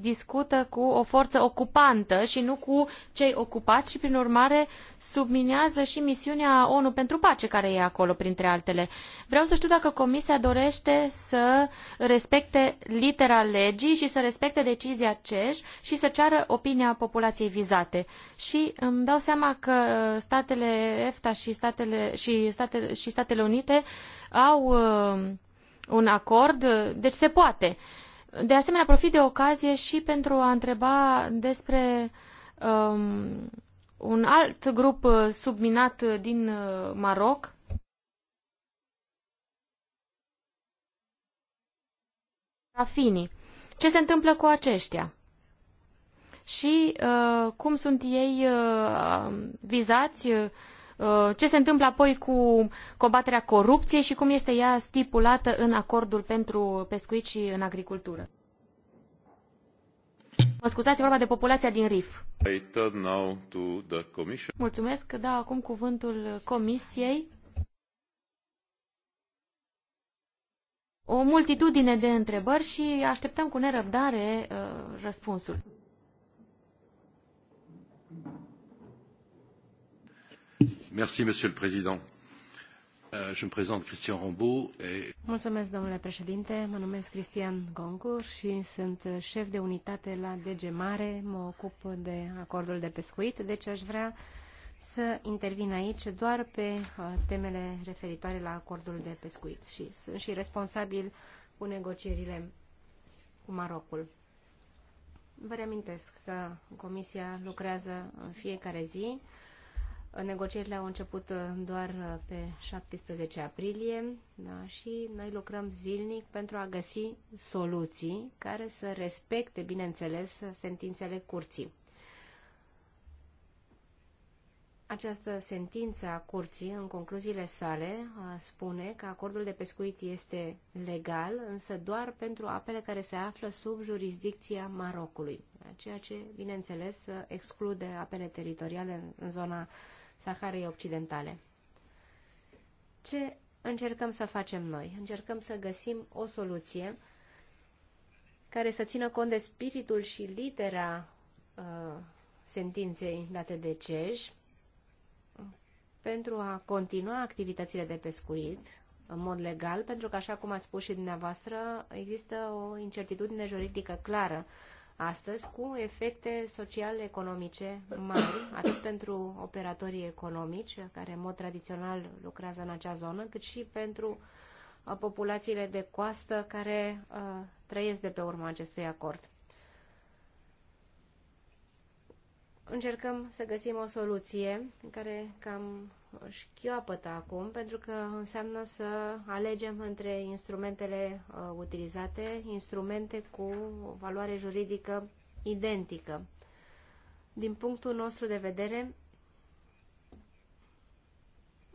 discută cu o forță ocupantă și nu cu cei ocupați și, prin urmare, subminează și misiunea ONU pentru pace care e acolo, printre altele. Vreau să știu dacă Comisia dorește să respecte litera legii și să respecte decizia CEJ și să ceară opinia populației vizate. Și îmi dau seama că statele EFTA și Statele, și statele, și statele Unite au uh, un acord, uh, deci se poate. De asemenea, profit de ocazie și pentru a întreba despre um, un alt grup uh, subminat din Maroc. Rafini. Ce se întâmplă cu aceștia? Și uh, cum sunt ei uh, vizați? Uh, Uh, ce se întâmplă apoi cu combaterea corupției și cum este ea stipulată în acordul pentru pescuit și în agricultură. Mă scuzați, vorba de populația din RIF. Mulțumesc dau acum cuvântul Comisiei. O multitudine de întrebări și așteptăm cu nerăbdare uh, răspunsul. Monsieur le Président. Euh, je me présente Christian Rambaud. Et... Mulțumesc, domnule președinte. Mă numesc Cristian Gongur și sunt șef de unitate la DG Mare. Mă ocup de acordul de pescuit, deci aș vrea să intervin aici doar pe uh, temele referitoare la acordul de pescuit și sunt și responsabil cu negocierile cu Marocul. Vă reamintesc că Comisia lucrează în fiecare zi Negocierile au început uh, doar uh, pe 17 aprilie da, și noi lucrăm zilnic pentru a găsi soluții care să respecte, bineînțeles, sentințele curții. Această sentință a curții, în concluziile sale, spune că acordul de pescuit este legal, însă doar pentru apele care se află sub jurisdicția Marocului, da, ceea ce, bineînțeles, exclude apele teritoriale în zona Saharei Occidentale. Ce încercăm să facem noi? Încercăm să găsim o soluție care să țină cont de spiritul și litera uh, sentinței date de CEJ pentru a continua activitățile de pescuit în mod legal, pentru că, așa cum ați spus și dumneavoastră, există o incertitudine juridică clară uh, astăzi cu efecte sociale economice mari, atât pentru operatorii economici, care în mod tradițional lucrează în acea zonă, cât și pentru uh, populațiile de coastă care uh, trăiesc de pe urma acestui acord. Încercăm să găsim o soluție care cam șchiopătă acum, pentru că înseamnă să alegem între instrumentele uh, utilizate, instrumente cu o valoare juridică identică. Din punctul nostru de vedere,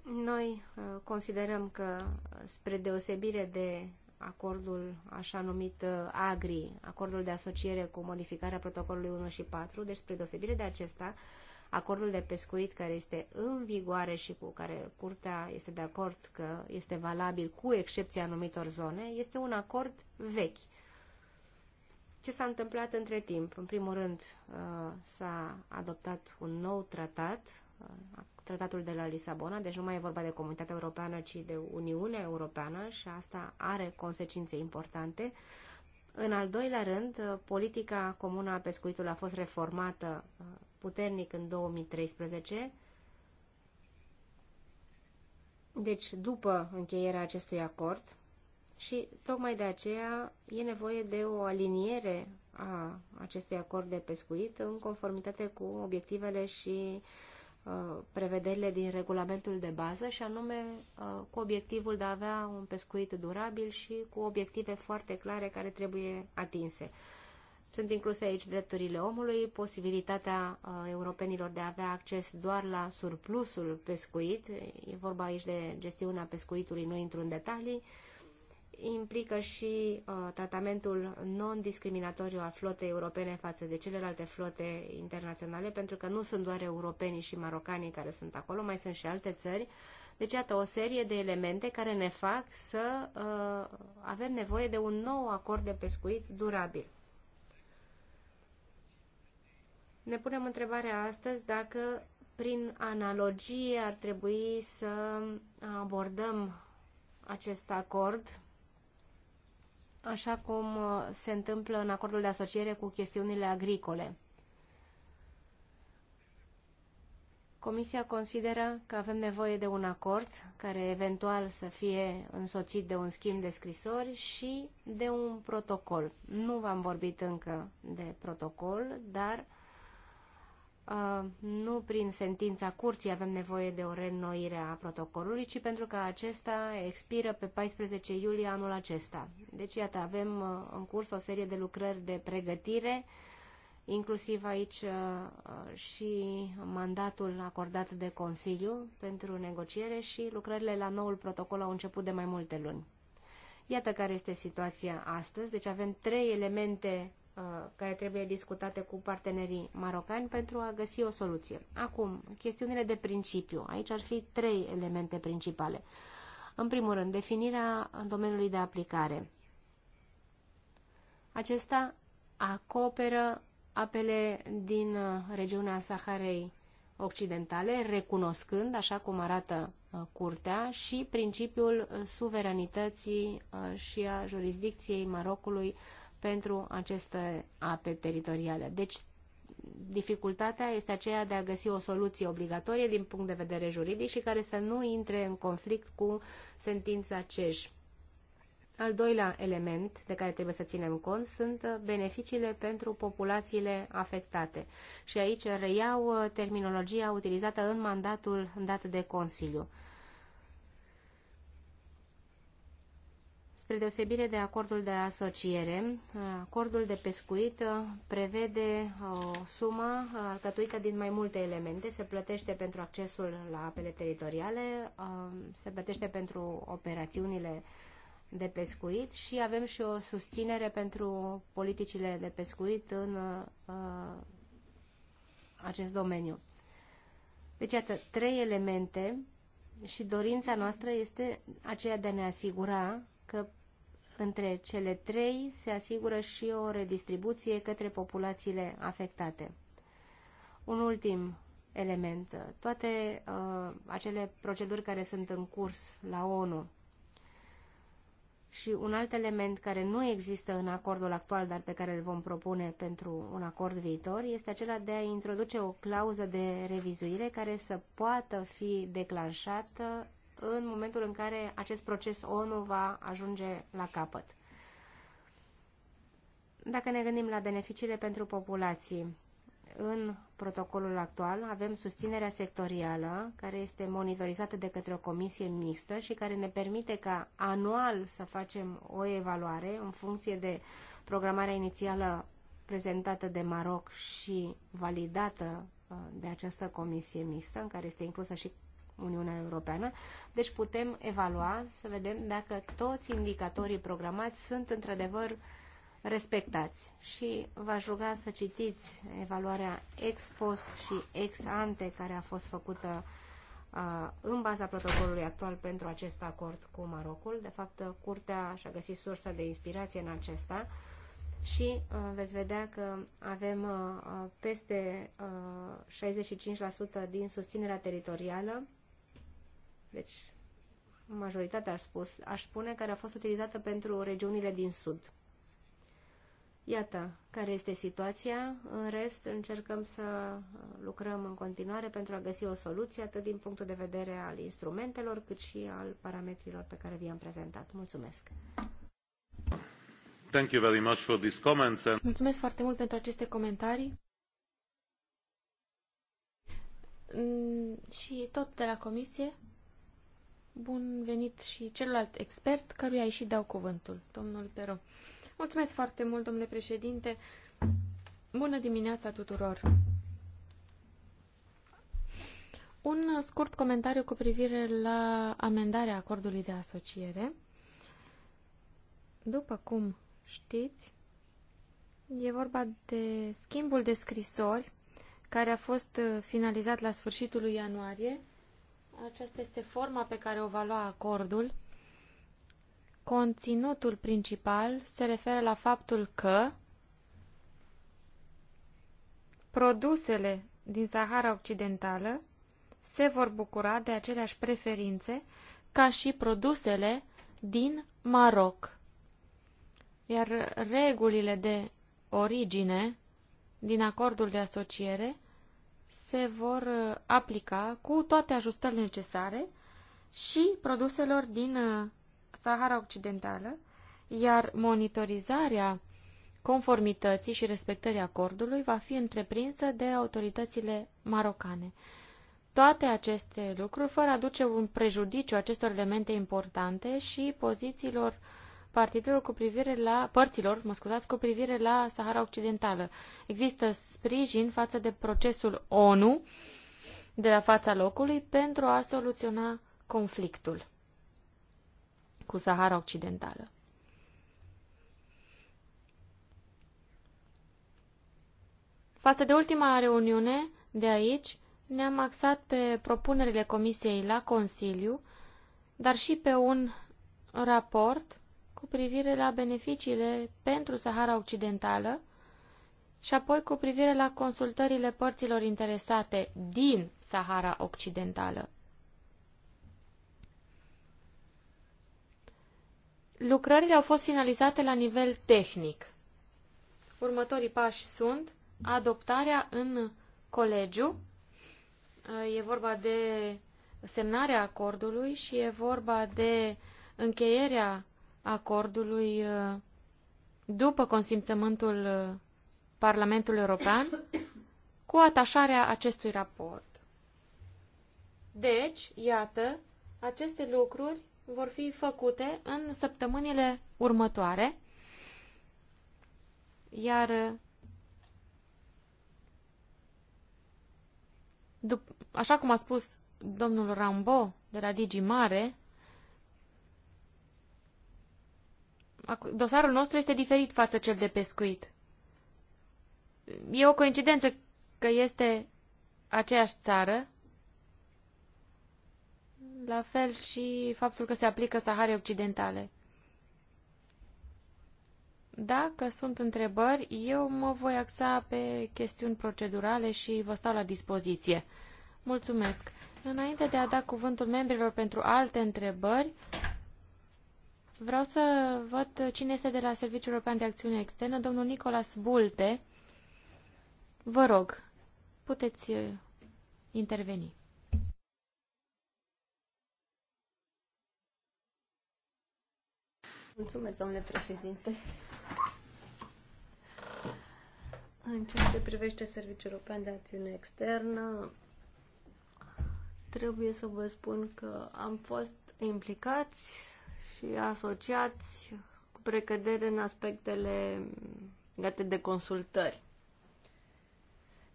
noi uh, considerăm că, spre deosebire de acordul așa numit uh, AGRI, acordul de asociere cu modificarea protocolului 1 și 4, deci spre deosebire de acesta, uh, acordul de pescuit care este în vigoare și cu care curtea este de acord că este valabil cu excepția anumitor zone, este un acord vechi. Ce s-a întâmplat între timp? În primul rând uh, s-a adoptat un nou tratat, uh, tratatul de la Lisabona, deci nu mai e vorba de Comunitatea Europeană, ci de Uniunea Europeană și asta are consecințe importante. În al doilea rând, politica comună a pescuitului a fost reformată uh, puternic în 2013, deci după încheierea acestui acord și tocmai de aceea e nevoie de o aliniere a acestui acord de pescuit în conformitate cu obiectivele și uh, Uh, prevederile din regulamentul de bază și anume uh, cu obiectivul de a avea un pescuit durabil și cu obiective foarte clare care trebuie atinse. Sunt incluse aici drepturile omului, posibilitatea uh, europenilor de a avea acces doar la surplusul pescuit, e vorba aici de gestiunea pescuitului, nu intru în detalii, implică și uh, tratamentul non-discriminatoriu al flotei europene față de celelalte flote internaționale, pentru că nu sunt doar europenii și marocanii care sunt acolo, mai sunt și alte țări. Deci, iată, o serie de elemente care ne fac să uh, avem nevoie de un nou acord de pescuit durabil. Ne punem întrebarea astăzi dacă prin analogie ar trebui să abordăm acest acord așa cum uh, se întâmplă în acordul de asociere cu chestiunile agricole. Comisia consideră că avem nevoie de un acord care eventual să fie însoțit de un schimb de scrisori și de un protocol. Nu v-am vorbit încă de protocol, dar Uh, nu prin sentința curții avem nevoie de o reînnoire a protocolului, ci pentru că acesta expiră pe 14 iulie anul acesta. Deci, iată, avem uh, în curs o serie de lucrări de pregătire, inclusiv aici uh, și mandatul acordat de Consiliu pentru negociere și lucrările la noul protocol au început de mai multe luni. Iată care este situația astăzi. Deci avem trei elemente Uh, care trebuie discutate cu partenerii marocani pentru a găsi o soluție. Acum, chestiunile de principiu. Aici ar fi trei elemente principale. În primul rând, definirea domeniului de aplicare. Acesta acoperă apele din uh, regiunea Saharei Occidentale, recunoscând, așa cum arată uh, curtea, și principiul suveranității și a jurisdicției Marocului pentru aceste ape teritoriale. Deci, dificultatea este aceea de a găsi o soluție obligatorie din punct de vedere juridic și care să nu intre în conflict cu sentința CEJ. Al doilea element de care trebuie să ținem cont sunt beneficiile pentru populațiile afectate. Și aici reiau terminologia utilizată în mandatul dat de Consiliu. Spre deosebire de acordul de asociere, acordul de pescuit uh, prevede uh, o sumă alcătuită din mai multe elemente. Se plătește pentru accesul la apele teritoriale, uh, se plătește pentru operațiunile de pescuit și avem și o susținere pentru politicile de pescuit în acest domeniu. Deci, iată, trei elemente și dorința noastră este aceea de a ne asigura că între cele trei se asigură și o redistribuție către populațiile afectate. Un ultim element, toate uh, acele proceduri care sunt în curs la ONU și un alt element care nu există în acordul actual, dar pe care îl vom propune pentru un acord viitor, este acela de a introduce o clauză de revizuire care să poată fi declanșată în momentul în care acest proces ONU va ajunge la capăt. Dacă ne gândim la beneficiile pentru populații, în protocolul actual avem susținerea sectorială, care este monitorizată de către o comisie mixtă și care ne permite ca anual să facem o evaluare în funcție de programarea inițială prezentată de Maroc și validată uh, de această comisie mixtă, în care este inclusă și Uniunea Europeană. Deci putem evalua să vedem dacă toți indicatorii programați sunt într-adevăr respectați. Și v-aș ruga să citiți evaluarea ex post și ex ante care a fost făcută uh, în baza protocolului actual pentru acest acord cu Marocul. De fapt, curtea și-a găsit sursa de inspirație în acesta și uh, veți vedea că avem uh, peste 65% din susținerea teritorială deci, majoritatea a spus, aș spune, care a fost utilizată pentru regiunile din sud. Iată care este situația. În rest, încercăm să lucrăm în continuare pentru a găsi o soluție, atât din punctul de vedere al instrumentelor, cât și al parametrilor pe care vi-am prezentat. Mulțumesc! Thank you very much for these comments and... Mulțumesc foarte mult pentru aceste comentarii. Mm, și tot de la comisie. Bun venit și celălalt expert, căruia și dau cuvântul, domnul Peru. Mulțumesc foarte mult, domnule președinte. Bună dimineața tuturor! Un scurt comentariu cu privire la amendarea acordului de asociere. După cum știți, e vorba de schimbul de scrisori care a fost finalizat la sfârșitul lui ianuarie aceasta este forma pe care o va lua acordul. Conținutul principal se referă la faptul că produsele din Sahara Occidentală se vor bucura de aceleași preferințe ca și produsele din Maroc. Iar regulile de origine din acordul de asociere se vor uh, aplica cu toate ajustările necesare și produselor din uh, Sahara Occidentală, iar monitorizarea conformității și respectării acordului va fi întreprinsă de autoritățile marocane. Toate aceste lucruri fără aduce un prejudiciu acestor elemente importante și pozițiilor uh, partidelor cu privire la părților, mă scuzați, cu privire la Sahara Occidentală. Există sprijin față de procesul ONU de la fața locului pentru a soluționa conflictul cu Sahara Occidentală. Față de ultima reuniune de aici, ne-am axat pe propunerile Comisiei la Consiliu, dar și pe un raport cu privire la beneficiile pentru Sahara Occidentală și apoi cu privire la consultările părților interesate din Sahara Occidentală. Lucrările au fost finalizate la nivel tehnic. Următorii pași sunt adoptarea în colegiu, e vorba de semnarea acordului și e vorba de încheierea acordului uh, după consimțământul uh, Parlamentului European cu atașarea acestui raport. Deci, iată, aceste lucruri vor fi făcute în săptămânile următoare, iar uh, așa cum a spus domnul Rambo de la Digi Mare, dosarul nostru este diferit față cel de pescuit. E o coincidență că este aceeași țară, la fel și faptul că se aplică Sahare Occidentale. Dacă sunt întrebări, eu mă voi axa pe chestiuni procedurale și vă stau la dispoziție. Mulțumesc! Înainte de a da cuvântul membrilor pentru alte întrebări, Vreau să văd cine este de la Serviciul European de Acțiune Externă, domnul Nicolas Bulte. Vă rog, puteți uh, interveni. Mulțumesc, domnule președinte. În ceea ce privește Serviciul European de Acțiune Externă, trebuie să vă spun că am fost implicați și asociați cu precădere în aspectele legate de consultări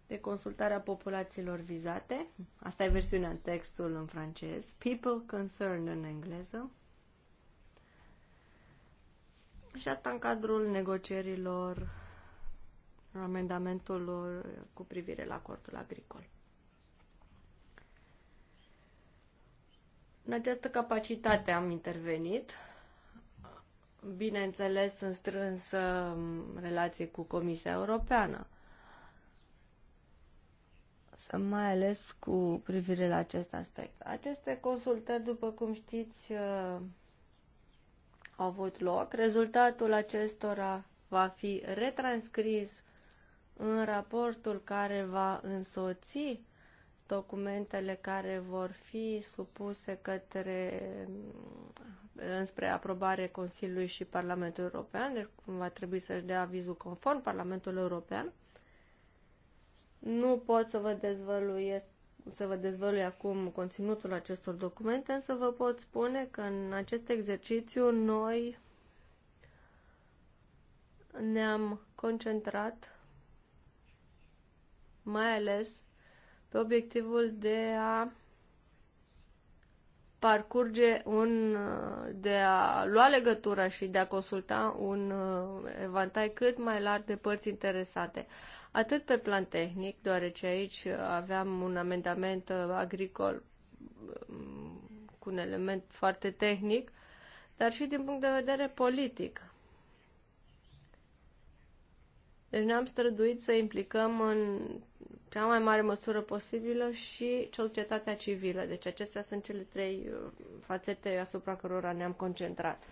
de consultarea populațiilor vizate. Asta e versiunea în textul în francez. People concerned în engleză. Și asta în cadrul negocierilor amendamentul cu privire la acordul agricol. În această capacitate am intervenit, bineînțeles în strânsă relație cu Comisia Europeană, să mai ales cu privire la acest aspect. Aceste consultări, după cum știți, uh, au avut loc. Rezultatul acestora va fi retranscris în raportul care va însoți documentele care vor fi supuse către mm, înspre aprobare Consiliului și Parlamentul European, deci va trebui să-și dea avizul conform Parlamentul European. Nu pot să vă dezvăluiesc să vă dezvălui acum conținutul acestor documente, însă vă pot spune că în acest exercițiu noi ne-am concentrat mai ales pe obiectivul de a parcurge un, de a lua legătura și de a consulta un uh, evantai cât mai larg de părți interesate. Atât pe plan tehnic, deoarece aici aveam un amendament uh, agricol um, cu un element foarte tehnic, dar și din punct de vedere politic. Deci ne-am străduit să implicăm în cea mai mare măsură posibilă și societatea civilă. Deci acestea sunt cele trei uh, fațete asupra cărora ne-am concentrat.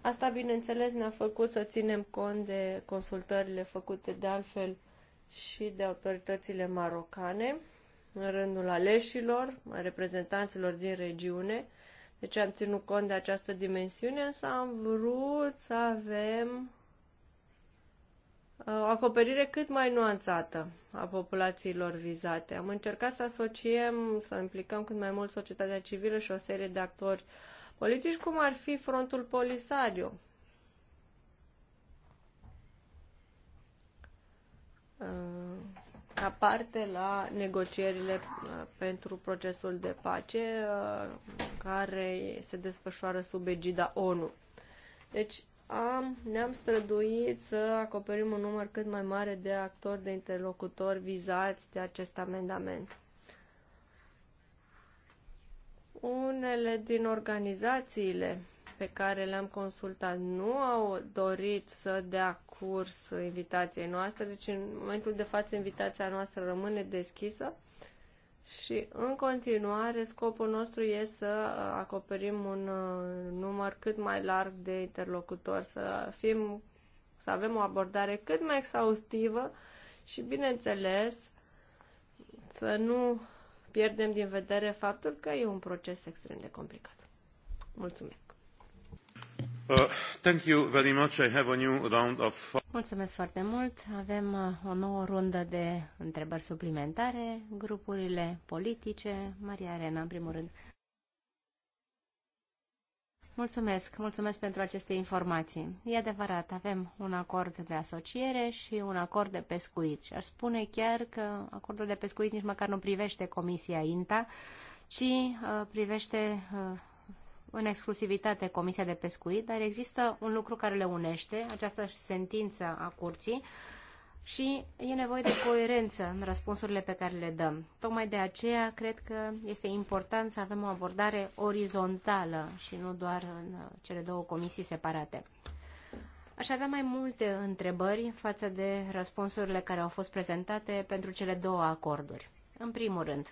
Asta, bineînțeles, ne-a făcut să ținem cont de consultările făcute de altfel și de autoritățile marocane, în rândul aleșilor, reprezentanților din regiune. Deci am ținut cont de această dimensiune, însă am vrut să avem o uh, acoperire cât mai nuanțată a populațiilor vizate. Am încercat să asociem, să implicăm cât mai mult societatea civilă și o serie de actori politici, cum ar fi Frontul Polisario. Ca uh, parte la negocierile uh, pentru procesul de pace care se desfășoară sub egida ONU. Deci, am, ne-am străduit să acoperim un număr cât mai mare de actori, de interlocutori vizați de acest amendament. Unele din organizațiile pe care le-am consultat nu au dorit să dea curs invitației noastre, deci în momentul de față invitația noastră rămâne deschisă și în continuare, scopul nostru e să acoperim un uh, număr cât mai larg de interlocutori, să fim, să avem o abordare cât mai exhaustivă și, bineînțeles, să nu pierdem din vedere faptul că e un proces extrem de complicat. Mulțumesc! Mulțumesc foarte mult. Avem uh, o nouă rundă de întrebări suplimentare. Grupurile politice. Maria Arena, în primul rând. Mulțumesc, mulțumesc pentru aceste informații. E adevărat, avem un acord de asociere și un acord de pescuit. Și aș spune chiar că acordul de pescuit nici măcar nu privește Comisia INTA, ci uh, privește uh, în exclusivitate Comisia de Pescuit, dar există un lucru care le unește, această sentință a curții, și e nevoie de coerență în răspunsurile pe care le dăm. Tocmai de aceea cred că este important să avem o abordare orizontală și nu doar în cele două comisii separate. Aș avea mai multe întrebări față de răspunsurile care au fost prezentate pentru cele două acorduri. În primul rând,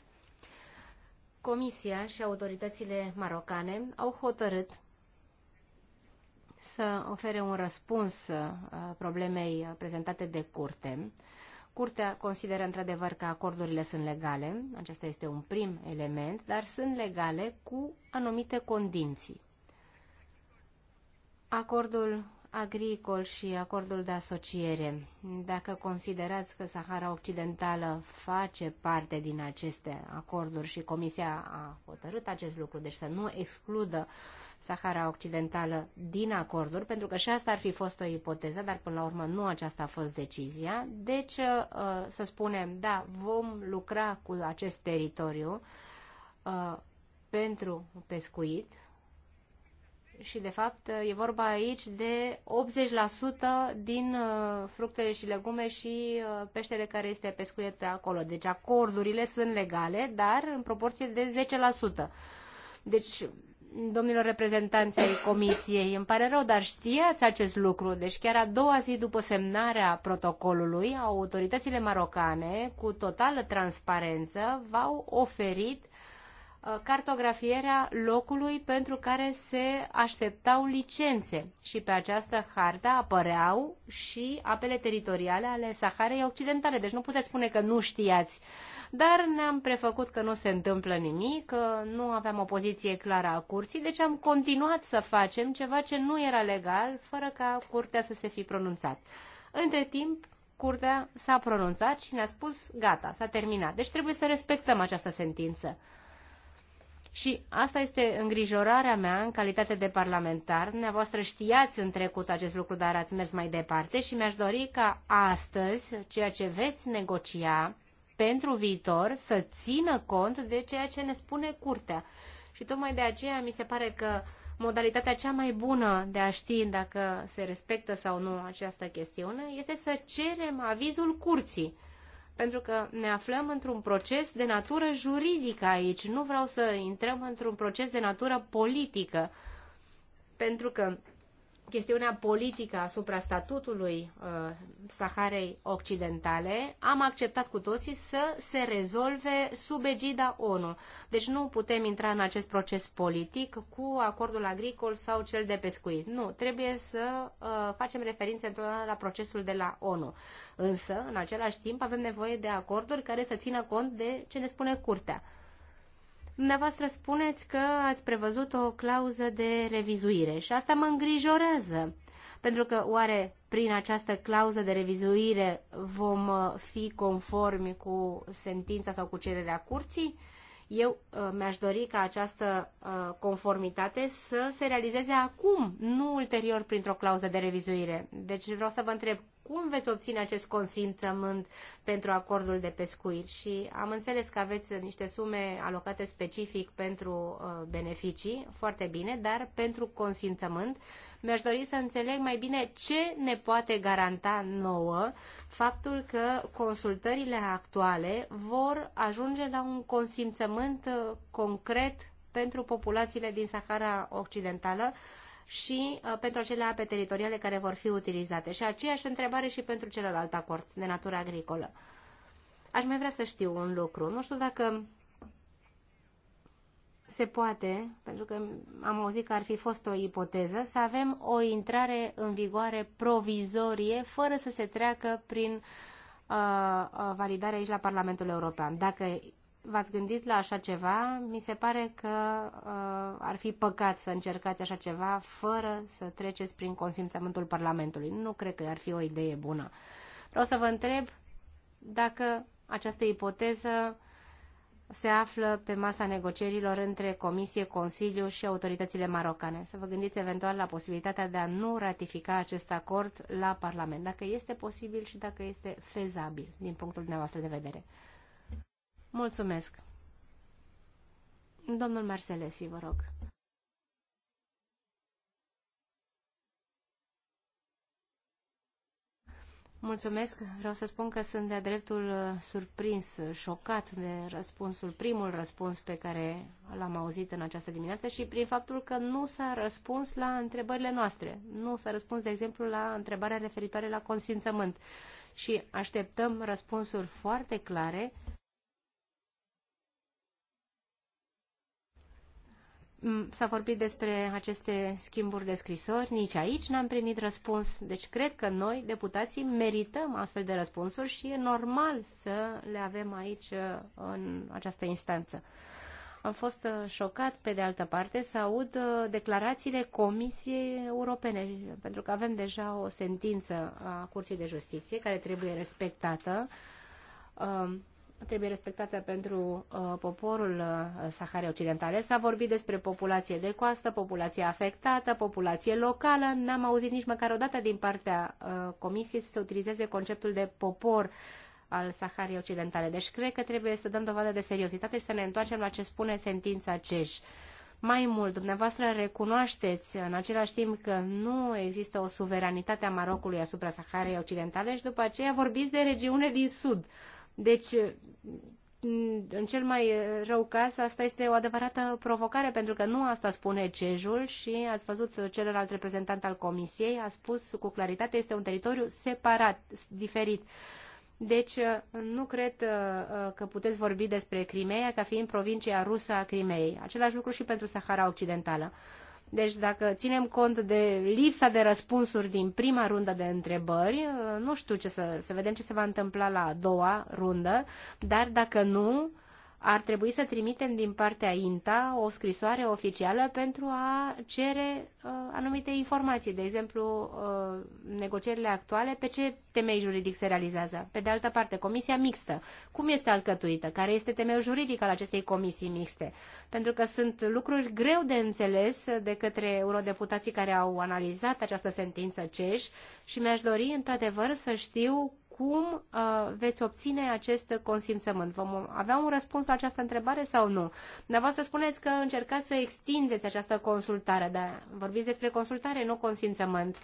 Comisia și autoritățile marocane au hotărât să ofere un răspuns uh, problemei prezentate de curte. Curtea consideră într-adevăr că acordurile sunt legale, acesta este un prim element, dar sunt legale cu anumite condiții. Acordul agricol și acordul de asociere. Dacă considerați că Sahara Occidentală face parte din aceste acorduri și Comisia a hotărât acest lucru, deci să nu excludă Sahara Occidentală din acorduri, pentru că și asta ar fi fost o ipoteză, dar până la urmă nu aceasta a fost decizia. Deci, uh, să spunem, da, vom lucra cu acest teritoriu uh, pentru pescuit, și de fapt e vorba aici de 80% din uh, fructele și legume și uh, peștele care este pescuit acolo. Deci acordurile sunt legale, dar în proporție de 10%. Deci, domnilor reprezentanți ai comisiei, îmi pare rău, dar știați acest lucru. Deci chiar a doua zi după semnarea protocolului, autoritățile marocane, cu totală transparență, v-au oferit Uh, cartografierea locului pentru care se așteptau licențe și pe această hartă apăreau și apele teritoriale ale Saharei Occidentale. Deci nu puteți spune că nu știați. Dar ne-am prefăcut că nu se întâmplă nimic, că nu aveam o poziție clară a curții, deci am continuat să facem ceva ce nu era legal, fără ca curtea să se fi pronunțat. Între timp, curtea s-a pronunțat și ne-a spus gata, s-a terminat. Deci trebuie să respectăm această sentință. Și asta este îngrijorarea mea în calitate de parlamentar. Dumneavoastră știați în trecut acest lucru, dar ați mers mai departe și mi-aș dori ca astăzi ceea ce veți negocia pentru viitor să țină cont de ceea ce ne spune curtea. Și tocmai de aceea mi se pare că modalitatea cea mai bună de a ști dacă se respectă sau nu această chestiune este să cerem avizul curții pentru că ne aflăm într-un proces de natură juridică aici. Nu vreau să intrăm într-un proces de natură politică. Pentru că chestiunea politică asupra statutului uh, Saharei Occidentale, am acceptat cu toții să se rezolve sub egida ONU. Deci nu putem intra în acest proces politic cu acordul agricol sau cel de pescuit. Nu, trebuie să uh, facem referință întotdeauna la procesul de la ONU. Însă, în același timp, avem nevoie de acorduri care să țină cont de ce ne spune Curtea. Dumneavoastră spuneți că ați prevăzut o clauză de revizuire și asta mă îngrijorează. Pentru că oare prin această clauză de revizuire vom uh, fi conformi cu sentința sau cu cererea curții? Eu uh, mi-aș dori ca această uh, conformitate să se realizeze acum, nu ulterior printr-o clauză de revizuire. Deci vreau să vă întreb cum veți obține acest consimțământ pentru acordul de pescuit? Și am înțeles că aveți niște sume alocate specific pentru uh, beneficii, foarte bine, dar pentru consimțământ mi-aș dori să înțeleg mai bine ce ne poate garanta nouă faptul că consultările actuale vor ajunge la un consimțământ uh, concret pentru populațiile din Sahara Occidentală, uh, și uh, pentru acele ape teritoriale care vor fi utilizate. Și aceeași întrebare și pentru celălalt acord de natură agricolă. Aș mai vrea să știu un lucru. Nu știu dacă se poate, pentru că am auzit că ar fi fost o ipoteză, să avem o intrare în vigoare provizorie fără să se treacă prin uh, uh validare aici la Parlamentul European. Dacă v-ați gândit la așa ceva, mi se pare că uh, ar fi păcat să încercați așa ceva fără să treceți prin consimțământul Parlamentului. Nu cred că ar fi o idee bună. Vreau să vă întreb dacă această ipoteză se află pe masa negocierilor între Comisie, Consiliu și autoritățile marocane. Să vă gândiți eventual la posibilitatea de a nu ratifica acest acord la Parlament, dacă este posibil și dacă este fezabil din punctul dumneavoastră de vedere. Mulțumesc. Domnul Marcelesi, vă rog. Mulțumesc. Vreau să spun că sunt de-a dreptul uh, surprins, șocat de răspunsul, primul răspuns pe care l-am auzit în această dimineață și prin faptul că nu s-a răspuns la întrebările noastre. Nu s-a răspuns, de exemplu, la întrebarea referitoare la consimțământ. Și așteptăm răspunsuri foarte clare S-a vorbit despre aceste schimburi de scrisori, nici aici n-am primit răspuns. Deci cred că noi, deputații, merităm astfel de răspunsuri și e normal să le avem aici uh, în această instanță. Am fost uh, șocat, pe de altă parte, să aud uh, declarațiile Comisiei Europene, pentru că avem deja o sentință a Curții de Justiție care trebuie respectată um, trebuie respectată pentru uh, poporul uh, Sahare Occidentale. S-a vorbit despre populație de coastă, populație afectată, populație locală. N-am auzit nici măcar o dată din partea uh, Comisiei să se utilizeze conceptul de popor al Saharei Occidentale. Deci cred că trebuie să dăm dovadă de seriozitate și să ne întoarcem la ce spune sentința CEJ. Mai mult, dumneavoastră recunoașteți în același timp că nu există o suveranitate a Marocului asupra Saharei Occidentale și după aceea vorbiți de regiune din sud. Uh, deci, mm, în cel mai rău caz, asta este o adevărată provocare, pentru că nu asta spune CEJul și ați văzut celălalt reprezentant al Comisiei, a spus cu claritate, este un teritoriu separat, diferit. Deci, nu cred uh, uh, că puteți vorbi despre Crimea ca fiind provincia rusă a Crimeei. Același lucru și pentru Sahara Occidentală. Deci dacă ținem cont de lipsa de răspunsuri din prima rundă de întrebări, nu știu ce să, să vedem ce se va întâmpla la a doua rundă, dar dacă nu, uh, ar trebui să trimitem din partea INTA o scrisoare oficială pentru a cere uh, anumite informații, de exemplu, uh, negocierile actuale, pe ce temei juridic se realizează. Pe de altă parte, comisia mixtă, cum este alcătuită, care este temeiul juridic al acestei comisii mixte, pentru că sunt lucruri greu de înțeles de către eurodeputații care au analizat această sentință CEJ și mi-aș dori, într-adevăr, să știu cum uh, veți obține acest consimțământ? Vom avea un răspuns la această întrebare sau nu? Dumneavoastră spuneți că încercați să extindeți această consultare, dar vorbiți despre consultare, nu consimțământ.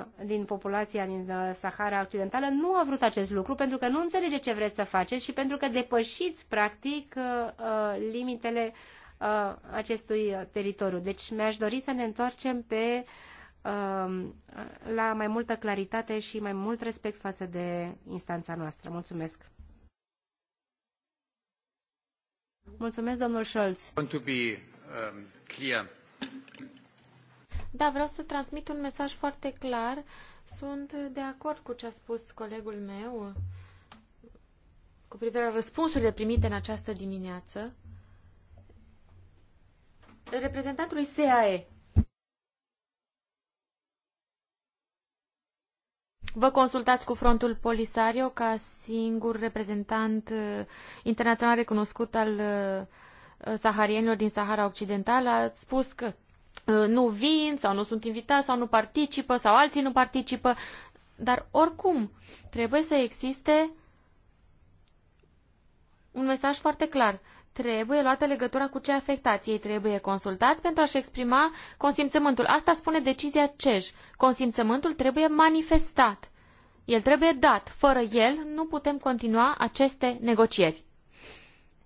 85% din populația din uh, Sahara Occidentală nu a vrut acest lucru pentru că nu înțelege ce vreți să faceți și pentru că depășiți, practic, uh, uh, limitele acestui teritoriu. Deci mi-aș dori să ne întoarcem pe uh, Um, la mai multă claritate și mai mult respect față de instanța noastră. Mulțumesc! Mulțumesc, domnul Scholz. Um, da, vreau să transmit un mesaj foarte clar. Sunt de acord cu ce a spus colegul meu cu privire la răspunsurile primite în această dimineață. Reprezentantului SAE Vă consultați cu frontul Polisario ca singur reprezentant uh, internațional recunoscut al uh, saharienilor din Sahara Occidentală. Ați spus că uh, nu vin sau nu sunt invitați sau nu participă sau alții nu participă. Dar oricum, trebuie să existe un mesaj foarte clar trebuie luată legătura cu ce afectați. Ei trebuie consultați pentru a-și exprima consimțământul. Asta spune decizia CEJ. Consimțământul trebuie manifestat. El trebuie dat. Fără el nu putem continua aceste negocieri.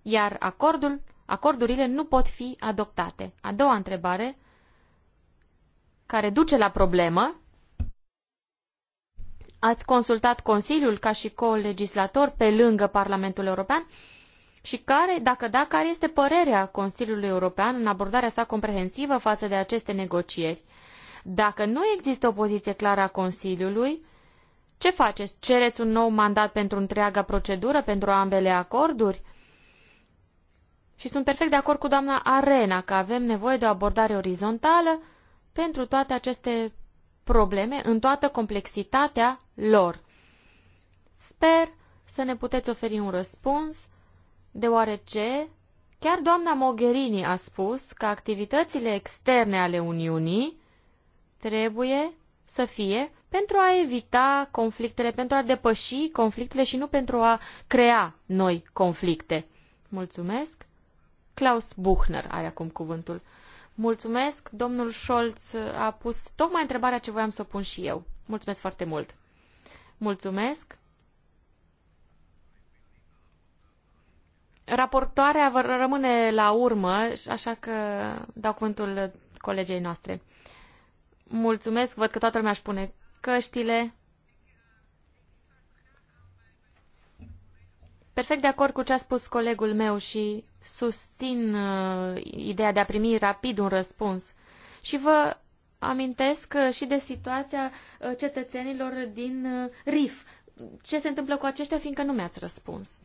Iar acordul, acordurile nu pot fi adoptate. A doua întrebare, care duce la problemă, ați consultat Consiliul ca și co-legislator pe lângă Parlamentul European? Și care, dacă da, care este părerea Consiliului European în abordarea sa comprehensivă față de aceste negocieri? Dacă nu există o poziție clară a Consiliului, ce faceți? Cereți un nou mandat pentru întreaga procedură, pentru ambele acorduri? Și sunt perfect de acord cu doamna Arena că avem nevoie de o abordare orizontală pentru toate aceste probleme în toată complexitatea lor. Sper să ne puteți oferi un răspuns deoarece chiar doamna Mogherini a spus că activitățile externe ale Uniunii trebuie să fie pentru a evita conflictele, pentru a depăși conflictele și nu pentru a crea noi conflicte. Mulțumesc. Klaus Buchner are acum cuvântul. Mulțumesc. Domnul Scholz a pus tocmai întrebarea ce voiam să o pun și eu. Mulțumesc foarte mult. Mulțumesc. Raportoarea vă rămâne la urmă, așa că dau cuvântul colegei noastre. Mulțumesc, văd că toată lumea își pune căștile. Perfect de acord cu ce a spus colegul meu și susțin uh, ideea de a primi rapid un răspuns. Și vă amintesc uh, și de situația uh, cetățenilor din uh, RIF. Ce se întâmplă cu aceștia, fiindcă nu mi-ați răspuns.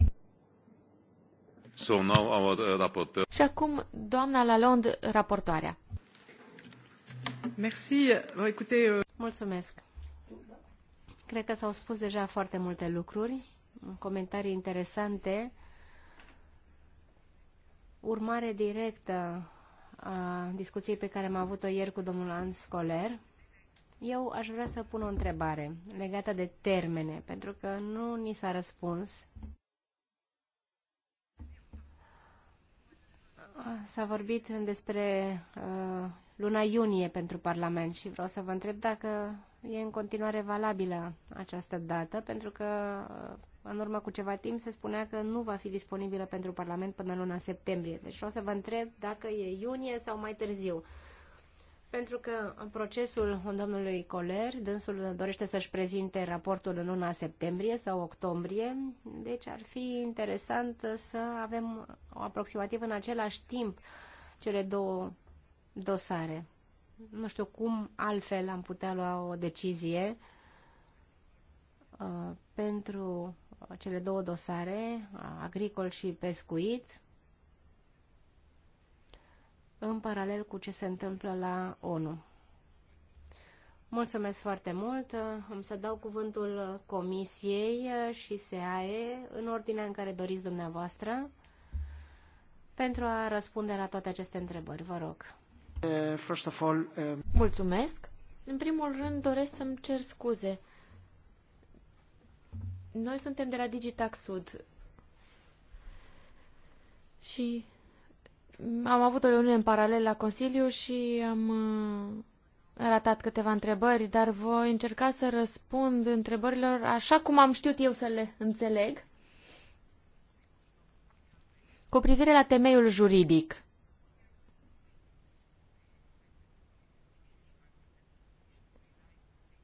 So now our uh, rapporteur. Și acum, doamna Lalonde, raportoarea. Merci. Euh- Mulțumesc. Cred că s-au spus deja foarte multe lucruri, comentarii interesante. Urmare directă a discuției pe care am avut-o ieri cu domnul Hans Scoler. eu aș vrea să pun o întrebare legată de termene, pentru că nu ni s-a răspuns S-a vorbit despre uh, luna iunie pentru Parlament și vreau să vă întreb dacă e în continuare valabilă această dată, pentru că uh, în urmă cu ceva timp se spunea că nu va fi disponibilă pentru Parlament până luna septembrie. Deci vreau să vă întreb dacă e iunie sau mai târziu. Uh, pentru că în procesul domnului Coler, dânsul dorește să-și prezinte raportul în luna septembrie sau octombrie, deci ar fi interesant să avem aproximativ în același timp cele două dosare. Nu știu cum altfel am putea lua o decizie uh, pentru cele două dosare, agricol și pescuit, în paralel cu ce se întâmplă la ONU. Mulțumesc foarte mult. Am să dau cuvântul Comisiei și SEAE în ordinea în care doriți dumneavoastră pentru a răspunde la toate aceste întrebări. Vă rog. first of all, um, Mulțumesc. În primul rând doresc să-mi cer scuze. Noi suntem de la Digitax Sud și am avut o reuniune în paralel la Consiliu și am uh, ratat câteva întrebări, dar voi încerca să răspund întrebărilor așa cum am știut eu să le înțeleg. Cu privire la temeiul juridic,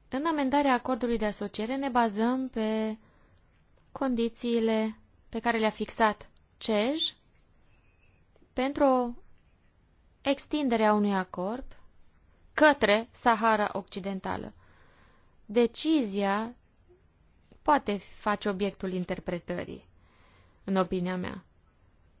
În amendarea acordului de asociere ne bazăm pe condițiile pe care le-a fixat CEJ pentru o extindere a unui acord către Sahara Occidentală. Decizia poate face obiectul interpretării, în opinia mea,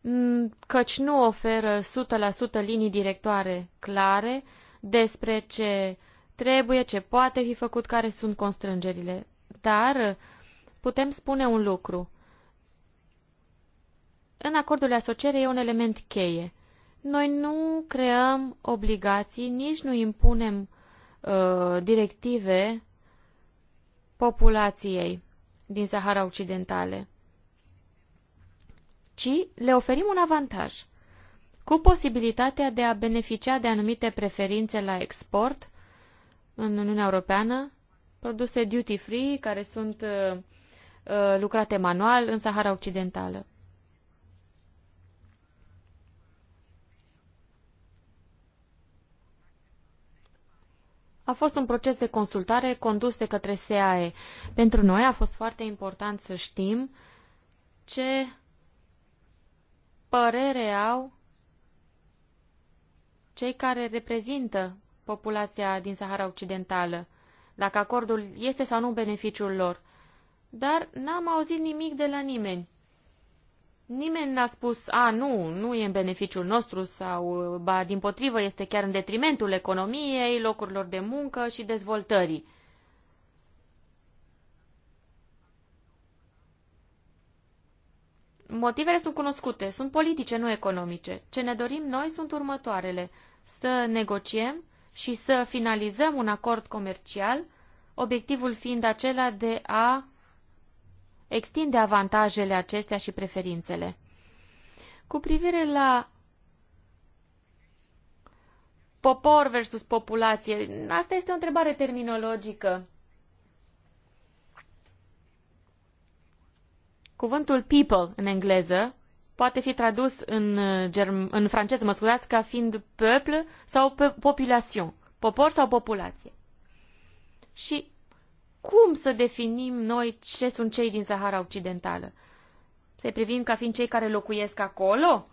mm, căci nu oferă 100% linii directoare clare despre ce trebuie, ce poate fi făcut, care sunt constrângerile. Dar putem spune un lucru – în acordul de asociere e un element cheie. Noi nu creăm obligații, nici nu impunem uh, directive populației din Sahara Occidentale, ci le oferim un avantaj cu posibilitatea de a beneficia de anumite preferințe la export în Uniunea Europeană, produse duty-free care sunt uh, uh lucrate manual în Sahara Occidentală. A fost un proces de consultare condus de către SAE. Pentru noi a fost foarte important să știm ce părere au cei care reprezintă populația din Sahara Occidentală, dacă acordul este sau nu beneficiul lor. Dar n-am auzit nimic de la nimeni. Nimeni n-a spus, a, nu, nu e în beneficiul nostru sau, ba, din potrivă, este chiar în detrimentul economiei, locurilor de muncă și dezvoltării. Motivele sunt cunoscute, sunt politice, nu economice. Ce ne dorim noi sunt următoarele. Să negociem și să finalizăm un acord comercial, obiectivul fiind acela de a extinde avantajele acestea și preferințele. Cu privire la popor versus populație, asta este o întrebare terminologică. Cuvântul people în engleză poate fi tradus în, uh, germ- în franceză, mă scuzați, ca fiind peuple sau pe- population, popor sau populație. Și cum să definim noi ce sunt cei din Sahara Occidentală? Să-i privim ca fiind cei care locuiesc acolo?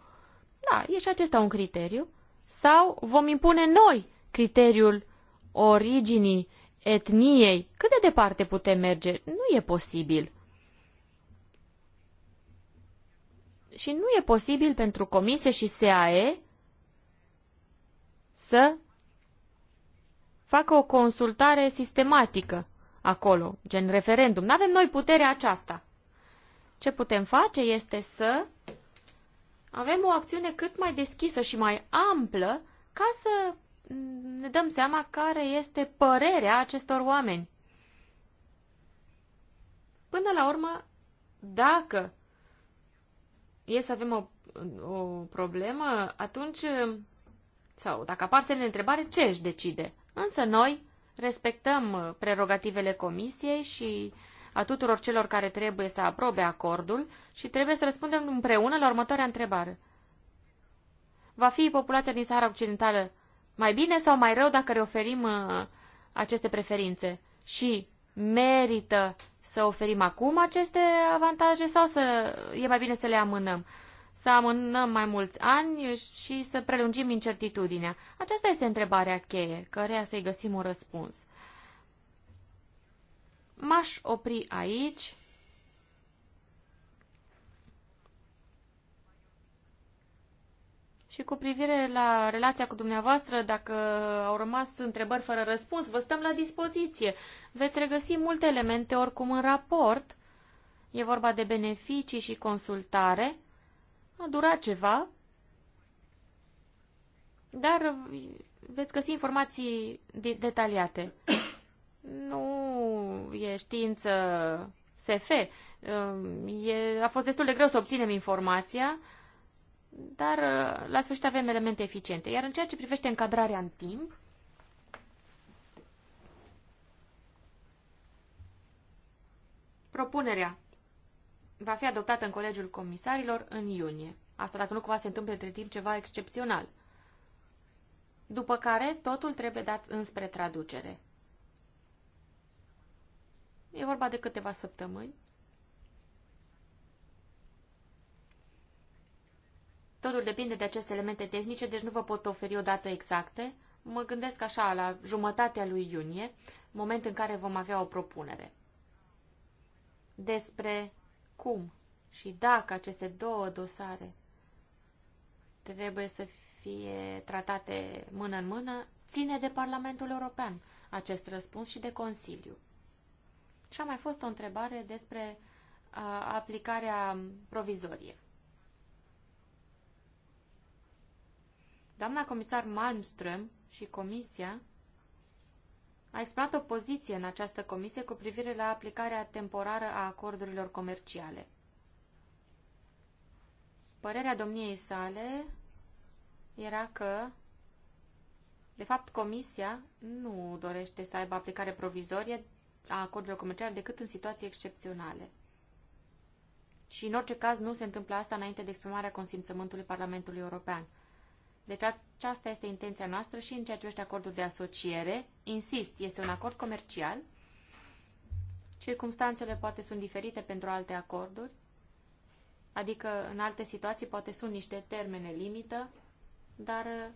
Da, e și acesta un criteriu. Sau vom impune noi criteriul originii etniei? Cât de departe putem merge? Nu e posibil. Și nu e posibil pentru Comisie și SAE să facă o consultare sistematică acolo, gen referendum. Nu avem noi puterea aceasta. Ce putem face este să avem o acțiune cât mai deschisă și mai amplă ca să ne dăm seama care este părerea acestor oameni. Până la urmă, dacă e să avem o, o problemă, atunci, sau dacă apar semne de întrebare, ce își decide? Însă noi respectăm uh, prerogativele comisiei și a tuturor celor care trebuie să aprobe acordul și trebuie să răspundem împreună la următoarea întrebare. Va fi populația din Sahara Occidentală mai bine sau mai rău dacă le oferim uh, aceste preferințe? Și merită să oferim acum aceste avantaje sau să e mai bine să le amânăm? să amânăm mai mulți ani și să prelungim incertitudinea? Aceasta este întrebarea cheie, căreia să-i găsim un răspuns. M-aș opri aici. Și cu privire la relația cu dumneavoastră, dacă au rămas întrebări fără răspuns, vă stăm la dispoziție. Veți regăsi multe elemente oricum în raport. E vorba de beneficii și consultare. A durat ceva, dar veți găsi informații de detaliate. Nu e știință SF. E, a fost destul de greu să obținem informația, dar uh, la sfârșit avem elemente eficiente. Iar în ceea ce privește încadrarea în timp, propunerea va fi adoptată în Colegiul Comisarilor în iunie. Asta dacă nu cumva se întâmplă între timp ceva excepțional. După care totul trebuie dat înspre traducere. E vorba de câteva săptămâni. Totul depinde de aceste elemente tehnice, deci nu vă pot oferi o dată exactă. Mă gândesc așa, la jumătatea lui iunie, moment în care vom avea o propunere despre cum și dacă aceste două dosare trebuie să fie tratate mână în mână, ține de Parlamentul European acest răspuns și de Consiliu. Și a mai fost o întrebare despre a, aplicarea provizorie. Doamna comisar Malmström și Comisia a exprimat o poziție în această comisie cu privire la aplicarea temporară a acordurilor comerciale. Părerea domniei sale era că, de fapt, comisia nu dorește să aibă aplicare provizorie a acordurilor comerciale decât în situații excepționale. Și, în orice caz, nu se întâmplă asta înainte de exprimarea consimțământului Parlamentului European – deci aceasta este intenția noastră și în ceea ce este acordul de asociere. Insist, este un acord comercial. Circumstanțele poate sunt diferite pentru alte acorduri, adică în alte situații poate sunt niște termene limită, dar uh,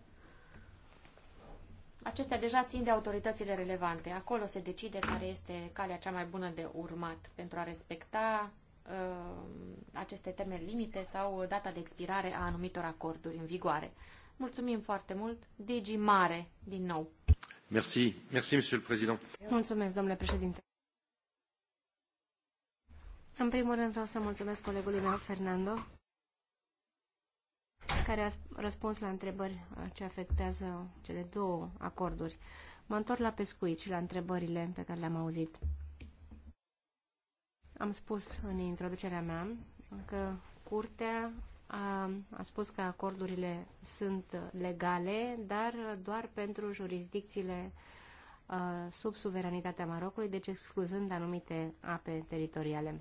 acestea deja țin de autoritățile relevante. Acolo se decide care este calea cea mai bună de urmat pentru a respecta uh, aceste termene limite sau data de expirare a anumitor acorduri în vigoare. Mulțumim foarte mult. Digi Mare, din nou. Merci, merci, monsieur le président. Mulțumesc, domnule președinte. În primul rând vreau să mulțumesc colegului meu, Fernando, care a răspuns la întrebări ce afectează cele două acorduri. Mă întorc la pescuit și la întrebările pe care le-am auzit. Am spus în introducerea mea că curtea a, a spus că acordurile sunt legale, dar doar pentru jurisdicțiile a, sub suveranitatea Marocului, deci excluzând anumite ape teritoriale.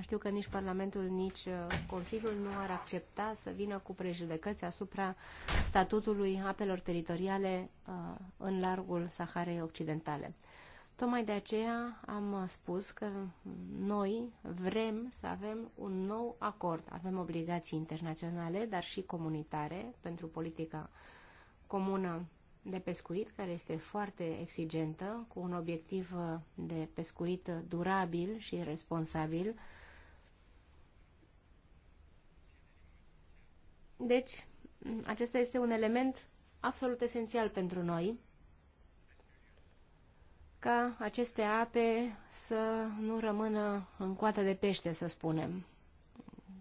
Știu că nici Parlamentul, nici Consiliul nu ar accepta să vină cu prejudecăți asupra statutului apelor teritoriale a, în largul Saharei Occidentale. Tocmai de aceea am spus că noi vrem să avem un nou acord. Avem obligații internaționale, dar și comunitare pentru politica comună de pescuit, care este foarte exigentă, cu un obiectiv de pescuit durabil și responsabil. Deci, acesta este un element absolut esențial pentru noi ca aceste ape să nu rămână în coată de pește, să spunem.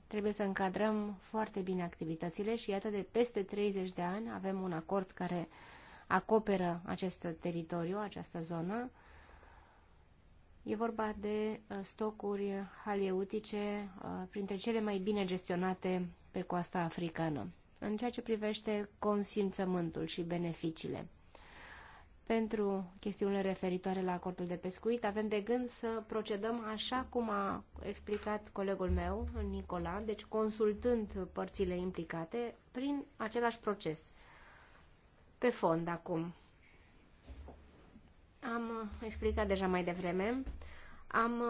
Trebuie să încadrăm foarte bine activitățile și iată de peste 30 de ani avem un acord care acoperă acest teritoriu, această zonă. E vorba de uh, stocuri haleutice uh, printre cele mai bine gestionate pe coasta africană. În ceea ce privește consimțământul și beneficiile pentru chestiunile referitoare la acordul de pescuit. Avem de gând să procedăm așa cum a explicat colegul meu, Nicola, deci consultând părțile implicate prin același proces. Pe fond, acum. Am explicat deja mai devreme. Am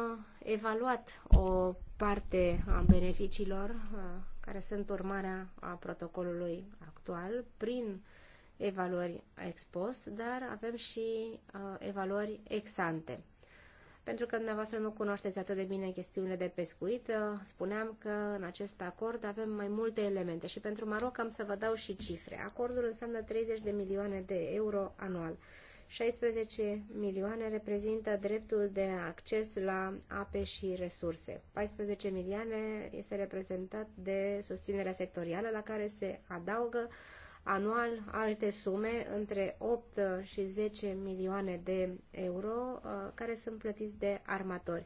evaluat o parte a beneficiilor uh, care sunt urmarea a protocolului actual prin uh, evaluări ex post, dar avem și uh, evaluări ex ante. Pentru că dumneavoastră nu cunoașteți atât de bine chestiunile de pescuit, uh, spuneam că în acest acord avem mai multe elemente și pentru Maroc am să vă dau și cifre. Acordul înseamnă 30 de milioane de euro anual. 16 milioane reprezintă dreptul de acces la ape și resurse. 14 milioane este reprezentat de susținerea sectorială la care se adaugă uh, anual alte sume între 8 și 10 milioane de euro uh, care sunt plătiți de armatori.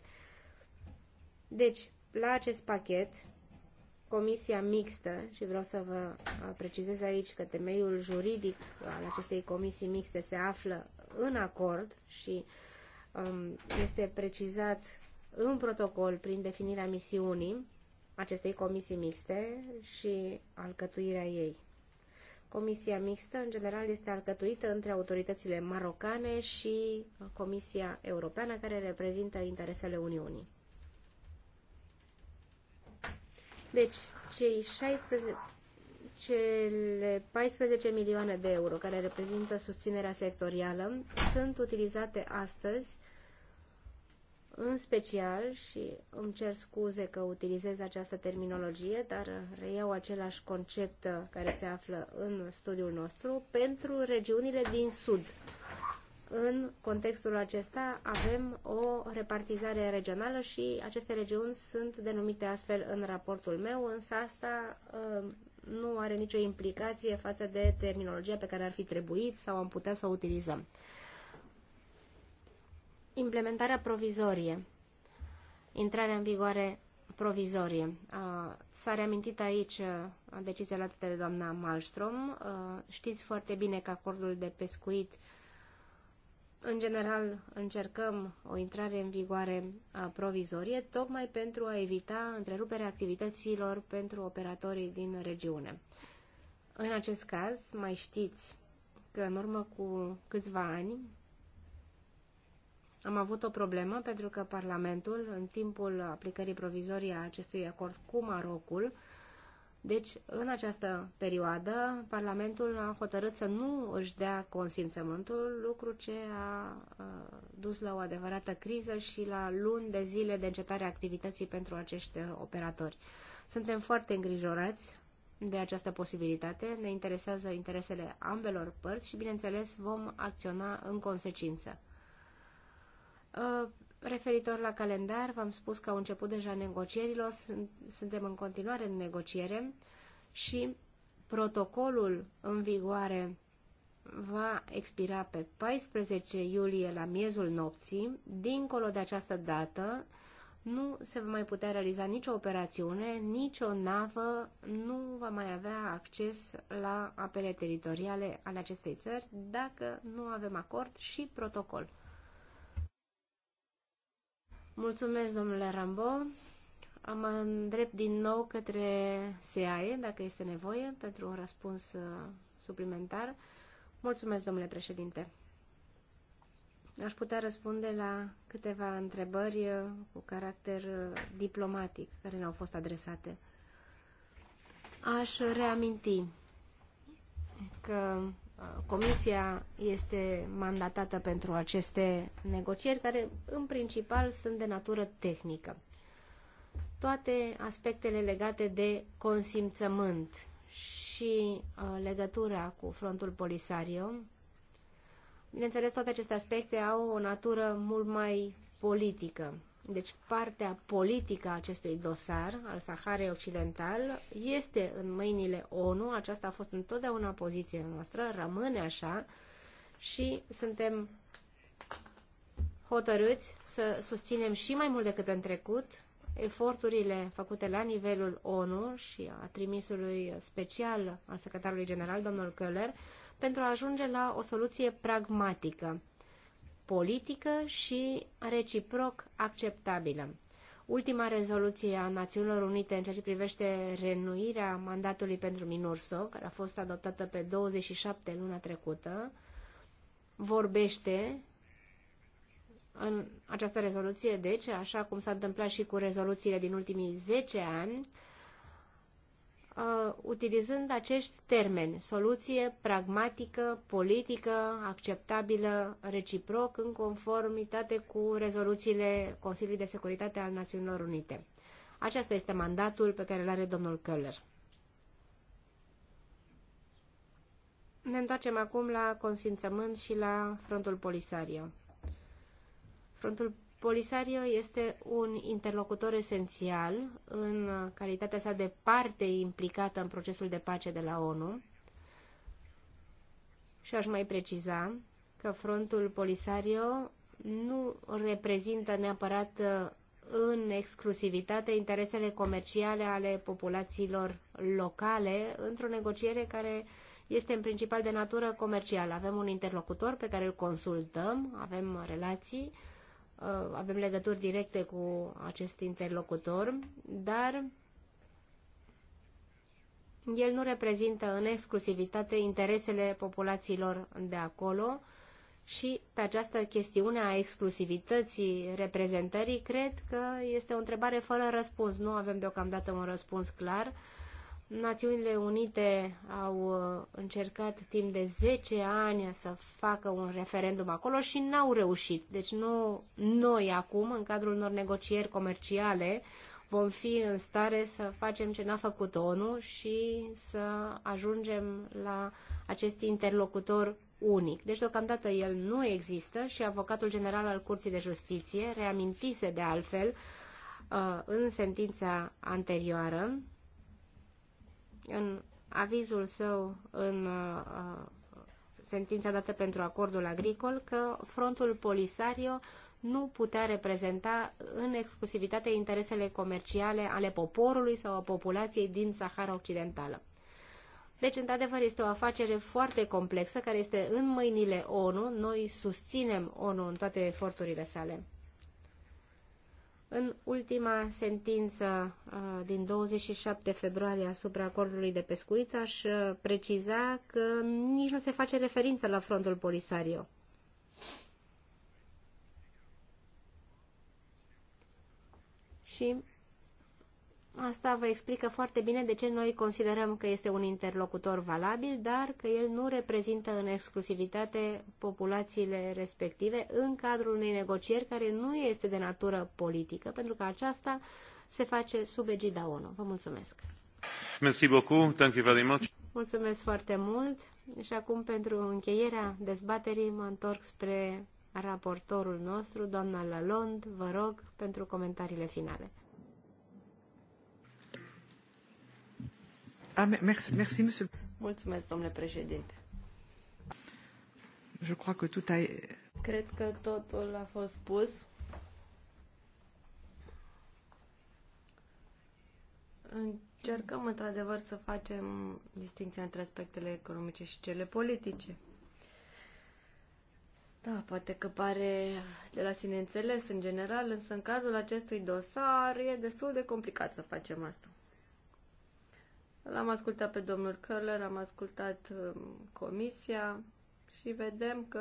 Deci, la acest pachet, comisia mixtă, și vreau să vă uh, precizez aici că temeiul juridic al acestei comisii mixte se află în acord și um, este precizat în protocol prin definirea misiunii acestei comisii mixte și alcătuirea ei. Comisia mixtă, în general, este alcătuită între autoritățile marocane și Comisia Europeană, care reprezintă interesele Uniunii. Deci, cei 16, cele 14 milioane de euro care reprezintă susținerea sectorială sunt utilizate astăzi în special, și îmi cer scuze că utilizez această terminologie, dar reiau același concept care se află în studiul nostru, pentru regiunile din sud. În contextul acesta avem o repartizare regională și aceste regiuni sunt denumite astfel în raportul meu, însă asta uh, nu are nicio implicație față de terminologia pe care ar fi trebuit sau am putea să o utilizăm implementarea provizorie, intrarea în vigoare provizorie. S-a reamintit aici decizia luată de doamna Malmström. Știți foarte bine că acordul de pescuit, în general, încercăm o intrare în vigoare provizorie, tocmai pentru a evita întreruperea activităților pentru operatorii din regiune. În acest caz, mai știți că în urmă cu câțiva ani, am avut o problemă pentru că Parlamentul, în timpul aplicării provizorii a acestui acord cu Marocul, deci, în această perioadă, Parlamentul a hotărât să nu își dea consimțământul, lucru ce a dus la o adevărată criză și la luni de zile de încetare a activității pentru acești operatori. Suntem foarte îngrijorați de această posibilitate, ne interesează interesele ambelor părți și, bineînțeles, vom acționa în consecință. Uh, referitor la calendar, v-am spus că au început deja negocierilor, suntem în continuare în negociere și protocolul în vigoare va expira pe 14 iulie la miezul nopții. Dincolo de această dată, nu se va mai putea realiza nicio operațiune, nicio navă nu va mai avea acces la apele teritoriale ale acestei țări dacă nu avem acord și protocol. Mulțumesc, domnule Rambo. Am îndrept din nou către SEAE, dacă este nevoie, pentru un răspuns uh, suplimentar. Mulțumesc, domnule președinte. Aș putea răspunde la câteva întrebări uh, cu caracter uh, diplomatic care ne-au fost adresate. Aș reaminti că Comisia este mandatată pentru aceste negocieri, care în principal sunt de natură tehnică. Toate aspectele legate de consimțământ și uh, legătura cu frontul Polisario, bineînțeles, toate aceste aspecte au o natură mult mai politică. Deci partea politică a acestui dosar al Saharei Occidental este în mâinile ONU, aceasta a fost întotdeauna poziția noastră, rămâne așa și suntem hotărâți să susținem și mai mult decât în trecut eforturile făcute la nivelul ONU și a trimisului special al secretarului general, domnul Köhler, pentru a ajunge la o soluție pragmatică politică și reciproc acceptabilă. Ultima rezoluție a Națiunilor Unite în ceea ce privește renuirea mandatului pentru Minurso, care a fost adoptată pe 27 luna trecută, vorbește în această rezoluție, deci, așa cum s-a întâmplat și cu rezoluțiile din ultimii 10 ani, uh, utilizând acești termeni, soluție pragmatică, politică, acceptabilă, reciproc, în conformitate cu rezoluțiile Consiliului de Securitate al Națiunilor Unite. Aceasta este mandatul pe care îl are domnul Köhler. Ne întoarcem acum la consimțământ și la frontul polisario. Frontul Polisario este un interlocutor esențial în calitatea sa de parte implicată în procesul de pace de la ONU și aș mai preciza că frontul Polisario nu reprezintă neapărat uh, în exclusivitate interesele comerciale ale populațiilor locale într-o negociere care este în principal de natură comercială. Avem un interlocutor pe care îl consultăm, avem relații, Uh, avem legături directe cu acest interlocutor, dar el nu reprezintă în exclusivitate interesele populațiilor de acolo și pe această chestiune a exclusivității reprezentării, cred că este o întrebare fără răspuns. Nu avem deocamdată un răspuns clar Națiunile Unite au uh, încercat timp de 10 ani să facă un referendum acolo și n-au reușit. Deci nu noi acum, în cadrul unor negocieri comerciale, vom fi în stare să facem ce n-a făcut ONU și să ajungem la acest interlocutor unic. Deci, deocamdată, el nu există și avocatul general al Curții de Justiție reamintise de altfel uh, în sentința anterioară în avizul său, în uh, uh, sentința dată pentru acordul agricol, că frontul Polisario nu putea reprezenta în exclusivitate interesele comerciale ale poporului sau a populației din Sahara Occidentală. Deci, într-adevăr, este o afacere foarte complexă care este în mâinile ONU. Noi susținem ONU în toate eforturile sale. În ultima sentință uh, din 27 februarie asupra acordului de pescuit aș uh, preciza că nici nu se face referință la frontul Polisario. Și Asta vă explică foarte bine de ce noi considerăm că este un interlocutor valabil, dar că el nu reprezintă în exclusivitate populațiile respective în cadrul unei negocieri care nu este de natură politică, pentru că aceasta se face sub egida ONU. Vă mulțumesc! Merci beaucoup. Thank you very much. Mulțumesc foarte mult și acum pentru încheierea dezbaterii mă întorc spre raportorul nostru, doamna Lalonde, vă rog, pentru comentariile finale. Ah, Mulțumesc, domnule președinte. Cred că totul a fost spus. Încercăm într-adevăr să facem distinția între aspectele economice și cele politice. Da, poate că pare de la sine înțeles în general, însă în cazul acestui dosar e destul de complicat să facem asta. L-am ascultat pe domnul Căller, am ascultat um, comisia și vedem că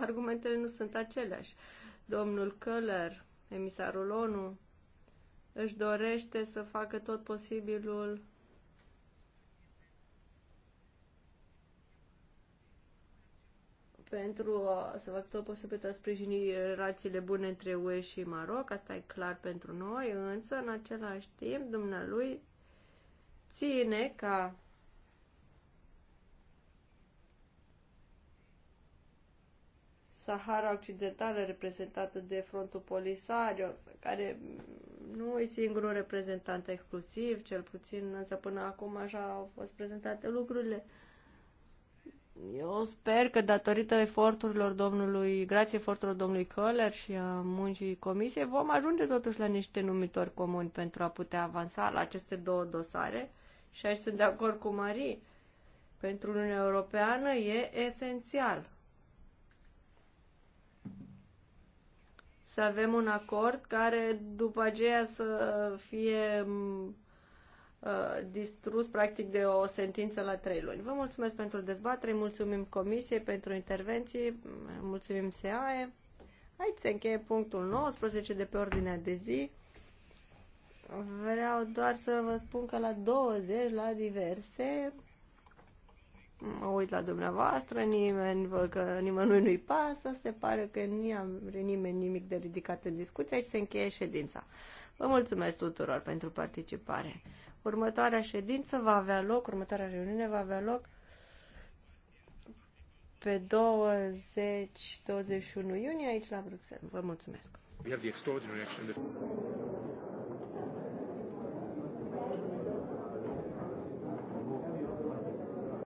argumentele nu sunt aceleași. Domnul Căller, emisarul ONU, își dorește să facă tot posibilul pentru a, să facă tot posibil pentru a sprijini relațiile bune între UE și Maroc, asta e clar pentru noi, însă în același timp dumnealui ține ca Sahara Occidentală reprezentată de Frontul Polisario, care nu e singurul reprezentant exclusiv, cel puțin însă până acum așa au fost prezentate lucrurile. Eu sper că datorită eforturilor domnului, grație eforturilor domnului Căler și a muncii comisiei, vom ajunge totuși la niște numitori comuni pentru a putea avansa la aceste două dosare și aici sunt de acord cu Marie, pentru Uniunea Europeană e esențial să avem un acord care după aceea să fie mm, uh, distrus practic de o sentință la trei luni. Vă mulțumesc pentru dezbatere, mulțumim Comisiei pentru intervenții, mulțumim SEAE. Aici se încheie punctul 19 de pe ordinea de zi. Vreau doar să vă spun că la 20, la diverse, mă uit la dumneavoastră, nimeni vă că nimănui nu-i pasă, se pare că nu am nimeni nimic de ridicat în discuție, aici se încheie ședința. Vă mulțumesc tuturor pentru participare. Următoarea ședință va avea loc, următoarea reuniune va avea loc pe 20-21 iunie aici la Bruxelles. Vă mulțumesc! We have the extraordinary action.